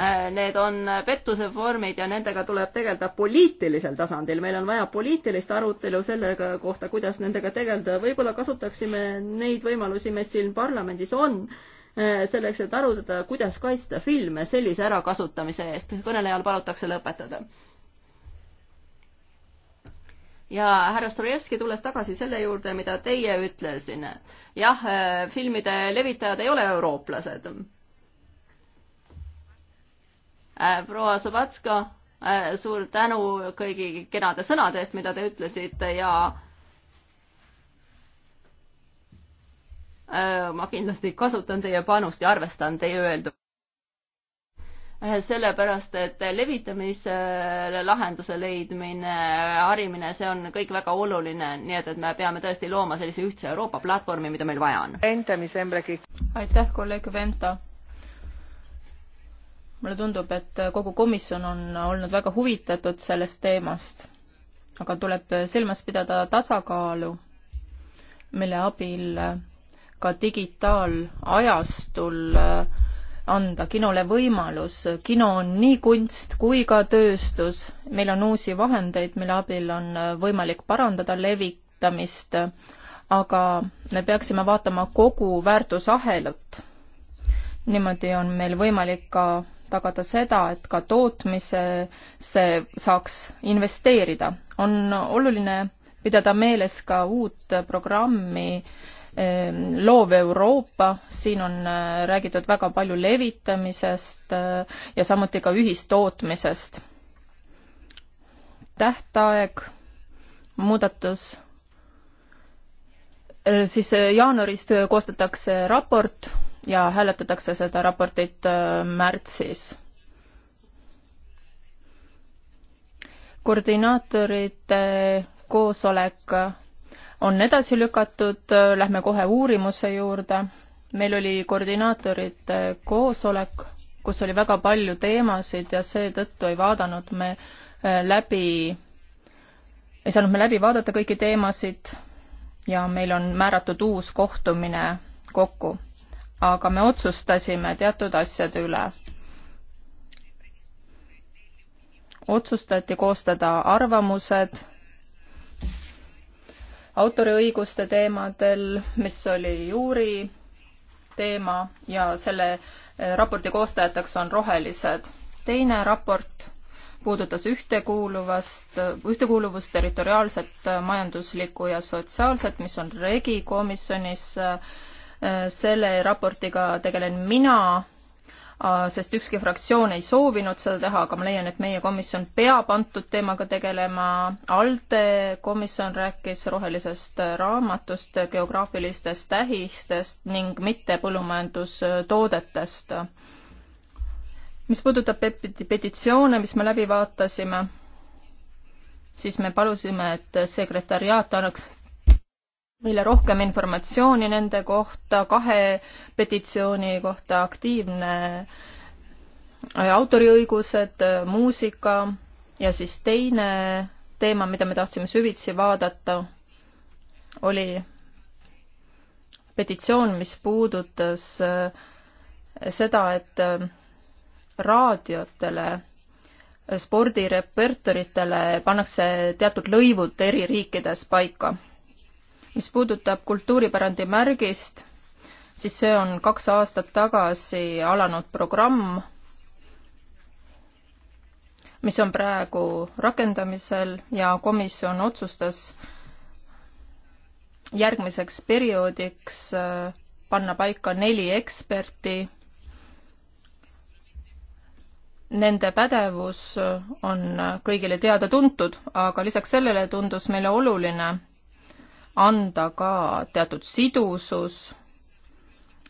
Äh, need on äh, pettuse vormid ja nendega tuleb tegeleda poliitilisel tasandil, meil on vaja poliitilist arutelu selle kohta, kuidas nendega tegeleda, võib-olla kasutaksime neid võimalusi, mis siin parlamendis on, selleks, et arutada, kuidas kaitsta filme sellise ärakasutamise eest. kõnelejal palutakse lõpetada ja härra Strojevski, tulles tagasi selle juurde, mida teie ütlesin, jah, äh, filmide levitajad ei ole eurooplased. Äh, proua Sobatska, äh, suur tänu kõigi kenade sõnade eest, mida te ütlesite ja ma kindlasti kasutan teie panust ja arvestan teie öeldu. Eh, sellepärast et levitamisele lahenduse leidmine, harimine, see on kõik väga oluline, nii et, et me peame tõesti looma sellise ühtse Euroopa platvormi, mida meil vaja on. aitäh, kolleeg Venta. mulle tundub, et kogu komisjon on olnud väga huvitatud sellest teemast, aga tuleb silmas pidada tasakaalu, mille abil ka digitaalajastul äh, anda kinole võimalus. kino on nii kunst kui ka tööstus. meil on uusi vahendeid, mille abil on võimalik parandada levitamist, aga me peaksime vaatama kogu väärtusahelat. niimoodi on meil võimalik ka tagada seda, et ka tootmisesse saaks investeerida. on oluline pidada meeles ka uut programmi, Ehm, loov Euroopa, siin on äh, räägitud väga palju levitamisest äh, ja samuti ka ühistootmisest. tähtaeg, muudatus, äh, siis jaanuarist koostatakse raport ja hääletatakse seda raportit märtsis koordinaatorite koosolek on edasi lükatud, lähme kohe uurimuse juurde. meil oli koordinaatorite koosolek, kus oli väga palju teemasid ja seetõttu ei vaadanud me äh, läbi, ei saanud me läbi vaadata kõiki teemasid ja meil on määratud uus kohtumine kokku. aga me otsustasime teatud asjade üle otsustati koostada arvamused autoriõiguste teemadel, mis oli juuri teema ja selle eh, raporti koostajateks on rohelised. teine raport puudutas ühtekuuluvast, ühtekuuluvust, territoriaalset, eh, majanduslikku ja sotsiaalset, mis on regi komisjonis. Eh, selle raportiga tegelen mina sest ükski fraktsioon ei soovinud seda teha, aga ma leian, et meie komisjon peab antud teemaga tegelema. ALDE komisjon rääkis rohelisest raamatust, geograafilistest tähistest ning mittepõllumajandustoodetest. mis puudutab petitsioone, mis me läbi vaatasime, siis me palusime, et sekretariaat annaks meile rohkem informatsiooni nende kohta, kahe petitsiooni kohta aktiivne äh, autoriõigused, äh, muusika ja siis teine teema, mida me tahtsime süvitsi vaadata, oli petitsioon, mis puudutas äh, seda, et raadiotele, spordirepertoritele pannakse teatud lõivud eri riikides paika mis puudutab kultuuripärandi märgist, siis see on kaks aastat tagasi alanud programm, mis on praegu rakendamisel ja komisjon otsustas järgmiseks perioodiks äh, panna paika neli eksperti. Nende pädevus on kõigile teada-tuntud, aga lisaks sellele tundus meile oluline anda ka teatud sidusus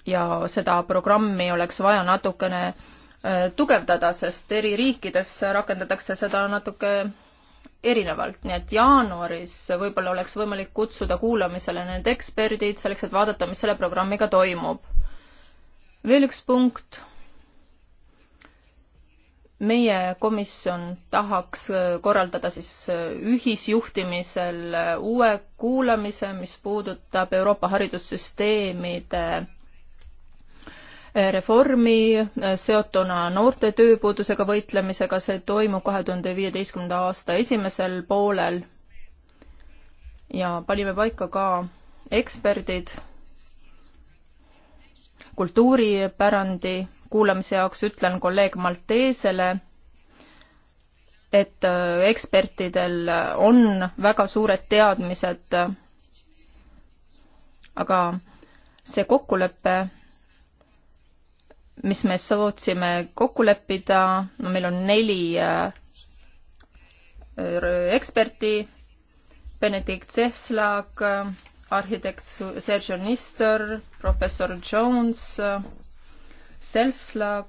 ja seda programmi oleks vaja natukene äh, tugevdada, sest eri riikides rakendatakse seda natuke erinevalt, nii et jaanuaris võib-olla oleks võimalik kutsuda kuulamisele need eksperdid selleks, et vaadata, mis selle programmiga toimub. veel üks punkt meie komisjon tahaks korraldada siis ühisjuhtimisel uue kuulamise, mis puudutab Euroopa haridussüsteemide reformi seotuna noorte tööpuudusega võitlemisega, see toimub kahe tuhande viieteistkümnenda aasta esimesel poolel. ja panime paika ka eksperdid kultuuripärandi kuulamise jaoks ütlen kolleeg Maltesele, et äh, ekspertidel äh, on väga suured teadmised, aga see kokkulepe, mis me sootsime kokku leppida, no meil on neli äh, eksperti, Benedikt Zefslak, arhitekt Sergei Nistor, professor Jones, Selfslag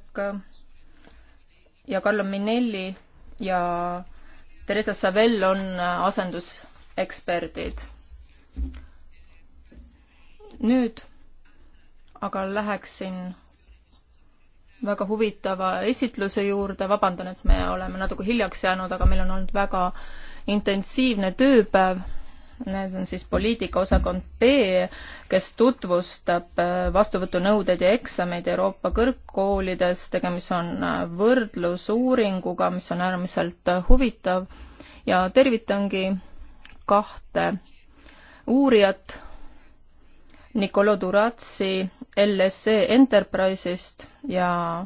ja Carlo Minelli ja Theresa Savell on asenduseksperdid. nüüd aga läheksin väga huvitava esitluse juurde, vabandan, et me oleme natuke hiljaks jäänud, aga meil on olnud väga intensiivne tööpäev need on siis poliitikaosakond B, kes tutvustab äh, vastuvõtunõudeid ja eksameid Euroopa kõrgkoolides, tegemist on äh, võrdlusuuringuga, mis on äärmiselt äh, huvitav ja tervitangi kahte uurijat, Nicolo Durazzi LSE Enterprise'ist ja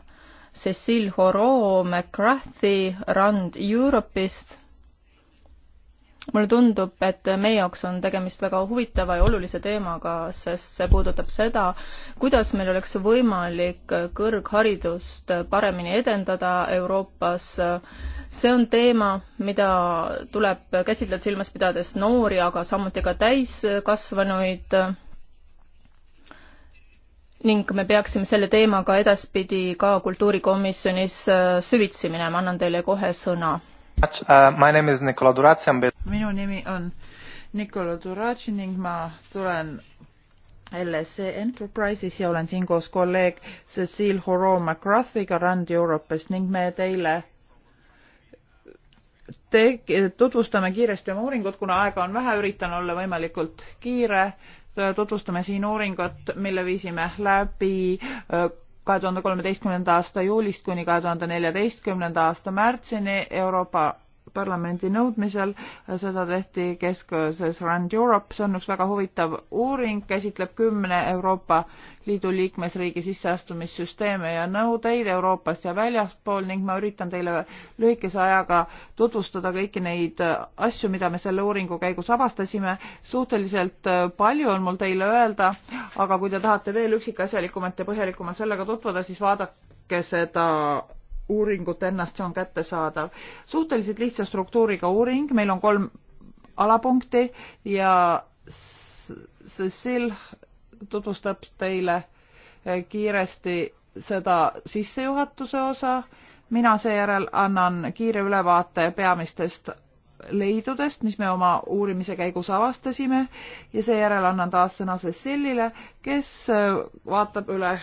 Cecil Horo McCarthy Rand Europe'ist mulle tundub, et meie jaoks on tegemist väga huvitava ja olulise teemaga, sest see puudutab seda, kuidas meil oleks võimalik kõrgharidust paremini edendada Euroopas. see on teema, mida tuleb käsitleda silmas pidades noori, aga samuti ka täiskasvanuid ning me peaksime selle teemaga edaspidi ka kultuurikomisjonis süvitsi minema, annan teile kohe sõna Uh, minu nimi on Nikola Duraci ning ma tulen LSE Enterprises ja olen siin koos kolleeg Cecil Horo McCarthy'ga Rand Euroopast ning me teile te tutvustame kiiresti oma uuringut, kuna aega on vähe, üritan olla võimalikult kiire. tutvustame siin uuringut, mille viisime läbi äh, kahe tuhande kolmeteistkümnenda aasta juulist kuni kahe tuhande neljateistkümnenda aasta märtsini Euroopa parlamendi nõudmisel, seda tehti keskuses Rand Europe, see on üks väga huvitav uuring, käsitleb kümne Euroopa Liidu liikmesriigi sisseastumissüsteeme ja nõudeid Euroopast ja väljaspool ning ma üritan teile lühikese ajaga tutvustada kõiki neid asju, mida me selle uuringu käigus avastasime. suhteliselt palju on mul teile öelda, aga kui te tahate veel üksikasjalikumat ja põhjalikumalt sellega tutvuda, siis vaadake seda uuringut ennast, see on kättesaadav. suhteliselt lihtsa struktuuriga uuring, meil on kolm alapunkti ja Cecil tutvustab teile eh, kiiresti seda sissejuhatuse osa, mina seejärel annan kiire ülevaate peamistest leidudest, mis me oma uurimise käigus avastasime ja seejärel annan taas sõna Cecilile, kes eh, vaatab üle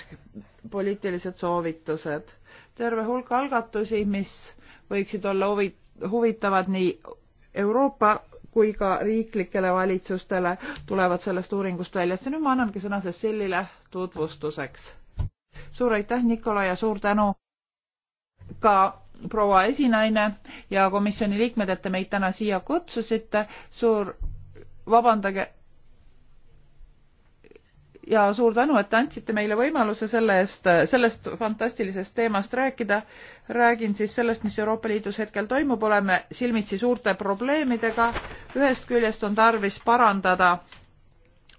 poliitilised soovitused terve hulk algatusi, mis võiksid olla huvi, huvitavad nii Euroopa kui ka riiklikele valitsustele tulevad sellest uuringust väljas ja nüüd ma annangi sõna Cecilile tutvustuseks. suur aitäh, Nikola, ja suur tänu ka proua esinaine ja komisjoni liikmed, et te meid täna siia kutsusite. suur, vabandage ja suur tänu, et andsite meile võimaluse selle eest, sellest fantastilisest teemast rääkida. räägin siis sellest, mis Euroopa Liidus hetkel toimub, oleme silmitsi suurte probleemidega. ühest küljest on tarvis parandada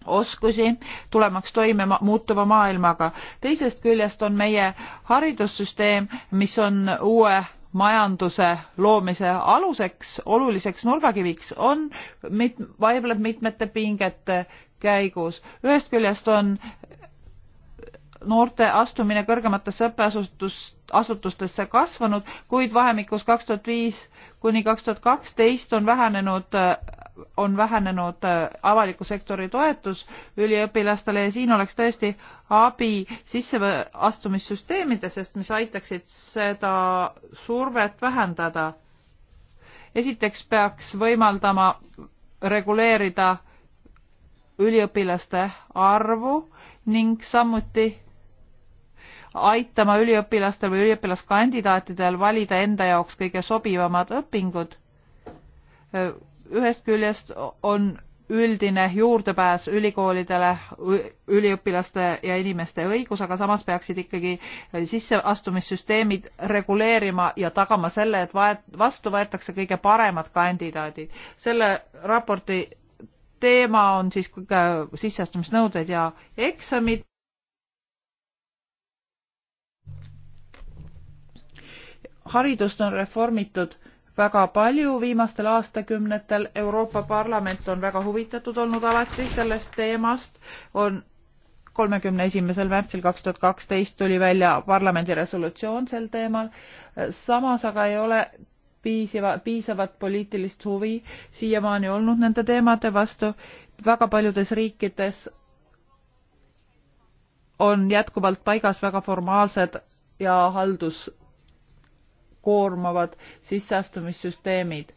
oskusi, tulemaks toime muutuva maailmaga. teisest küljest on meie haridussüsteem, mis on uue majanduse loomise aluseks, oluliseks nurgakiviks on mit-, vaevleb mitmete pingete käigus. ühest küljest on noorte astumine kõrgematesse õppeasutustesse kasvanud, kuid vahemikus kaks tuhat viis kuni kaks tuhat kaksteist on vähenenud, on vähenenud äh, avaliku sektori toetus üliõpilastele ja siin oleks tõesti abi sisseastumissüsteemidest, mis aitaksid seda survet vähendada. esiteks peaks võimaldama reguleerida üliõpilaste arvu ning samuti aitama üliõpilastel või üliõpilaskandidaatidel valida enda jaoks kõige sobivamad õpingud. ühest küljest on üldine juurdepääs ülikoolidele üliõpilaste ja inimeste õigus, aga samas peaksid ikkagi sisseastumissüsteemid reguleerima ja tagama selle, et vastu võetakse kõige paremad kandidaadid. selle raporti teema on siis sisseastumisnõuded ja eksamid. haridust on reformitud väga palju viimastel aastakümnetel. Euroopa Parlament on väga huvitatud olnud alati sellest teemast. on kolmekümne esimesel märtsil kaks tuhat kaksteist tuli välja parlamendi resolutsioon sel teemal. samas aga ei ole piisiva, piisavat poliitilist huvi siiamaani olnud nende teemade vastu. väga paljudes riikides on jätkuvalt paigas väga formaalsed ja halduskoormavad sisseastumissüsteemid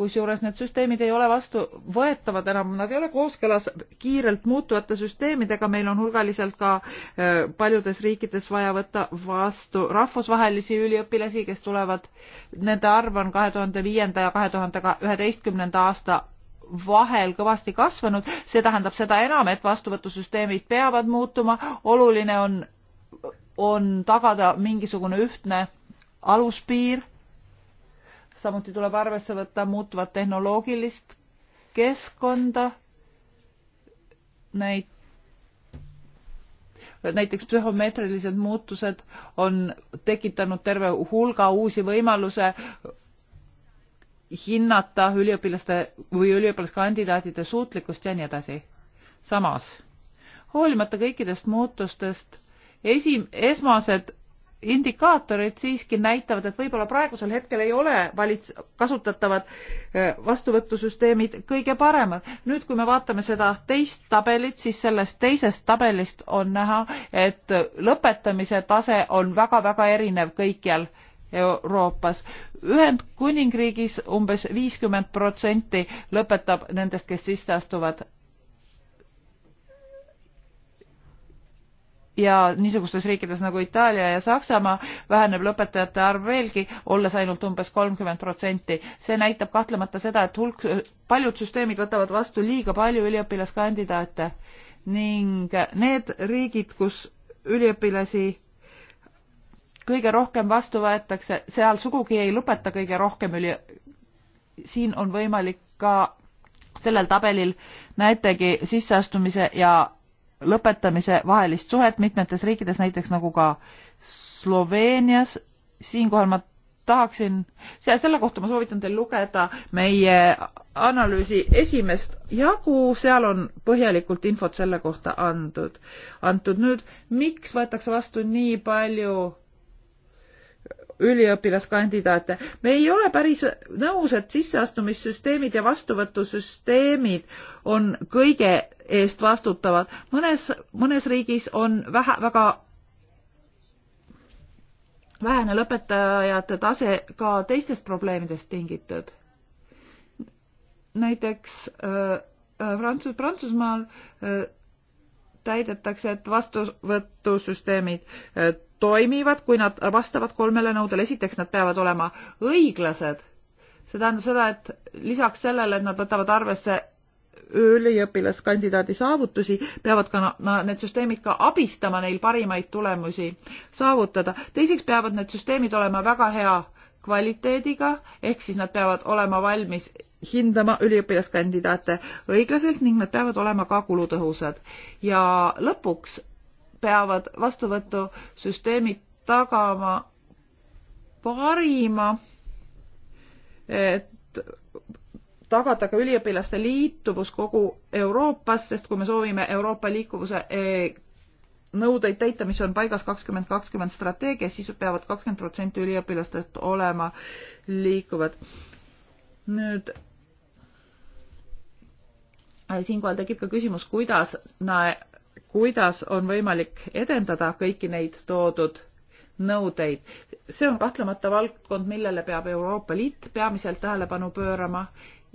kusjuures need süsteemid ei ole vastuvõetavad enam, nad ei ole kooskõlas kiirelt muutuvate süsteemidega, meil on hulgaliselt ka äh, paljudes riikides vaja võtta vastu rahvusvahelisi üliõpilasi, kes tulevad, nende arv on kahe tuhande viienda ja kahe tuhande üheteistkümnenda aasta vahel kõvasti kasvanud, see tähendab seda enam, et vastuvõtusüsteemid peavad muutuma, oluline on, on tagada mingisugune ühtne aluspiir samuti tuleb arvesse võtta muutuvat tehnoloogilist keskkonda, näit-, näiteks psühhomeetrilised muutused on tekitanud terve hulga uusi võimaluse hinnata üliõpilaste või üliõpilaskandidaatide suutlikkust ja nii edasi. samas, hoolimata kõikidest muutustest, esi-, esmased indikaatorid siiski näitavad, et võib-olla praegusel hetkel ei ole valits-, kasutatavad eh, vastuvõtusüsteemid kõige paremad. nüüd, kui me vaatame seda teist tabelit, siis sellest teisest tabelist on näha, et lõpetamise tase on väga-väga erinev kõikjal Euroopas. Ühendkuningriigis umbes viiskümmend protsenti lõpetab nendest, kes sisse astuvad ja niisugustes riikides nagu Itaalia ja Saksamaa väheneb lõpetajate arv veelgi, olles ainult umbes kolmkümmend protsenti. see näitab kahtlemata seda, et hulk, paljud süsteemid võtavad vastu liiga palju üliõpilaskandidaate ning need riigid, kus üliõpilasi kõige rohkem vastu võetakse, seal sugugi ei lõpeta kõige rohkem üli, siin on võimalik ka sellel tabelil näetegi sisseastumise ja lõpetamise vahelist suhet mitmetes riikides, näiteks nagu ka Sloveenias. siinkohal ma tahaksin, selle kohta ma soovitan teil lugeda meie analüüsi esimest jagu, seal on põhjalikult infot selle kohta andud, antud. nüüd, miks võetakse vastu nii palju üliõpilaskandidaate. me ei ole päris nõus, et sisseastumissüsteemid ja vastuvõtusüsteemid on kõige eest vastutavad. mõnes, mõnes riigis on vähe, väga vähene lõpetajate tase ka teistest probleemidest tingitud. näiteks äh, äh, Prantsus-, Prantsusmaal äh, täidetakse, et vastuvõtusüsteemid toimivad, kui nad vastavad kolmele nõudele. esiteks, nad peavad olema õiglased. see tähendab seda, et lisaks sellele, et nad võtavad arvesse üliõpilaskandidaadi saavutusi, peavad ka na, need süsteemid ka abistama neil parimaid tulemusi saavutada. teiseks peavad need süsteemid olema väga hea kvaliteediga, ehk siis nad peavad olema valmis hindama üliõpilaskandidaate õiglaselt ning nad peavad olema ka kulutõhusad. ja lõpuks peavad vastuvõtusüsteemid tagama parima, et tagada ka üliõpilaste liituvus kogu Euroopas, sest kui me soovime Euroopa liikuvuse eh, nõudeid täita, mis on paigas kakskümmend kakskümmend strateegias, siis peavad kakskümmend protsenti üliõpilastest olema liikuvad. nüüd eh, siinkohal tekib ka küsimus, kuidas kuidas on võimalik edendada kõiki neid toodud nõudeid. see on kahtlemata valdkond, millele peab Euroopa Liit peamiselt tähelepanu pöörama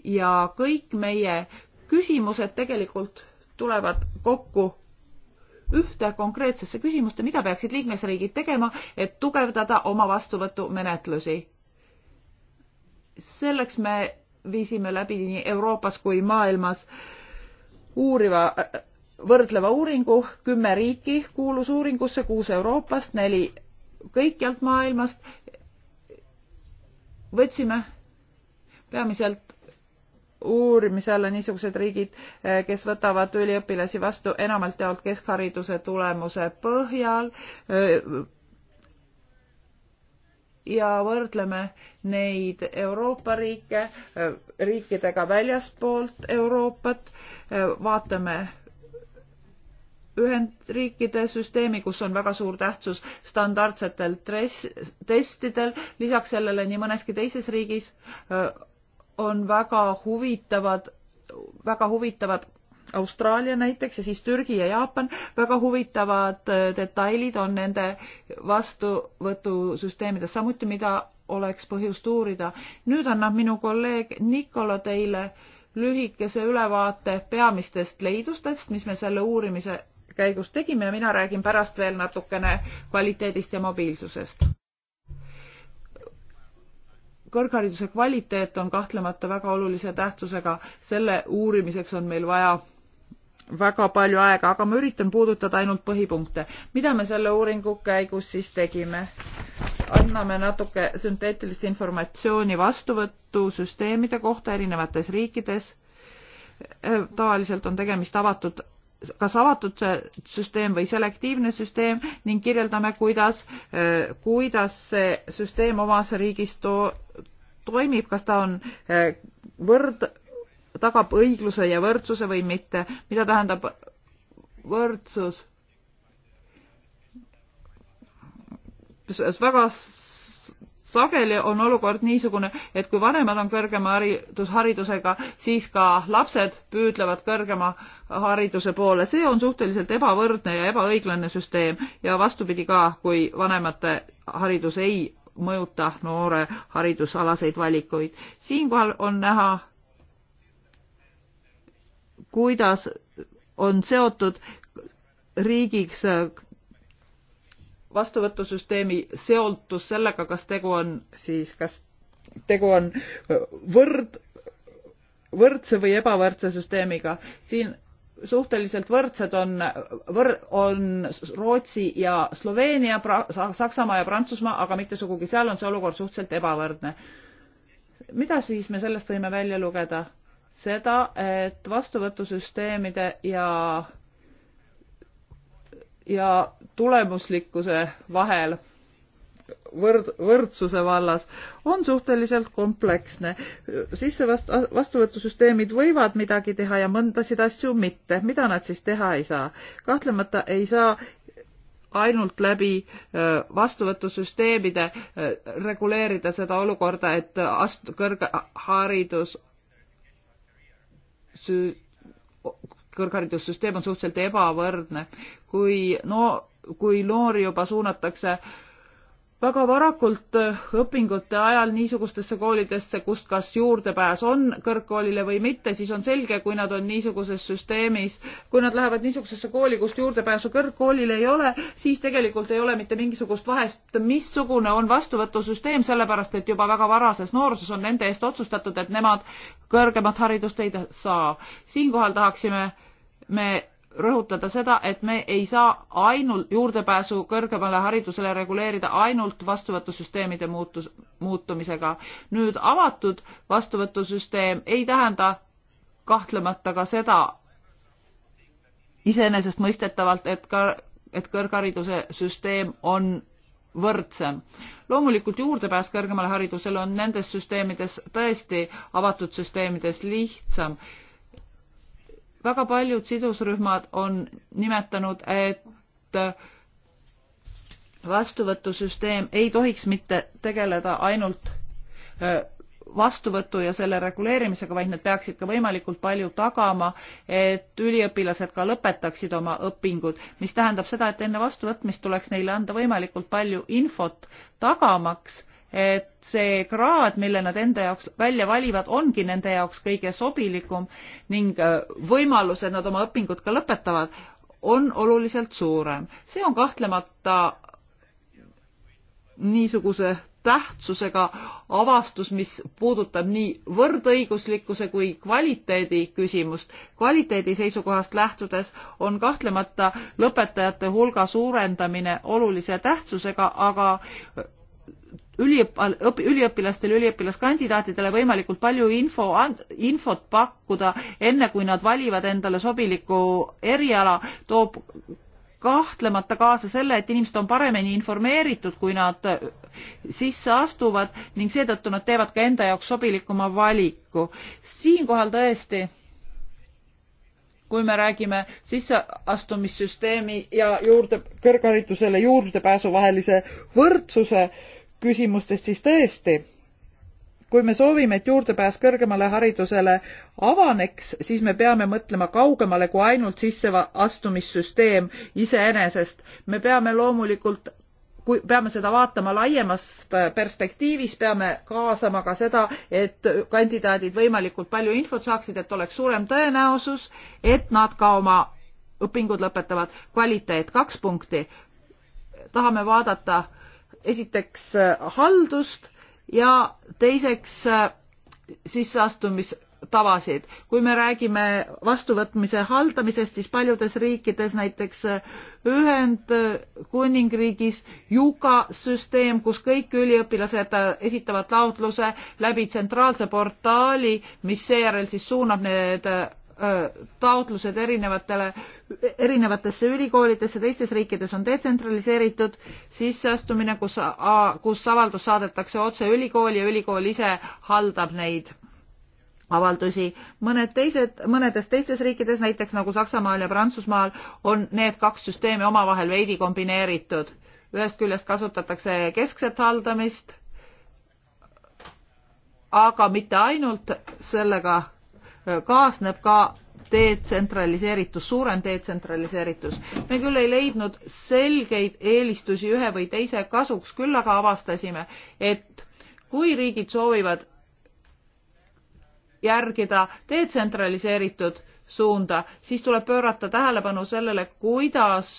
ja kõik meie küsimused tegelikult tulevad kokku ühte konkreetsesse küsimuste, mida peaksid liikmesriigid tegema, et tugevdada oma vastuvõtumenetlusi. selleks me viisime läbi nii Euroopas kui maailmas uuriva võrdleva uuringu, kümme riiki kuulus uuringusse, kuus Euroopast, neli kõikjalt maailmast. võtsime peamiselt uurimise alla niisugused riigid, kes võtavad üliõpilasi vastu enamalt jaolt keskhariduse tulemuse põhjal. ja võrdleme neid Euroopa riike riikidega väljaspoolt Euroopat, vaatame Ühendriikide süsteemi, kus on väga suur tähtsus standardsetel dress, testidel, lisaks sellele nii mõneski teises riigis on väga huvitavad, väga huvitavad Austraalia näiteks ja siis Türgi ja Jaapan, väga huvitavad detailid on nende vastuvõtusüsteemides samuti, mida oleks põhjust uurida. nüüd annab minu kolleeg Nikola teile lühikese ülevaate peamistest leidustest, mis me selle uurimise käigus tegime ja mina räägin pärast veel natukene kvaliteedist ja mobiilsusest. kõrghariduse kvaliteet on kahtlemata väga olulise tähtsusega, selle uurimiseks on meil vaja väga palju aega, aga ma üritan puudutada ainult põhipunkte. mida me selle uuringu käigus siis tegime? anname natuke sünteetilist informatsiooni vastuvõtusüsteemide kohta erinevates riikides. tavaliselt on tegemist avatud kas avatud süsteem või selektiivne süsteem ning kirjeldame, kuidas, kuidas see süsteem omas riigis to, toimib, kas ta on võrd, tagab õigluse ja võrdsuse või mitte, mida tähendab võrdsus? väga sageli on olukord niisugune, et kui vanemad on kõrgema haridusharidusega, siis ka lapsed püüdlevad kõrgema hariduse poole. see on suhteliselt ebavõrdne ja ebaõiglane süsteem ja vastupidi ka, kui vanemate haridus ei mõjuta noore haridusalaseid valikuid. siinkohal on näha, kuidas on seotud riigiks vastuvõtusüsteemi seotus sellega, kas tegu on siis, kas tegu on äh, võrd, võrdse või ebavõrdse süsteemiga. siin suhteliselt võrdsed on, võr-, on Rootsi ja Sloveenia, Saksamaa ja Prantsusmaa, aga mitte sugugi seal on see olukord suhteliselt ebavõrdne. mida siis me sellest võime välja lugeda? seda, et vastuvõtusüsteemide ja ja tulemuslikkuse vahel võrd, võrdsuse vallas on suhteliselt kompleksne. sisse vast-, vastuvõtusüsteemid võivad midagi teha ja mõndasid asju mitte. mida nad siis teha ei saa? kahtlemata ei saa ainult läbi vastuvõtusüsteemide reguleerida seda olukorda, et ast-, kõrgharidus kõrgharidussüsteem on suhteliselt ebavõrdne. kui no, kui noori juba suunatakse väga varakult õpingute ajal niisugustesse koolidesse, kust kas juurdepääs on kõrgkoolile või mitte, siis on selge, kui nad on niisuguses süsteemis, kui nad lähevad niisugusesse kooli, kust juurdepääsu kõrgkoolile ei ole, siis tegelikult ei ole mitte mingisugust vahest, missugune on vastuvõtusüsteem, sellepärast et juba väga varases nooruses on nende eest otsustatud, et nemad kõrgemat haridust ei saa. siinkohal tahaksime me rõhutada seda, et me ei saa ainult juurdepääsu kõrgemale haridusele reguleerida ainult vastuvõtusüsteemide muutus, muutumisega. nüüd avatud vastuvõtusüsteem ei tähenda kahtlemata ka seda iseenesestmõistetavalt, et ka, et kõrghariduse süsteem on võrdsem. loomulikult juurdepääs kõrgemale haridusele on nendes süsteemides tõesti avatud süsteemides lihtsam väga paljud sidusrühmad on nimetanud, et vastuvõtusüsteem ei tohiks mitte tegeleda ainult äh, vastuvõtu ja selle reguleerimisega, vaid nad peaksid ka võimalikult palju tagama, et üliõpilased ka lõpetaksid oma õpingud, mis tähendab seda, et enne vastuvõtmist tuleks neile anda võimalikult palju infot tagamaks, et see kraad, mille nad enda jaoks välja valivad, ongi nende jaoks kõige sobilikum ning äh, võimalus, et nad oma õpingud ka lõpetavad, on oluliselt suurem. see on kahtlemata niisuguse tähtsusega avastus, mis puudutab nii võrdõiguslikkuse kui kvaliteedi küsimust. kvaliteedi seisukohast lähtudes on kahtlemata lõpetajate hulga suurendamine olulise tähtsusega, aga üliõpil, üliõpilastele, üliõpilaskandidaatidele võimalikult palju info, infot pakkuda, enne kui nad valivad endale sobiliku eriala, toob kahtlemata kaasa selle, et inimesed on paremini informeeritud, kui nad sisse astuvad ning seetõttu nad teevad ka enda jaoks sobilikuma valiku. siinkohal tõesti kui me räägime sisseastumissüsteemi ja juurde, kõrgharidusele juurdepääsu vahelise võrdsuse küsimustest, siis tõesti, kui me soovime, et juurdepääs kõrgemale haridusele avaneks, siis me peame mõtlema kaugemale kui ainult sisseastumissüsteem iseenesest. me peame loomulikult kui peame seda vaatama laiemast perspektiivis, peame kaasama ka seda, et kandidaadid võimalikult palju infot saaksid, et oleks suurem tõenäosus, et nad ka oma õpingud lõpetavad. kvaliteet kaks punkti. tahame vaadata äh, esiteks äh, haldust ja teiseks äh, sisseastumistavasid. kui me räägime vastuvõtmise haldamisest, siis paljudes riikides, näiteks äh, Ühendkuningriigis Juga süsteem, kus kõik üliõpilased esitavad taotluse läbi tsentraalse portaali, mis seejärel siis suunab need Äh, taotlused erinevatele, erinevatesse ülikoolidesse teistes riikides on detsentraliseeritud sisseastumine, kus, kus avaldus saadetakse otse ülikooli ja ülikool ise haldab neid avaldusi. mõned teised, mõnedes teistes riikides, näiteks nagu Saksamaal ja Prantsusmaal, on need kaks süsteemi omavahel veidi kombineeritud. ühest küljest kasutatakse keskset haldamist, aga mitte ainult sellega kaasneb ka detsentraliseeritus, suurem detsentraliseeritus. me küll ei leidnud selgeid eelistusi ühe või teise kasuks, küll aga avastasime, et kui riigid soovivad järgida detsentraliseeritud suunda, siis tuleb pöörata tähelepanu sellele, kuidas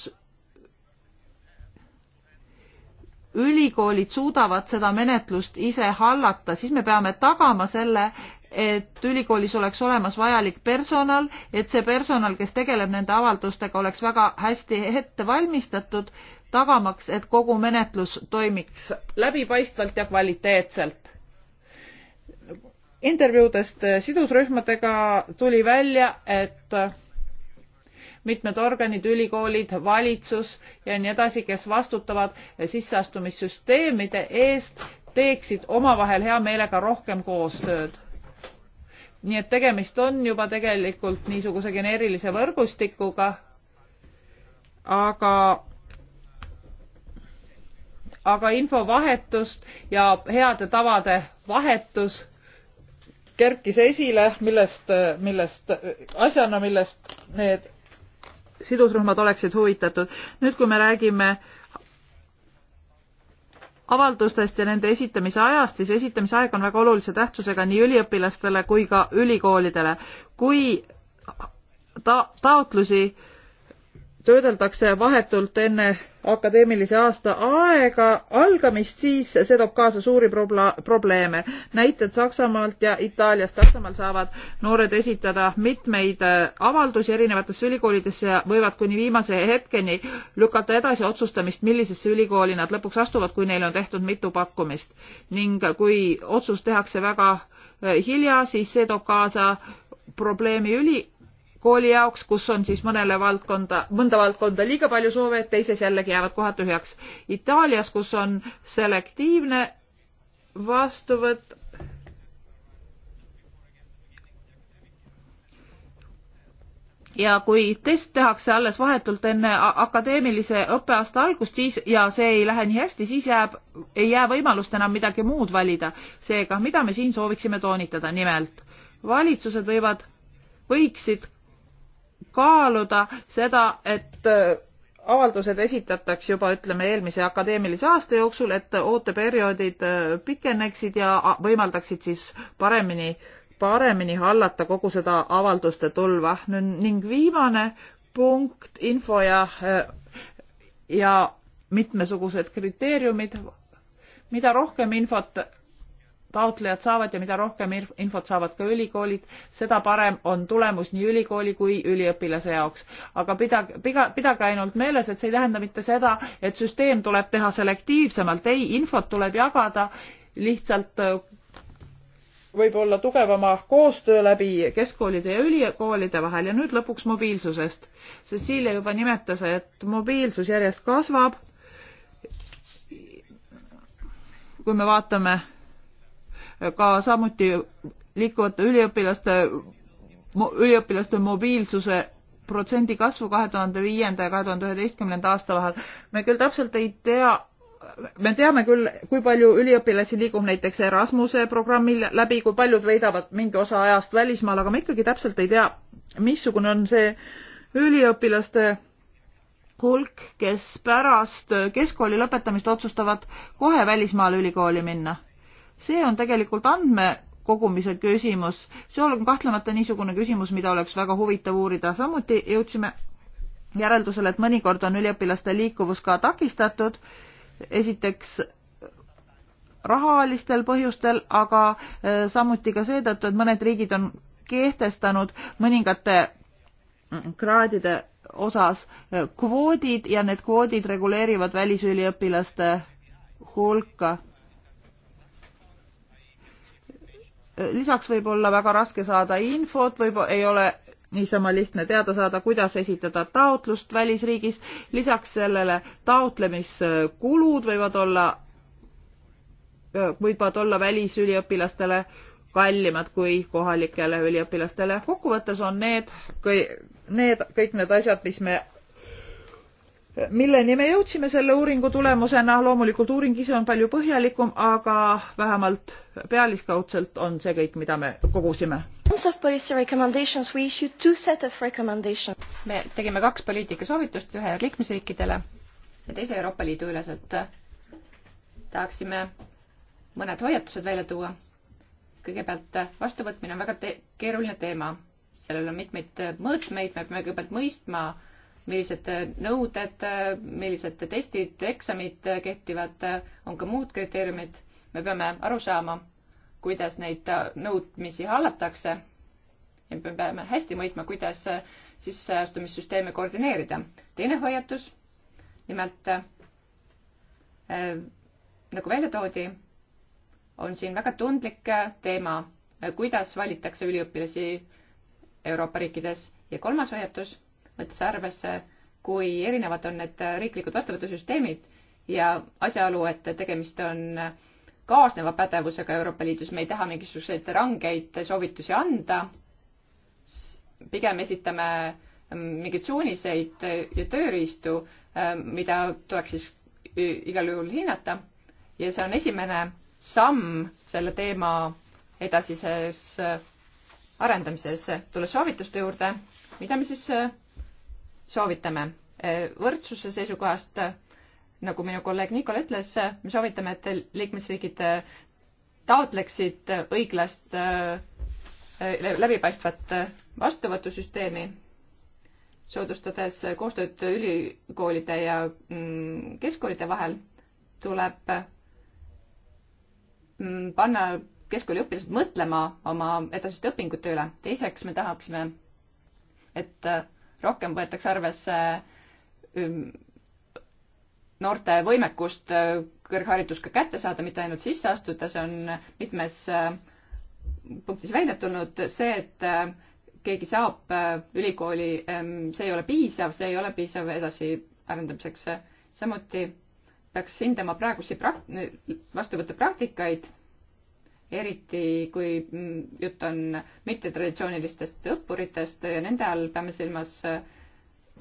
ülikoolid suudavad seda menetlust ise hallata, siis me peame tagama selle, et ülikoolis oleks olemas vajalik personal, et see personal, kes tegeleb nende avaldustega, oleks väga hästi ette valmistatud, tagamaks, et kogu menetlus toimiks läbipaistvalt ja kvaliteetselt. intervjuudest sidusrühmadega tuli välja, et mitmed organid, ülikoolid, valitsus ja nii edasi, kes vastutavad sisseastumissüsteemide eest, teeksid omavahel hea meelega rohkem koostööd nii et tegemist on juba tegelikult niisuguse geneerilise võrgustikuga, aga aga infovahetust ja heade tavade vahetus kerkis esile, millest, millest, asjana, millest need sidusrühmad oleksid huvitatud. nüüd, kui me räägime äh, avaldustest ja nende esitamise ajast, siis esitamise aeg on väga olulise tähtsusega nii üliõpilastele kui ka ülikoolidele. kui ta-, taotlusi töödeldakse vahetult enne akadeemilise aasta aega algamist, siis see toob kaasa suuri probleeme. näited Saksamaalt ja Itaaliast. Saksamaal saavad noored esitada mitmeid äh, avaldusi erinevatesse ülikoolidesse ja võivad kuni viimase hetkeni lükata edasi otsustamist, millisesse ülikooli nad lõpuks astuvad, kui neile on tehtud mitu pakkumist. ning kui otsus tehakse väga äh, hilja, siis see toob kaasa probleemi üli, kooli jaoks, kus on siis mõnele valdkonda, mõnda valdkonda liiga palju soove, et teises jällegi jäävad kohad tühjaks. Itaalias, kus on selektiivne vastuvõtt, ja kui test tehakse alles vahetult enne akadeemilise õppeaasta algust, siis ja see ei lähe nii hästi, siis jääb, ei jää võimalust enam midagi muud valida. seega, mida me siin sooviksime toonitada, nimelt valitsused võivad, võiksid kaaluda seda, et äh, avaldused esitataks juba ütleme eelmise akadeemilise aasta jooksul, et ooteperioodid äh, pikeneksid ja võimaldaksid siis paremini, paremini hallata kogu seda avalduste tulva. ning viimane punkt, info ja, äh, ja mitmesugused kriteeriumid. mida rohkem infot taotlejad saavad ja mida rohkem infot saavad ka ülikoolid, seda parem on tulemus nii ülikooli kui üliõpilase jaoks. aga pidage, pidage ainult meeles, et see ei tähenda mitte seda, et süsteem tuleb teha selektiivsemalt, ei, infot tuleb jagada lihtsalt äh, võib-olla tugevama koostöö läbi keskkoolide ja ülikoolide vahel ja nüüd lõpuks mobiilsusest. Cecilia juba nimetas, et mobiilsus järjest kasvab. kui me vaatame ka samuti liikuvate üliõpilaste, üliõpilaste mobiilsuse protsendi kasvu kahe tuhande viienda ja kahe tuhande üheteistkümnenda aasta vahel. me küll täpselt ei tea, me teame küll, kui palju üliõpilasi liigub näiteks Erasmuse programmi läbi, kui paljud veedavad mingi osa ajast välismaal, aga me ikkagi täpselt ei tea, missugune on see üliõpilaste hulk, kes pärast keskkooli lõpetamist otsustavad kohe välismaale ülikooli minna see on tegelikult andmekogumise küsimus, see on kahtlemata niisugune küsimus, mida oleks väga huvitav uurida, samuti jõudsime järeldusele, et mõnikord on üliõpilaste liikuvus ka takistatud, esiteks rahalistel põhjustel, aga e, samuti ka seetõttu, et mõned riigid on kehtestanud mõningate kraadide osas e, kvoodid ja need kvoodid reguleerivad välisüliõpilaste hulka lisaks võib olla väga raske saada infot, võib, ei ole niisama lihtne teada saada, kuidas esitada taotlust välisriigis. lisaks sellele taotlemiskulud võivad olla, võivad olla välisüliõpilastele kallimad kui kohalikele üliõpilastele. kokkuvõttes on need, need kõik need asjad, mis me milleni me jõudsime selle uuringu tulemusena, loomulikult uuring ise on palju põhjalikum, aga vähemalt pealiskaudselt on see kõik, mida me kogusime. me tegime kaks poliitikasoovitust, ühe liikmesriikidele ja teise Euroopa Liidu üleselt. tahaksime mõned hoiatused välja tuua. kõigepealt vastuvõtmine on väga te keeruline teema, sellel on mitmeid mõõtmeid, me peame kõigepealt mõistma, millised nõuded, millised testid, eksamid kehtivad, on ka muud kriteeriumid. me peame aru saama, kuidas neid nõudmisi hallatakse. ja me peame hästi mõõtma, kuidas sisseastumissüsteeme koordineerida. teine hoiatus, nimelt äh, nagu välja toodi, on siin väga tundlik teema, kuidas valitakse üliõpilasi Euroopa riikides ja kolmas hoiatus võttes arvesse, kui erinevad on need riiklikud vastuvõtusüsteemid ja asjaolu, et tegemist on kaasneva pädevusega Euroopa Liidus, me ei taha mingisuguseid rangeid soovitusi anda, pigem esitame mm, mingeid suuniseid ja tööriistu, mm, mida tuleks siis igal juhul hinnata ja see on esimene samm selle teema edasises arendamises. tulles soovituste juurde, mida me siis soovitame äh, võrdsuse seisukohast, äh, nagu minu kolleeg Nikol ütles, äh, me soovitame, et liikmesriigid taotleksid õiglast läbipaistvat vastuvõtusüsteemi, soodustades koostööd ülikoolide ja mm, keskkoolide vahel, tuleb mm, panna keskkooliõpilased mõtlema oma edasiste õpingute üle. teiseks me tahaksime, et rohkem võetakse arvesse noorte võimekust äh, kõrgharidus ka kätte saada, mitte ainult sisse astuda, see on mitmes äh, punktis välja tulnud, see, et äh, keegi saab ülikooli, ähm, see ei ole piisav, see ei ole piisav edasiarendamiseks. samuti peaks hindama praegusi prak-, vastuvõtupraktikaid eriti kui mm, jutt on mittetraditsioonilistest õppuritest ja nende all peame silmas äh,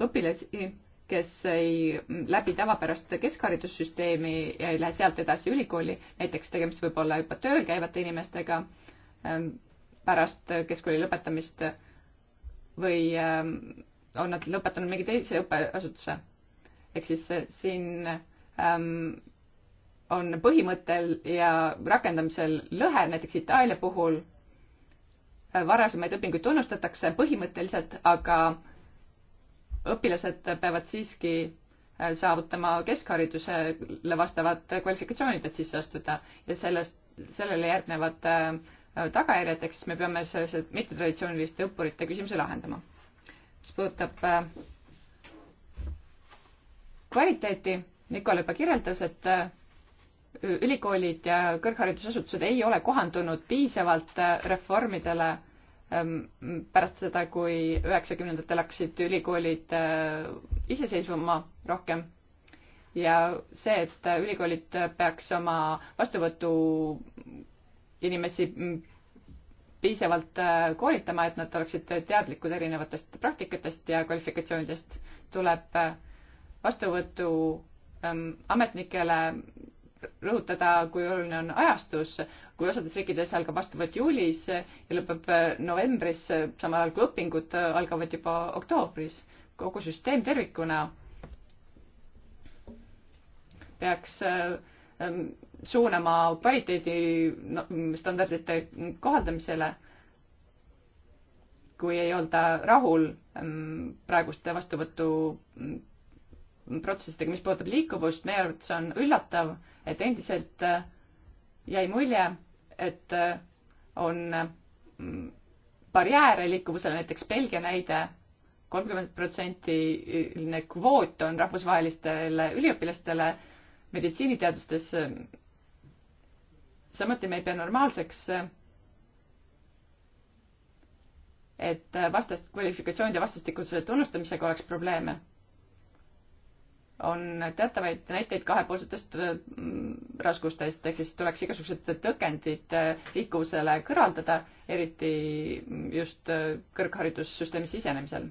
õpilasi, kes ei mm, läbi tavapärast keskharidussüsteemi ja ei lähe sealt edasi ülikooli, näiteks tegemist võib olla juba tööl käivate inimestega ähm, pärast keskkooli lõpetamist või ähm, on nad lõpetanud mingi teise õppeasutuse. ehk siis äh, siin ähm, on põhimõttel ja rakendamisel lõhe, näiteks Itaalia puhul äh, varasemaid õpinguid tunnustatakse põhimõtteliselt, aga õpilased peavad siiski äh, saavutama keskharidusele vastavad kvalifikatsioonid, et sisse astuda ja sellest, sellele järgnevad äh, tagajärjed, ehk siis me peame sellised mittetraditsiooniliste õppurite küsimuse lahendama. mis puudutab kvaliteeti, Nikol juba kirjeldas, et ülikoolid ja kõrgharidusasutused ei ole kohandunud piisavalt äh, reformidele ähm, pärast seda, kui üheksakümnendatel hakkasid ülikoolid äh, iseseisvuma rohkem. ja see, et äh, ülikoolid peaks oma vastuvõtu inimesi mm, piisavalt koolitama, et nad oleksid teadlikud erinevatest praktikatest ja kvalifikatsioonidest, tuleb vastuvõtu ähm, ametnikele rõhutada, kui oluline on ajastus, kui osades riikides algab vastuvõtt juulis ja lõpeb äh, novembris, samal ajal kui õpingud äh, algavad juba oktoobris. kogu süsteem tervikuna peaks äh, ähm, suunama kvaliteedistandardite kohaldamisele, kui ei olda rahul ähm, praeguste vastuvõtu protsessidega, mis puudutab liikuvust, meie arvates on üllatav, et endiselt äh, jäi mulje, et äh, on mm, barjääre liikuvusele, näiteks Belgia näide, kolmkümmend protsentiline kvoot on rahvusvahelistele üliõpilastele meditsiiniteadustes. Äh, samuti me ei pea normaalseks, et vastast, kvalifikatsioonide vastastikusele tunnustamisega oleks probleeme on teatavaid näiteid kahepoolsetest äh, mm, raskustest, ehk siis tuleks igasugused tõkendid äh, liikuvusele kõrvaldada, eriti mm, just äh, kõrgharidussüsteemi sisenemisel.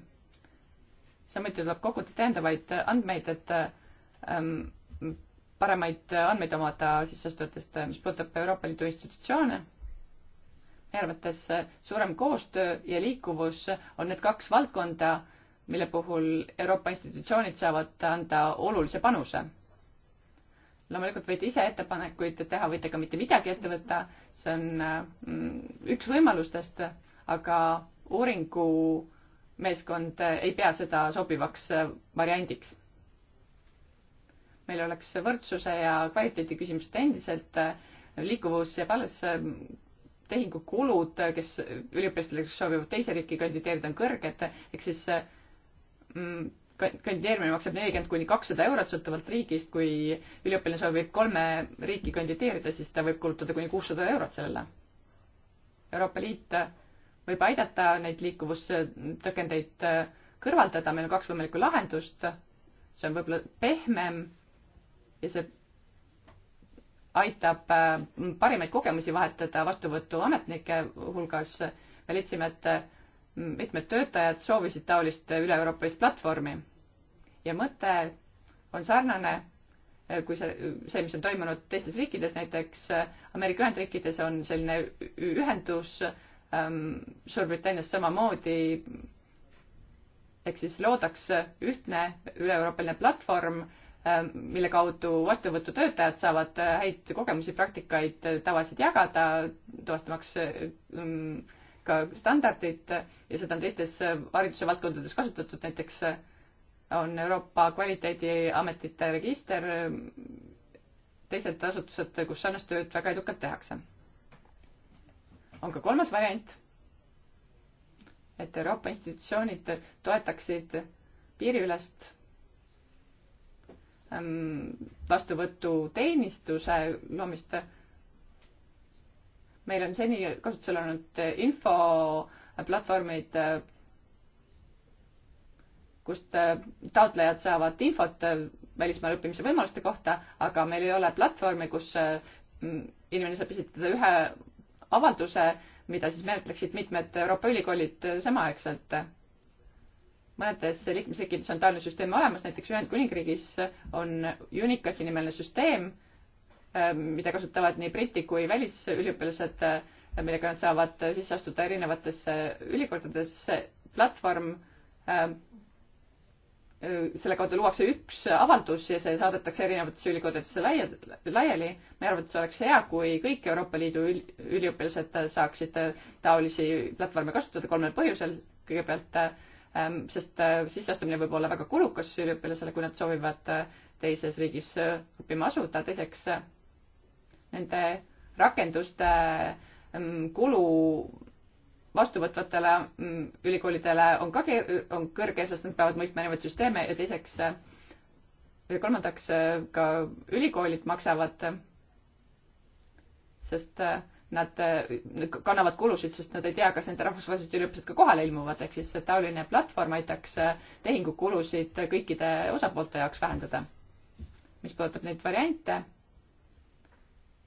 samuti tuleb koguda täiendavaid andmeid, et mm, paremaid andmeid omada sisseastujatest, mis puudutab Euroopa Liidu institutsioone. meie arvates suurem koostöö ja liikuvus on need kaks valdkonda mille puhul Euroopa institutsioonid saavad anda olulise panuse. loomulikult võite ise ettepanekuid teha, võite ka mitte midagi ette võtta, see on mm, üks võimalustest, aga uuringumeeskond ei pea seda sobivaks äh, variandiks. meil oleks võrdsuse ja kvaliteedi küsimused endiselt, äh, liikuvus jääb alles äh, tehingukulud, kes üliõpilastel, kes soovivad teise riiki kandideerida, on kõrged, ehk siis Mm, kandideerimine maksab nelikümmend kuni kakssada eurot, sõltuvalt riigist, kui üliõpilane soovib kolme riiki kandideerida, siis ta võib kulutada kuni kuussada eurot sellele. Euroopa Liit äh, võib aidata neid liikuvustõkendeid äh, kõrvaldada, meil on kaks võimalikku lahendust, see on võib-olla pehmem ja see aitab äh, parimaid kogemusi vahetada vastuvõtuametnike hulgas. me leidsime, et mitmed töötajad soovisid taolist üle-euroopalist platvormi. ja mõte on sarnane eh, kui see, see, mis on toimunud teistes riikides, näiteks eh, Ameerika Ühendriikides on selline ühendus ähm,, Suurbritannias samamoodi, ehk siis loodaks ühtne üle-euroopaline platvorm ähm,, mille kaudu vastuvõtutöötajad saavad eh, häid kogemusi, praktikaid, tavasid jagada, tuvastamaks ähm, ka standardid ja seda on teistes hariduse valdkondades kasutatud, näiteks on Euroopa Kvaliteediametite register, teised asutused, kus sarnast tööd väga edukalt tehakse. on ka kolmas variant, et Euroopa institutsioonid toetaksid piiriülest ähm, vastuvõtuteenistuse loomist meil on seni kasutusel olnud äh, infoplatvormid, äh, kust äh, taotlejad saavad infot välismaal õppimise võimaluste kohta, aga meil ei ole platvormi, kus inimene saab esitada ühe avalduse, mida siis menetleksid mitmed Euroopa ülikoolid samaaegselt. mõnedes liikmesriikides on taoline süsteem olemas, näiteks Ühendkuningriigis on Unicasi nimeline süsteem Ähm, mida kasutavad nii Briti kui välisüliõpilased, äh, millega nad saavad sisse astuda erinevatesse ülikoolidesse, platvorm, ähm, äh, selle kaudu luuakse üks avaldus ja see saadetakse erinevatesse ülikoolidesse laiali. meie arvates oleks hea, kui kõik Euroopa Liidu üliõpilased saaksid taolisi platvorme kasutada kolmel põhjusel. kõigepealt, ähm, sest äh, sisseastumine võib olla väga kulukas üliõpilasele, kui nad soovivad teises riigis õppima asuda. teiseks nende rakenduste mm, kulu vastuvõtvatele mm, ülikoolidele on ka, on kõrge, sest nad peavad mõistma erinevaid süsteeme ja teiseks ja kolmandaks ka ülikoolid maksavad, sest nad kannavad kulusid, sest nad ei tea, kas nende rahvusvahelised üliõpilased ka kohale ilmuvad, ehk siis taoline platvorm aitaks tehingukulusid kõikide osapoolte jaoks vähendada. mis puudutab neid variante,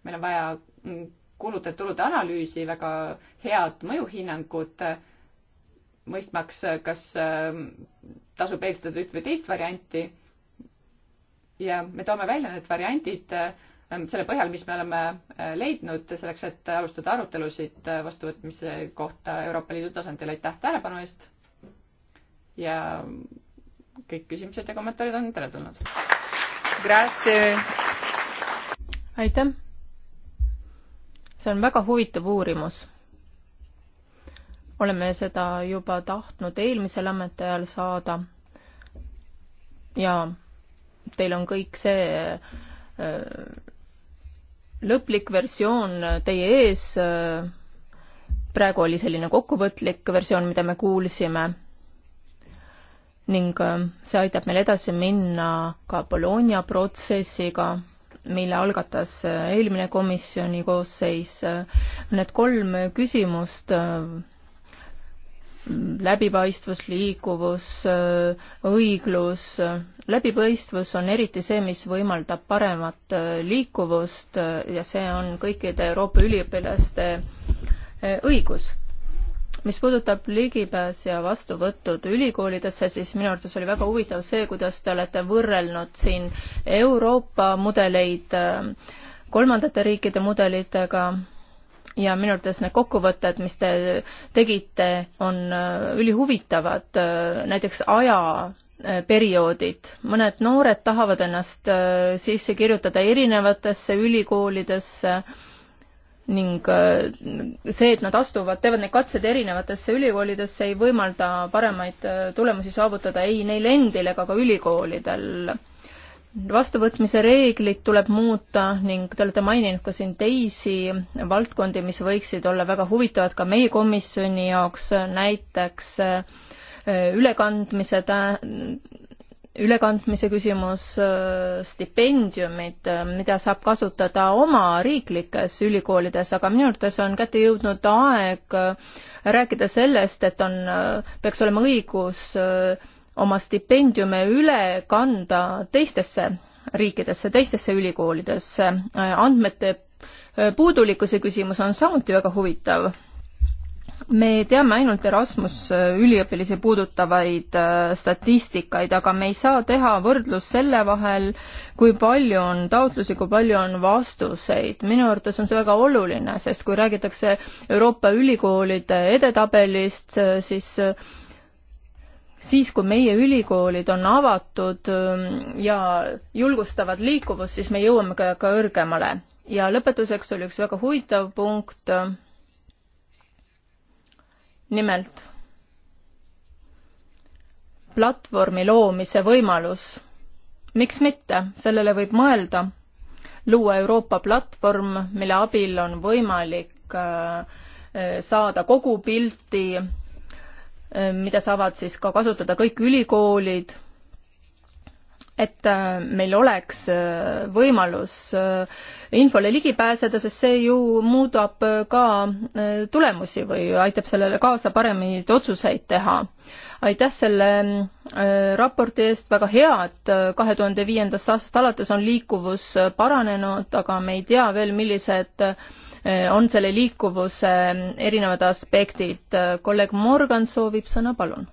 meil on vaja mm, kulude-tulude analüüsi, väga head mõjuhinnangut, äh, mõistmaks, äh, kas ähm, tasub eelistada üht või teist varianti. ja me toome välja need variandid äh, ähm, selle põhjal, mis me oleme leidnud selleks, et alustada arutelusid vastuvõtmise kohta Euroopa Liidu tasandil. aitäh tähelepanu eest ja kõik küsimused ja kommentaarid on teretulnud. aitäh! see on väga huvitav uurimus. oleme seda juba tahtnud eelmisel ametiajal saada. ja teil on kõik see äh, lõplik versioon teie ees. praegu oli selline kokkuvõtlik versioon, mida me kuulsime. ning äh, see aitab meil edasi minna ka Bologna protsessiga mille algatas äh, eelmine komisjoni koosseis. Need kolm küsimust, äh, läbipaistvus, liikuvus, äh, õiglus, läbipaistvus on eriti see, mis võimaldab paremat liikuvust ja see on kõikide Euroopa üliõpilaste õigus mis puudutab ligipääs ja vastuvõtud ülikoolidesse, siis minu arvates oli väga huvitav see, kuidas te olete võrrelnud siin Euroopa mudeleid äh, kolmandate riikide mudelitega ja minu arvates need kokkuvõtted, mis te tegite, on äh, ülihuvitavad, äh, näiteks aja perioodid, mõned noored tahavad ennast sisse kirjutada erinevatesse ülikoolidesse ning äh, see, et nad astuvad, teevad need katsed erinevatesse ülikoolidesse, ei võimalda paremaid äh, tulemusi saavutada ei neil endil ega ka ülikoolidel. vastuvõtmise reeglid tuleb muuta ning te olete maininud ka siin teisi valdkondi, mis võiksid olla väga huvitavad ka meie komisjoni jaoks, näiteks äh, ülekandmise tä-, ülekandmise küsimus, äh, stipendiumid, äh, mida saab kasutada oma riiklikes ülikoolides, aga minu arvates on kätte jõudnud aeg äh, rääkida sellest, et on, peaks olema õigus oma stipendiume üle kanda teistesse riikidesse, teistesse ülikoolidesse. andmete puudulikkuse küsimus on samuti väga huvitav me teame ainult Erasmus äh, üliõpilasi puudutavaid äh, statistikaid, aga me ei saa teha võrdlust selle vahel, kui palju on taotlusi, kui palju on vastuseid. minu arvates on see väga oluline, sest kui räägitakse Euroopa ülikoolide edetabelist, äh, siis siis, kui meie ülikoolid on avatud ähm, ja julgustavad liikuvust, siis me jõuame ka kõrgemale. ja lõpetuseks oli üks väga huvitav punkt nimelt platvormi loomise võimalus. miks mitte, sellele võib mõelda, luua Euroopa platvorm, mille abil on võimalik äh, äh, saada kogu pilti, äh, mida saavad siis ka kasutada kõik ülikoolid et äh, meil oleks äh, võimalus äh, infole ligi pääseda, sest see ju muudab ka tulemusi või aitab sellele kaasa paremaid otsuseid teha. aitäh selle raporti eest, väga hea, et kahe tuhande viiendast aastast alates on liikuvus paranenud, aga me ei tea veel, millised on selle liikuvuse erinevad aspektid. kolleeg Morgan soovib sõna, palun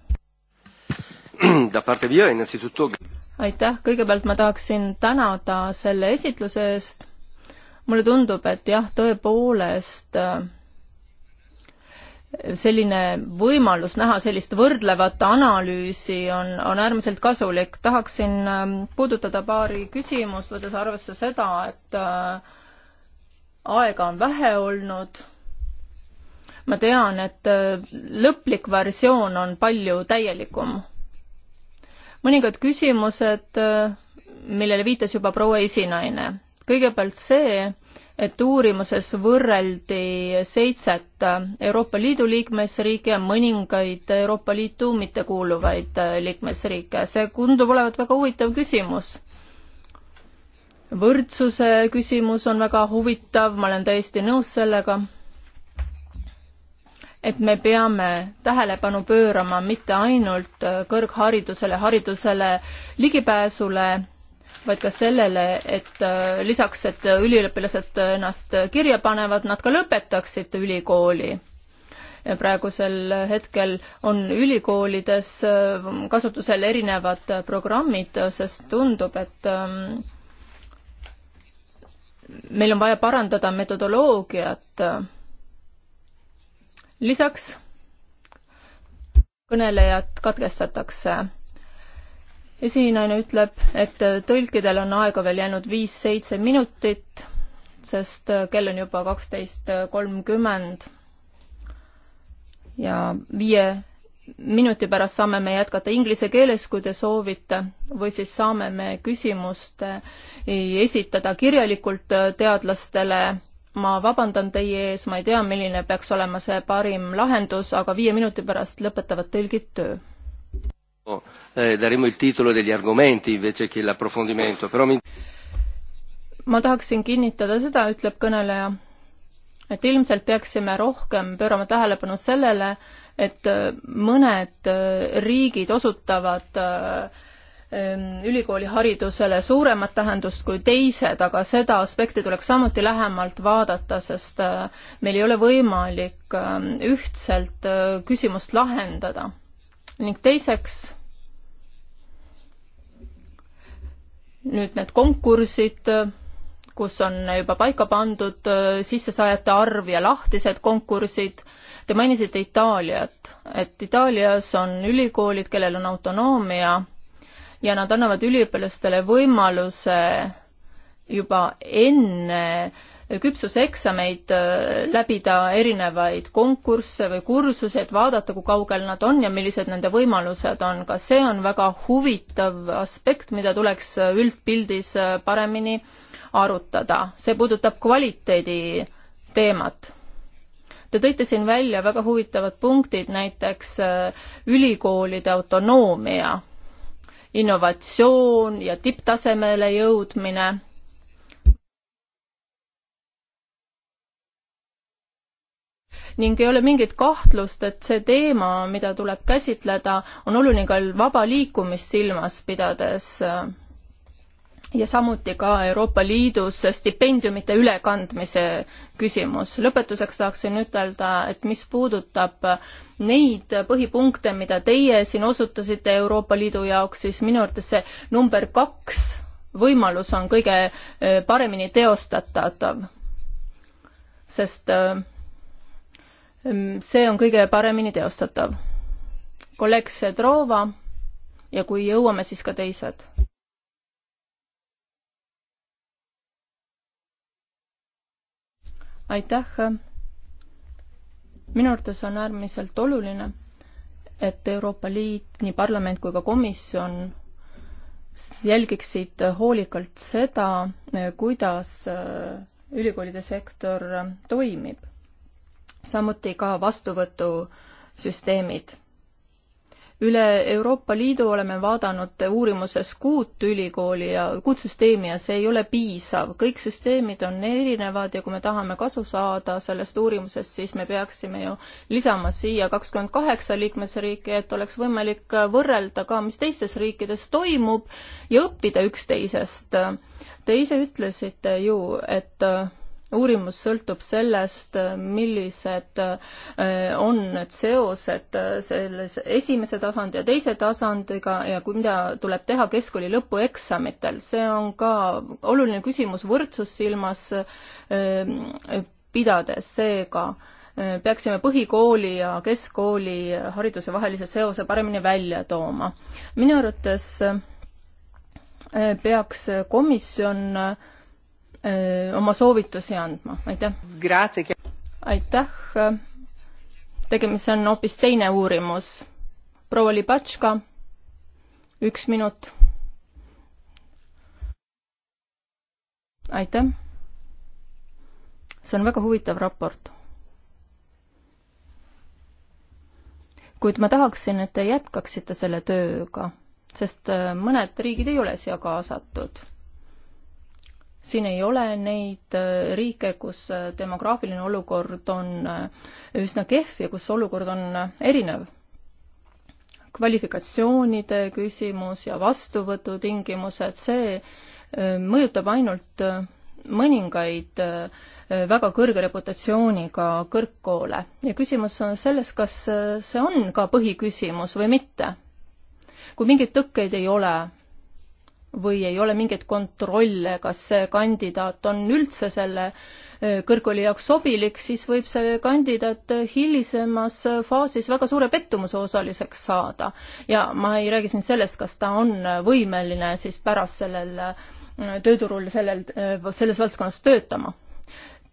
aitäh, kõigepealt ma tahaksin tänada selle esitluse eest. mulle tundub, et jah, tõepoolest äh, selline võimalus näha sellist võrdlevat analüüsi on, on äärmiselt kasulik. tahaksin ähm, puudutada paari küsimust, võttes arvesse seda, et äh, aega on vähe olnud. ma tean, et äh, lõplik versioon on palju täielikum mõningad küsimused, millele viitas juba proua esinaine. kõigepealt see, et uurimuses võrreldi seitset Euroopa Liidu liikmesriiki ja mõningaid Euroopa Liitu mittekuuluvaid liikmesriike. see tundub olevat väga huvitav küsimus. võrdsuse küsimus on väga huvitav, ma olen täiesti nõus sellega et me peame tähelepanu pöörama mitte ainult äh, kõrgharidusele, haridusele ligipääsule, vaid ka sellele, et äh, lisaks, et üliõpilased ennast kirja panevad, nad ka lõpetaksid ülikooli. praegusel hetkel on ülikoolides äh, kasutusel erinevad programmid, sest tundub, et ähm, meil on vaja parandada metodoloogiat lisaks kõnelejad katkestatakse. esinaine ütleb, et tõlkidel on aega veel jäänud viis-seitse minutit, sest kell on juba kaksteist kolmkümmend. ja viie minuti pärast saame me jätkata inglise keeles, kui te soovite, või siis saame me küsimust esitada kirjalikult teadlastele ma vabandan teie ees, ma ei tea, milline peaks olema see parim lahendus, aga viie minuti pärast lõpetavad tõlgid töö. Oh, eh, ma tahaksin kinnitada seda, ütleb kõneleja, et ilmselt peaksime rohkem pöörama tähelepanu sellele, et eh, mõned eh, riigid osutavad äh, Ähm, ülikooliharidusele suuremat tähendust kui teised, aga seda aspekti tuleks samuti lähemalt vaadata, sest äh, meil ei ole võimalik äh, ühtselt äh, küsimust lahendada. ning teiseks, nüüd need konkursid, kus on juba paika pandud sissesaajate arv ja lahtised konkursid, te mainisite Itaaliat, et Itaalias on ülikoolid, kellel on autonoomia ja nad annavad üliõpilastele võimaluse juba enne küpsuseksameid äh, läbida erinevaid konkursse või kursusi, et vaadata, kui kaugel nad on ja millised nende võimalused on. ka see on väga huvitav aspekt, mida tuleks üldpildis äh, paremini arutada. see puudutab kvaliteedi teemat Te tõite siin välja väga huvitavad punktid, näiteks äh, ülikoolide autonoomia innovatsioon ja tipptasemele jõudmine ning ei ole mingit kahtlust, et see teema, mida tuleb käsitleda, on oluline ka vaba liikumist silmas pidades ja samuti ka Euroopa Liidus stipendiumite ülekandmise küsimus. lõpetuseks tahaksin ütelda, et mis puudutab neid põhipunkte, mida teie siin osutasite Euroopa Liidu jaoks, siis minu arvates see number kaks võimalus on kõige e, paremini teostatav, sest e, see on kõige paremini teostatav. kolleeg Sedrova ja kui jõuame, siis ka teised aitäh. minu arvates on äärmiselt oluline, et Euroopa Liit, nii parlament kui ka komisjon jälgiksid hoolikalt seda, kuidas äh, ülikoolide sektor äh, toimib. samuti ka vastuvõtusüsteemid üle Euroopa Liidu oleme vaadanud uurimuses kuut ülikooli ja kuut süsteemi ja see ei ole piisav. kõik süsteemid on erinevad ja kui me tahame kasu saada sellest uurimusest, siis me peaksime ju lisama siia kakskümmend kaheksa liikmesriiki, et oleks võimalik võrrelda ka, mis teistes riikides toimub ja õppida üksteisest. Te ise ütlesite ju, et uurimus sõltub sellest, millised äh, on need seosed äh, selles esimese tasandi ja teise tasandiga ja kui, mida tuleb teha keskkooli lõpueksamitel. see on ka oluline küsimus võrdsust silmas äh, pidades, seega peaksime põhikooli ja keskkooli hariduse vahelise seose paremini välja tooma. minu arvates peaks komisjon äh, Äh, oma soovitusi andma, aitäh. aitäh. tegemist on hoopis teine uurimus. proua Libatška, üks minut. aitäh. see on väga huvitav raport. kuid ma tahaksin, et te jätkaksite selle tööga, sest äh, mõned riigid ei ole siia kaasatud siin ei ole neid äh, riike, kus äh, demograafiline olukord on äh, üsna kehv ja kus olukord on erinev. kvalifikatsioonide küsimus ja vastuvõtutingimused, see mõjutab ainult mõningaid väga kõrge reputatsiooniga kõrgkoole ja küsimus on selles, kas see on ka põhiküsimus või mitte. kui mingeid tõkkeid ei ole, või ei ole mingeid kontrolle, kas see kandidaat on üldse selle äh, kõrgkooli jaoks sobilik, siis võib see kandidaat hilisemas faasis väga suure pettumuse osaliseks saada. ja ma ei räägi siin sellest, kas ta on võimeline siis pärast sellel äh, tööturul sellel, äh, selles valdkonnas töötama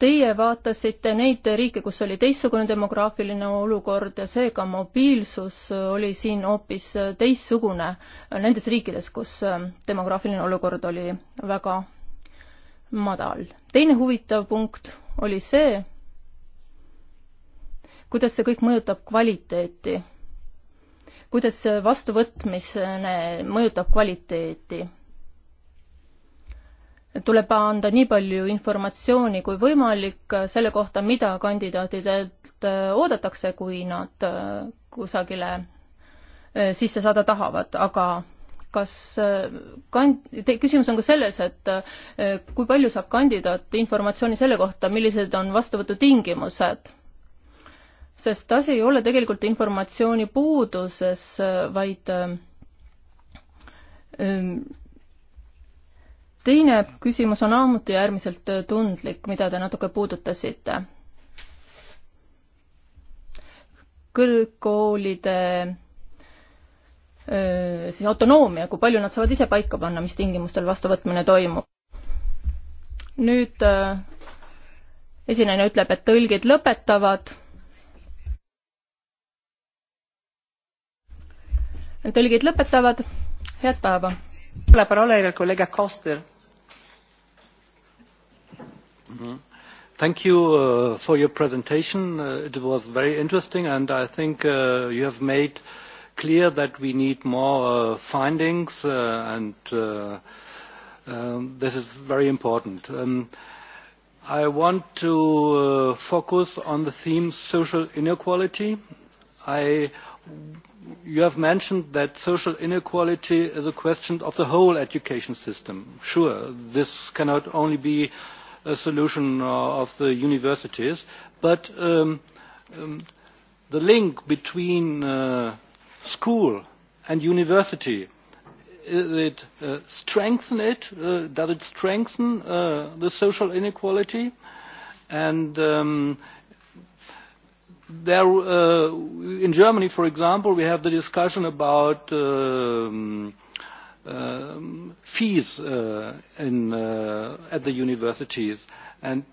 Teie vaatasite neid riike, kus oli teistsugune demograafiline olukord ja seega mobiilsus oli siin hoopis teistsugune nendes riikides, kus ähm, demograafiline olukord oli väga madal. teine huvitav punkt oli see, kuidas see kõik mõjutab kvaliteeti. kuidas vastuvõtmine mõjutab kvaliteeti tuleb anda nii palju informatsiooni kui võimalik selle kohta, mida kandidaatidelt äh, oodatakse, kui nad äh, kusagile äh, sisse saada tahavad, aga kas kand-, küsimus on ka selles, et kui palju saab kandidaat informatsiooni selle kohta, millised on vastuvõtutingimused? sest asi ei ole tegelikult informatsiooni puuduses, vaid ähm, teine küsimus on ammuti äärmiselt tundlik, mida te natuke puudutasite. kõrgkoolide siis autonoomia, kui palju nad saavad ise paika panna, mis tingimustel vastuvõtmine toimub. nüüd esinejana ütleb, et tõlgid lõpetavad. tõlgid lõpetavad, head päeva. -hmm. Thank you uh, for your presentation. Uh, it was very interesting, and I think uh, you have made clear that we need more uh, findings, uh, and uh, um, this is very important. Um, I want to uh, focus on the theme social inequality. I, you have mentioned that social inequality is a question of the whole education system. Sure, this cannot only be uh, a solution uh, of the universities. But um, um, the link between uh, school and university, is it uh, strengthen it? Uh, does it strengthen uh, the social inequality? And um, there, uh, in Germany, for example, we have the discussion about um, um, fees uh, in, uh, at the universities? And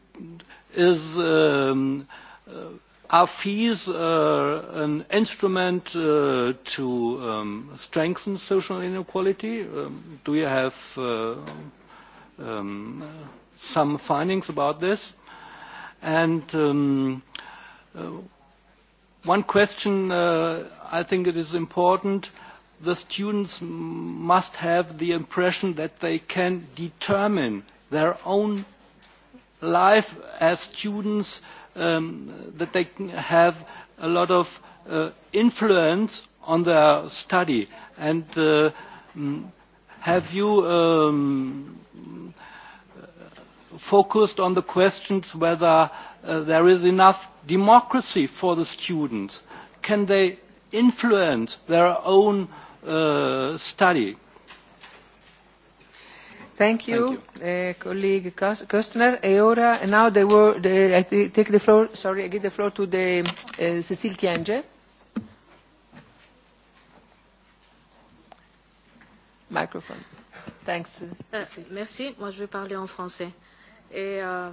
is, um, uh, are fees uh, an instrument uh, to um, strengthen social inequality? Um, do you have uh, um, some findings about this? And um, uh, one question uh, I think it is important uh, the students must have the impression that they can determine their own life as students, um, that they have a lot of uh, influence on their study. And uh, have you um, focused on the questions whether uh, there is enough democracy for the students? Can they influence their own uh, uh, study. Thank you, Thank you. Uh, colleague Kostner, Eora. And now they were, they, I take the floor, sorry, I give the floor to the, uh, Cecile Kienge. Microphone. Thanks. Uh, uh merci. Moi, je vais parler en français. Et euh,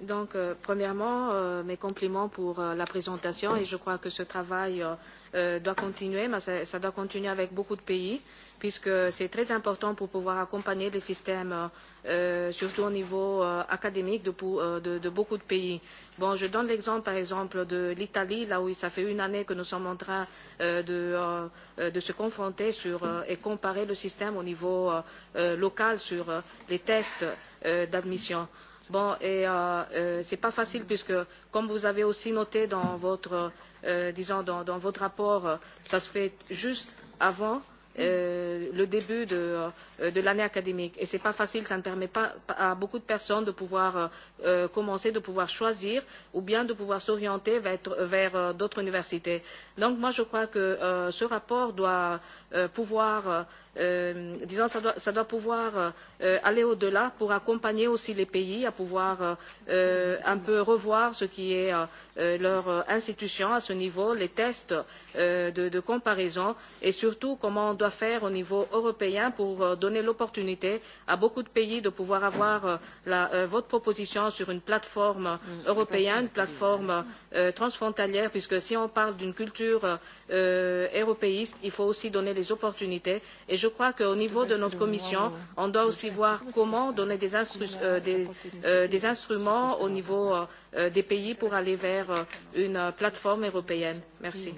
Donc, euh, premièrement, euh, mes compliments pour euh, la présentation et je crois que ce travail euh, euh, doit continuer, mais ça, ça doit continuer avec beaucoup de pays, puisque c'est très important pour pouvoir accompagner les systèmes, euh, euh surtout au niveau euh, académique de, euh, de, de beaucoup de pays. Bon, je donne l'exemple, par exemple, de l'Italie, là où ça fait une année que nous sommes en train euh, de, euh, euh de se confronter sur, euh, et comparer le système au niveau euh, euh local sur euh, les tests euh, d'admission. Euh, Bon, et euh, euh, ce n'est pas facile puisque, comme vous avez aussi noté dans votre, euh, disons, dans, dans votre rapport, ça se fait juste avant euh, le début de, euh, de l'année académique. Et ce n'est pas facile, ça ne permet pas à beaucoup de personnes de pouvoir euh, euh, commencer, de pouvoir choisir ou bien de pouvoir s'orienter vers, vers euh, d'autres universités. Donc moi je crois que euh, ce rapport doit euh, pouvoir euh, disons, ça doit, ça doit pouvoir euh, aller au-delà pour accompagner aussi les pays à pouvoir euh, un peu revoir ce qui est euh, leur institution à ce niveau, les tests euh, de, de comparaison et surtout comment on doit faire au niveau européen pour euh, donner l'opportunité à beaucoup de pays de pouvoir avoir euh, la, euh, votre proposition sur une plateforme mm, européenne, une plateforme euh, transfrontalière, puisque si on parle d'une culture euh, européiste, il faut aussi donner les opportunités et je crois qu'au niveau de notre commission on doit aussi voir comment donner des, instru euh, des, euh, des instruments au niveau euh, des pays pour aller vers euh, une plateforme européenne. merci.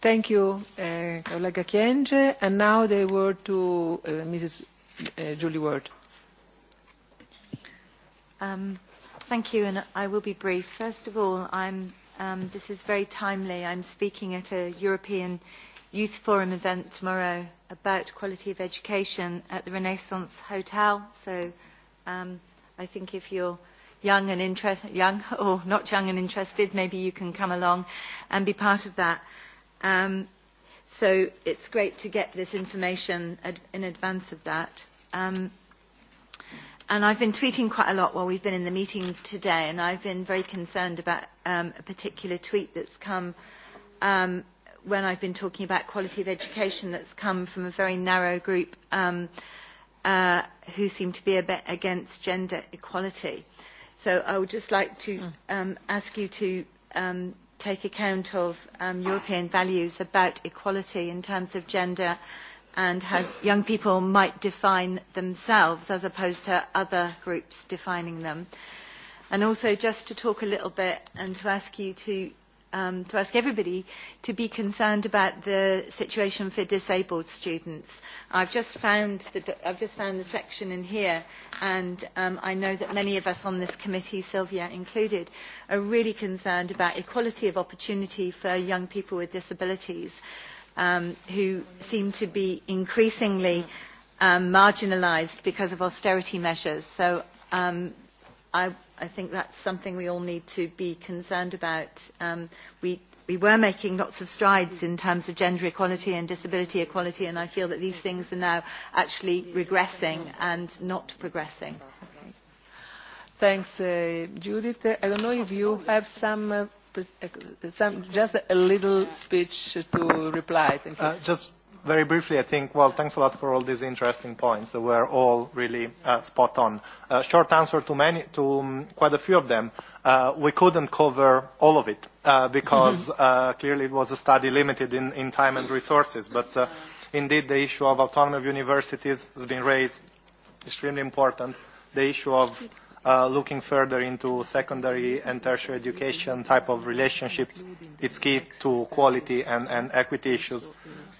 thank you collega eh, kyenge and now the word to eh, mrs eh, julie ward. Um, thank you and i will be brief. first of all I'm, um, this is very timely. i'm speaking at a european youth forum event tomorrow about quality of education at the Renaissance Hotel. So um, I think if you're young and interested, young or not young and interested, maybe you can come along and be part of that. Um, so it's great to get this information ad- in advance of that. Um, and I've been tweeting quite a lot while we've been in the meeting today, and I've been very concerned about um, a particular tweet that's come um, when I've been talking about quality of education that's come from a very narrow group um, uh, who seem to be a bit against gender equality. So I would just like to hmm. um, ask you to um, take account of um, European values about equality in terms of gender and how young people might define themselves as opposed to other groups defining them. And also just to talk a little bit and to ask you to um, to ask everybody to be concerned about the situation for disabled students. I've just found the, I've just found the section in here, and um, I know that many of us on this committee, Sylvia included, are really concerned about equality of opportunity for young people with disabilities um, who seem to be increasingly um, marginalised because of austerity measures. So um, I I think that's something we all need to be concerned about. Um, we, we were making lots of strides in terms of gender equality and disability equality, and I feel that these things are now actually regressing and not progressing. Okay. Thanks, uh, Judith. I don't know if you have some, uh, uh, some just a little speech to reply. Thank you. Uh, just very briefly, I think, well, thanks a lot for all these interesting points that were all really uh, spot on. Uh, short answer to many, to um, quite a few of them. Uh, we couldn't cover all of it uh, because mm-hmm. uh, clearly it was a study limited in, in time and resources. But uh, indeed, the issue of autonomy of universities has been raised, extremely important. The issue of uh, looking further into secondary and tertiary education type of relationships. It's key to quality and, and equity issues.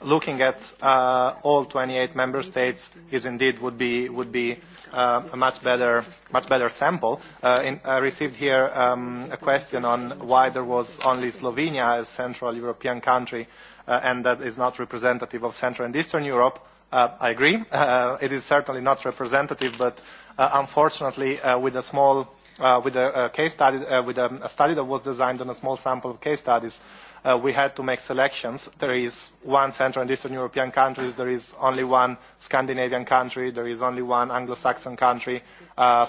Looking at uh, all 28 member states is indeed would be would be uh, a much better much better sample. Uh, in, I received here um, a question on why there was only Slovenia as Central European country uh, and that is not representative of Central and Eastern Europe. Uh, I agree. Uh, it is certainly not representative, but uh, uh, unfortunately, uh, with a small uh, with a, a case study, uh, with a, a study that was designed on a small sample of case studies, uh, we had to make selections. There is one Central and Eastern European country, there is only one Scandinavian country, there is only one Anglo-Saxon country. Uh,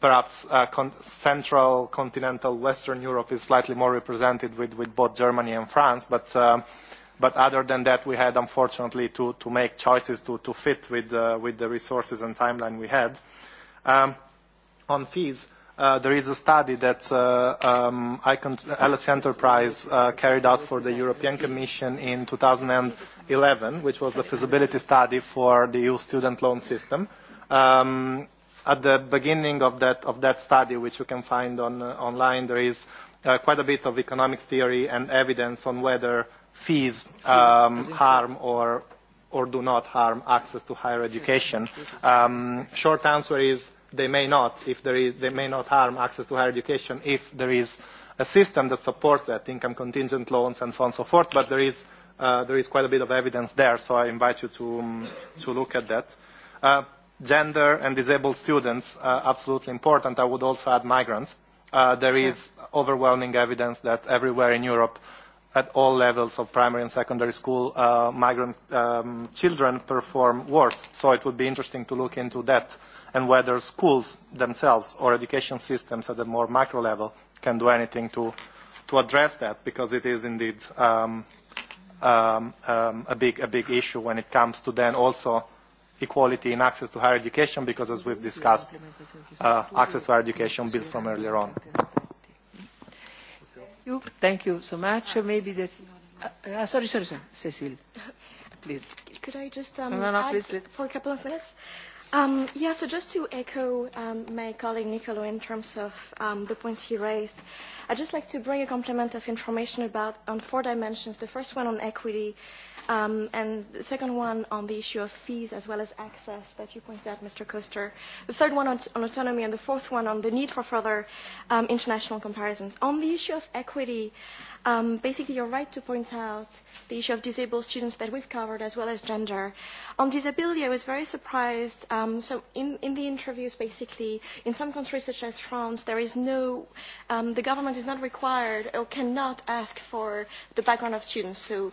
perhaps uh, con Central, Continental, Western Europe is slightly more represented with, with both Germany and France, but um, but other than that, we had unfortunately to, to make choices to, to fit with, uh, with the resources and timeline we had. Uh, Um, on fees, uh, there is a study that uh, um, Icon LS Enterprise uh, carried out for the European Commission in 2011, which was the feasibility study for the EU student loan system. Um, at the beginning of that, of that study, which you can find on, uh, online, there is uh, quite a bit of economic theory and evidence on whether fees um, harm or or do not harm access to higher education? Um, short answer is they may not. If there is, they may not harm access to higher education if there is a system that supports that, income contingent loans and so on and so forth, but there is, uh, there is quite a bit of evidence there, so I invite you to, um, to look at that. Uh, gender and disabled students, uh, absolutely important. I would also add migrants. Uh, there is overwhelming evidence that everywhere in Europe at all levels of primary and secondary school uh, migrant um, children perform worse. So it would be interesting to look into that and whether schools themselves or education systems at a more macro level can do anything to, to address that because it is indeed um, um, um, a, big, a big issue when it comes to then also equality in access to higher education because as we've discussed, uh, access to higher education builds from earlier on. You. Thank you so much. Ah, Maybe this. Uh, ah, ah, sorry, sorry, sorry. Cecile, please. Could I just um, no, no, no, add please, please. for a couple of minutes? Um, yeah, so just to echo um, my colleague Nicolo in terms of um, the points he raised, I'd just like to bring a complement of information about on four dimensions. The first one on equity, Um, and the second one on the issue of fees as well as access that you pointed out, Mr. Coaster. The third one on, on autonomy and the fourth one on the need for further um, international comparisons. On the issue of equity, um, basically you're right to point out the issue of disabled students that we've covered as well as gender. On disability, I was very surprised. Um, so in, in the interviews, basically, in some countries such as France, there is no, um, the government is not required or cannot ask for the background of students. So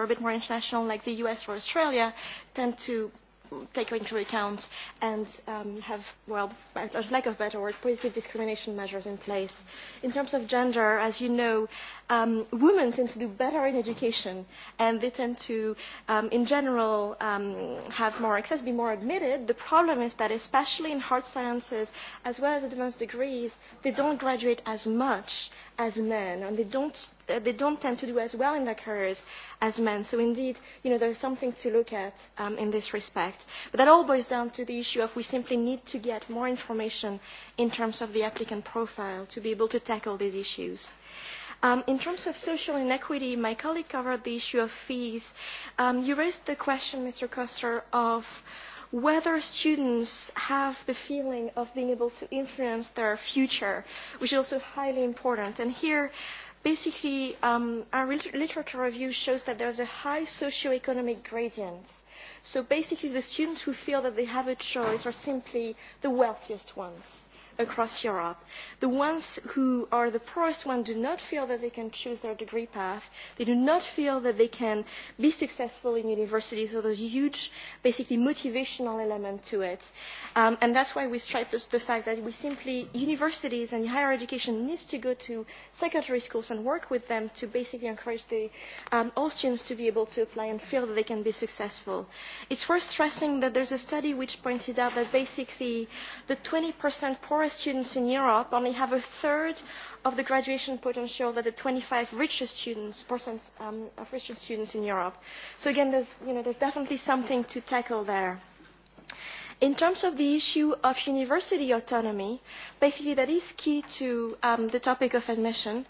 are a bit more international, like the US or Australia, tend to take into account and um, have, well, for lack of better word, positive discrimination measures in place. In terms of gender, as you know, um, women tend to do better in education and they tend to, um, in general, um, have more access, be more admitted. The problem is that, especially in hard sciences as well as advanced degrees, they don't graduate as much as men and they don't, uh, they don't tend to do as well in their careers as men. So indeed, you know, there's something to look at um, in this respect. But that all boils down to the issue of we simply need to get more information in terms of the applicant profile to be able to tackle these issues. Uh, Um, in terms of social inequity, my colleague covered the issue of fees. Um, you raised the question, Mr. Koster, of whether students have the feeling of being able to influence their future, which is also highly important. And here, basically, um, our literature review shows that there's a high socioeconomic gradient. So basically, the students who feel that they have a choice are simply the wealthiest ones across Europe. The ones who are the poorest ones do not feel that they can choose their degree path. They do not feel that they can be successful in university. So there's a huge, basically, motivational element to it. Um, and that's why we strive this, the fact that we simply, universities and higher education needs to go to secondary schools and work with them to basically encourage the, um, all students to be able to apply and feel that they can be successful. It's worth stressing that there's a study which pointed out that basically the 20% poorest students in europe only have a third of the graduation potential that the twenty five richest students percent um, of richest students in europe so again there's you know there's definitely something to tackle there in terms of the issue of university autonomy basically that is key to um, the topic of admission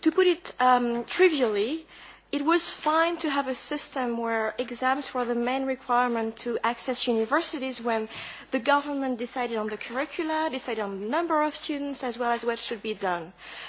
to put it um, trivially uh, it was fine to have a system where exams were the main requirement to access universities when the government decided on the curricula, decided on the number of students, as well as what should be done. Uh,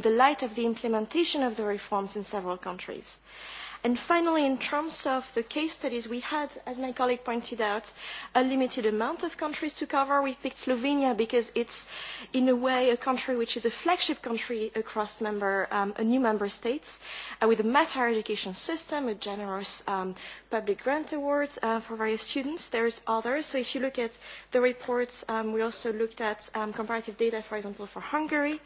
in the light of the implementation of the reforms in several countries. And finally, in terms of the case studies, we had, as my colleague pointed out, a limited amount of countries to cover. We picked Slovenia because it's, in a way, a country which is a flagship country across member, um, new member states, uh, with a mass higher education system, a generous um, public grant awards uh, for various students. There's others. So if you look at the reports, um, we also looked at um, comparative data, for example, for Hungary.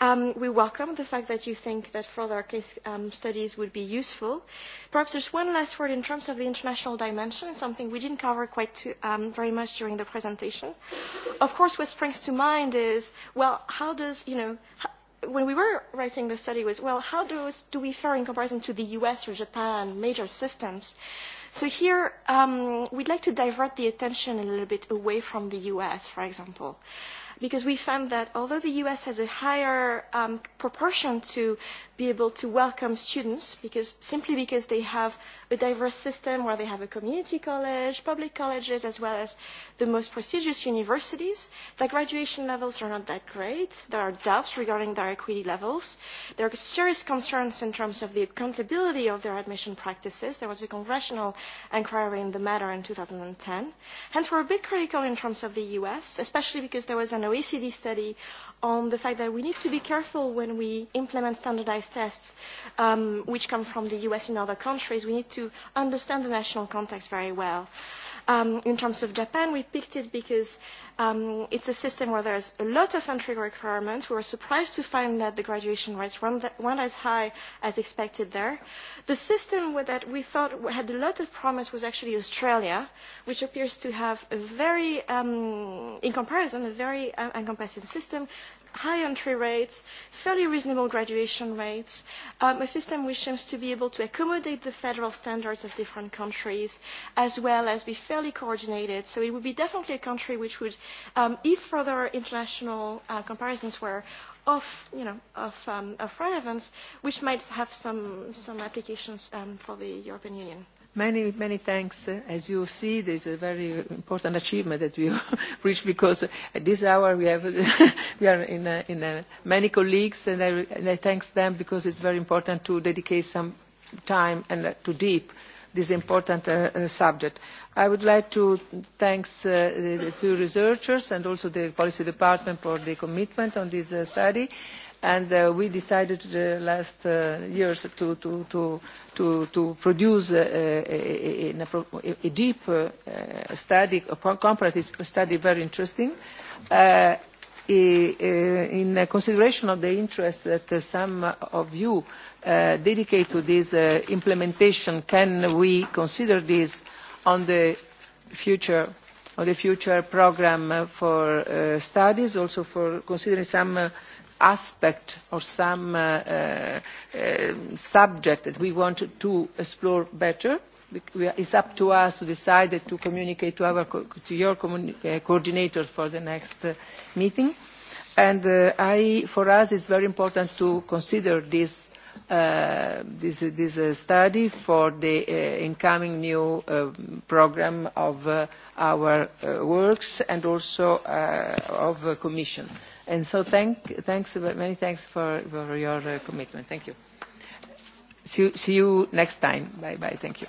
Um, we welcome the fact that you think that further case um, studies would be useful. Perhaps there's one last word in terms of the international dimension, something we didn't cover quite too, um, very much during the presentation. Of course, what springs to mind is, well, how does, you know, how, when we were writing the study was, well, how does, do we fare in comparison to the US or Japan, major systems? So here, um, we'd like to divert the attention a little bit away from the US, for example, because we found that although the US has a higher um, proportion to be able to welcome students because, simply because they have a diverse system where they have a community college, public colleges, as well as the most prestigious universities. Their graduation levels are not that great. There are doubts regarding their equity levels. There are serious concerns in terms of the accountability of their admission practices. There was a congressional inquiry in the matter in 2010. Hence, we're a bit critical in terms of the US, especially because there was an OECD study on the fact that we need to be careful when we implement standardized tests um, which come from the US and other countries, we need to understand the national context very well. Um, in terms of Japan, we picked it because um, it's a system where there's a lot of entry requirements. We were surprised to find that the graduation rates weren't, that, weren't as high as expected there. The system that we thought had a lot of promise was actually Australia, which appears to have a very, um, in comparison, a very uh, encompassing system high entry rates, fairly reasonable graduation rates, um, a system which seems to be able to accommodate the federal standards of different countries, as well as be fairly coordinated. So it would be definitely a country which would, um, if further international uh, comparisons were of, you know, of, um, of relevance, which might have some, some applications um, for the European Union many, many thanks. As you see, this is a very important achievement that you reached because at this hour we, have, we are in, a, in a many colleagues and I, and I thank them because it's very important to dedicate some time and uh, to deep this important uh, uh, subject. I would like to thank uh, the two researchers and also the policy department for the commitment on this uh, study. Uh, and uh, we decided uh, last uh, years to, to, to, to, to produce uh, a, a, a deep uh, uh, study, a comparative study, very interesting, uh, uh, in consideration of the interest that uh, some of you uh, dedicate to this uh, implementation. Can we consider this on the future on the future program for uh, studies, also for considering some uh, aspect or some uh, uh, uh, subject that we want to explore better. It is up to us to decide and to communicate to, our, to your uh, coordinator for the next uh, meeting. And uh, I, for us, it's very important to consider this, uh, this, this uh, study for the uh, incoming new uh, program of uh, our uh, works and also uh, of the uh, Commission. Uh, And so thank, thanks, many thanks for, for your uh, commitment. Thank you. See, see you next time. Bye bye. Thank you.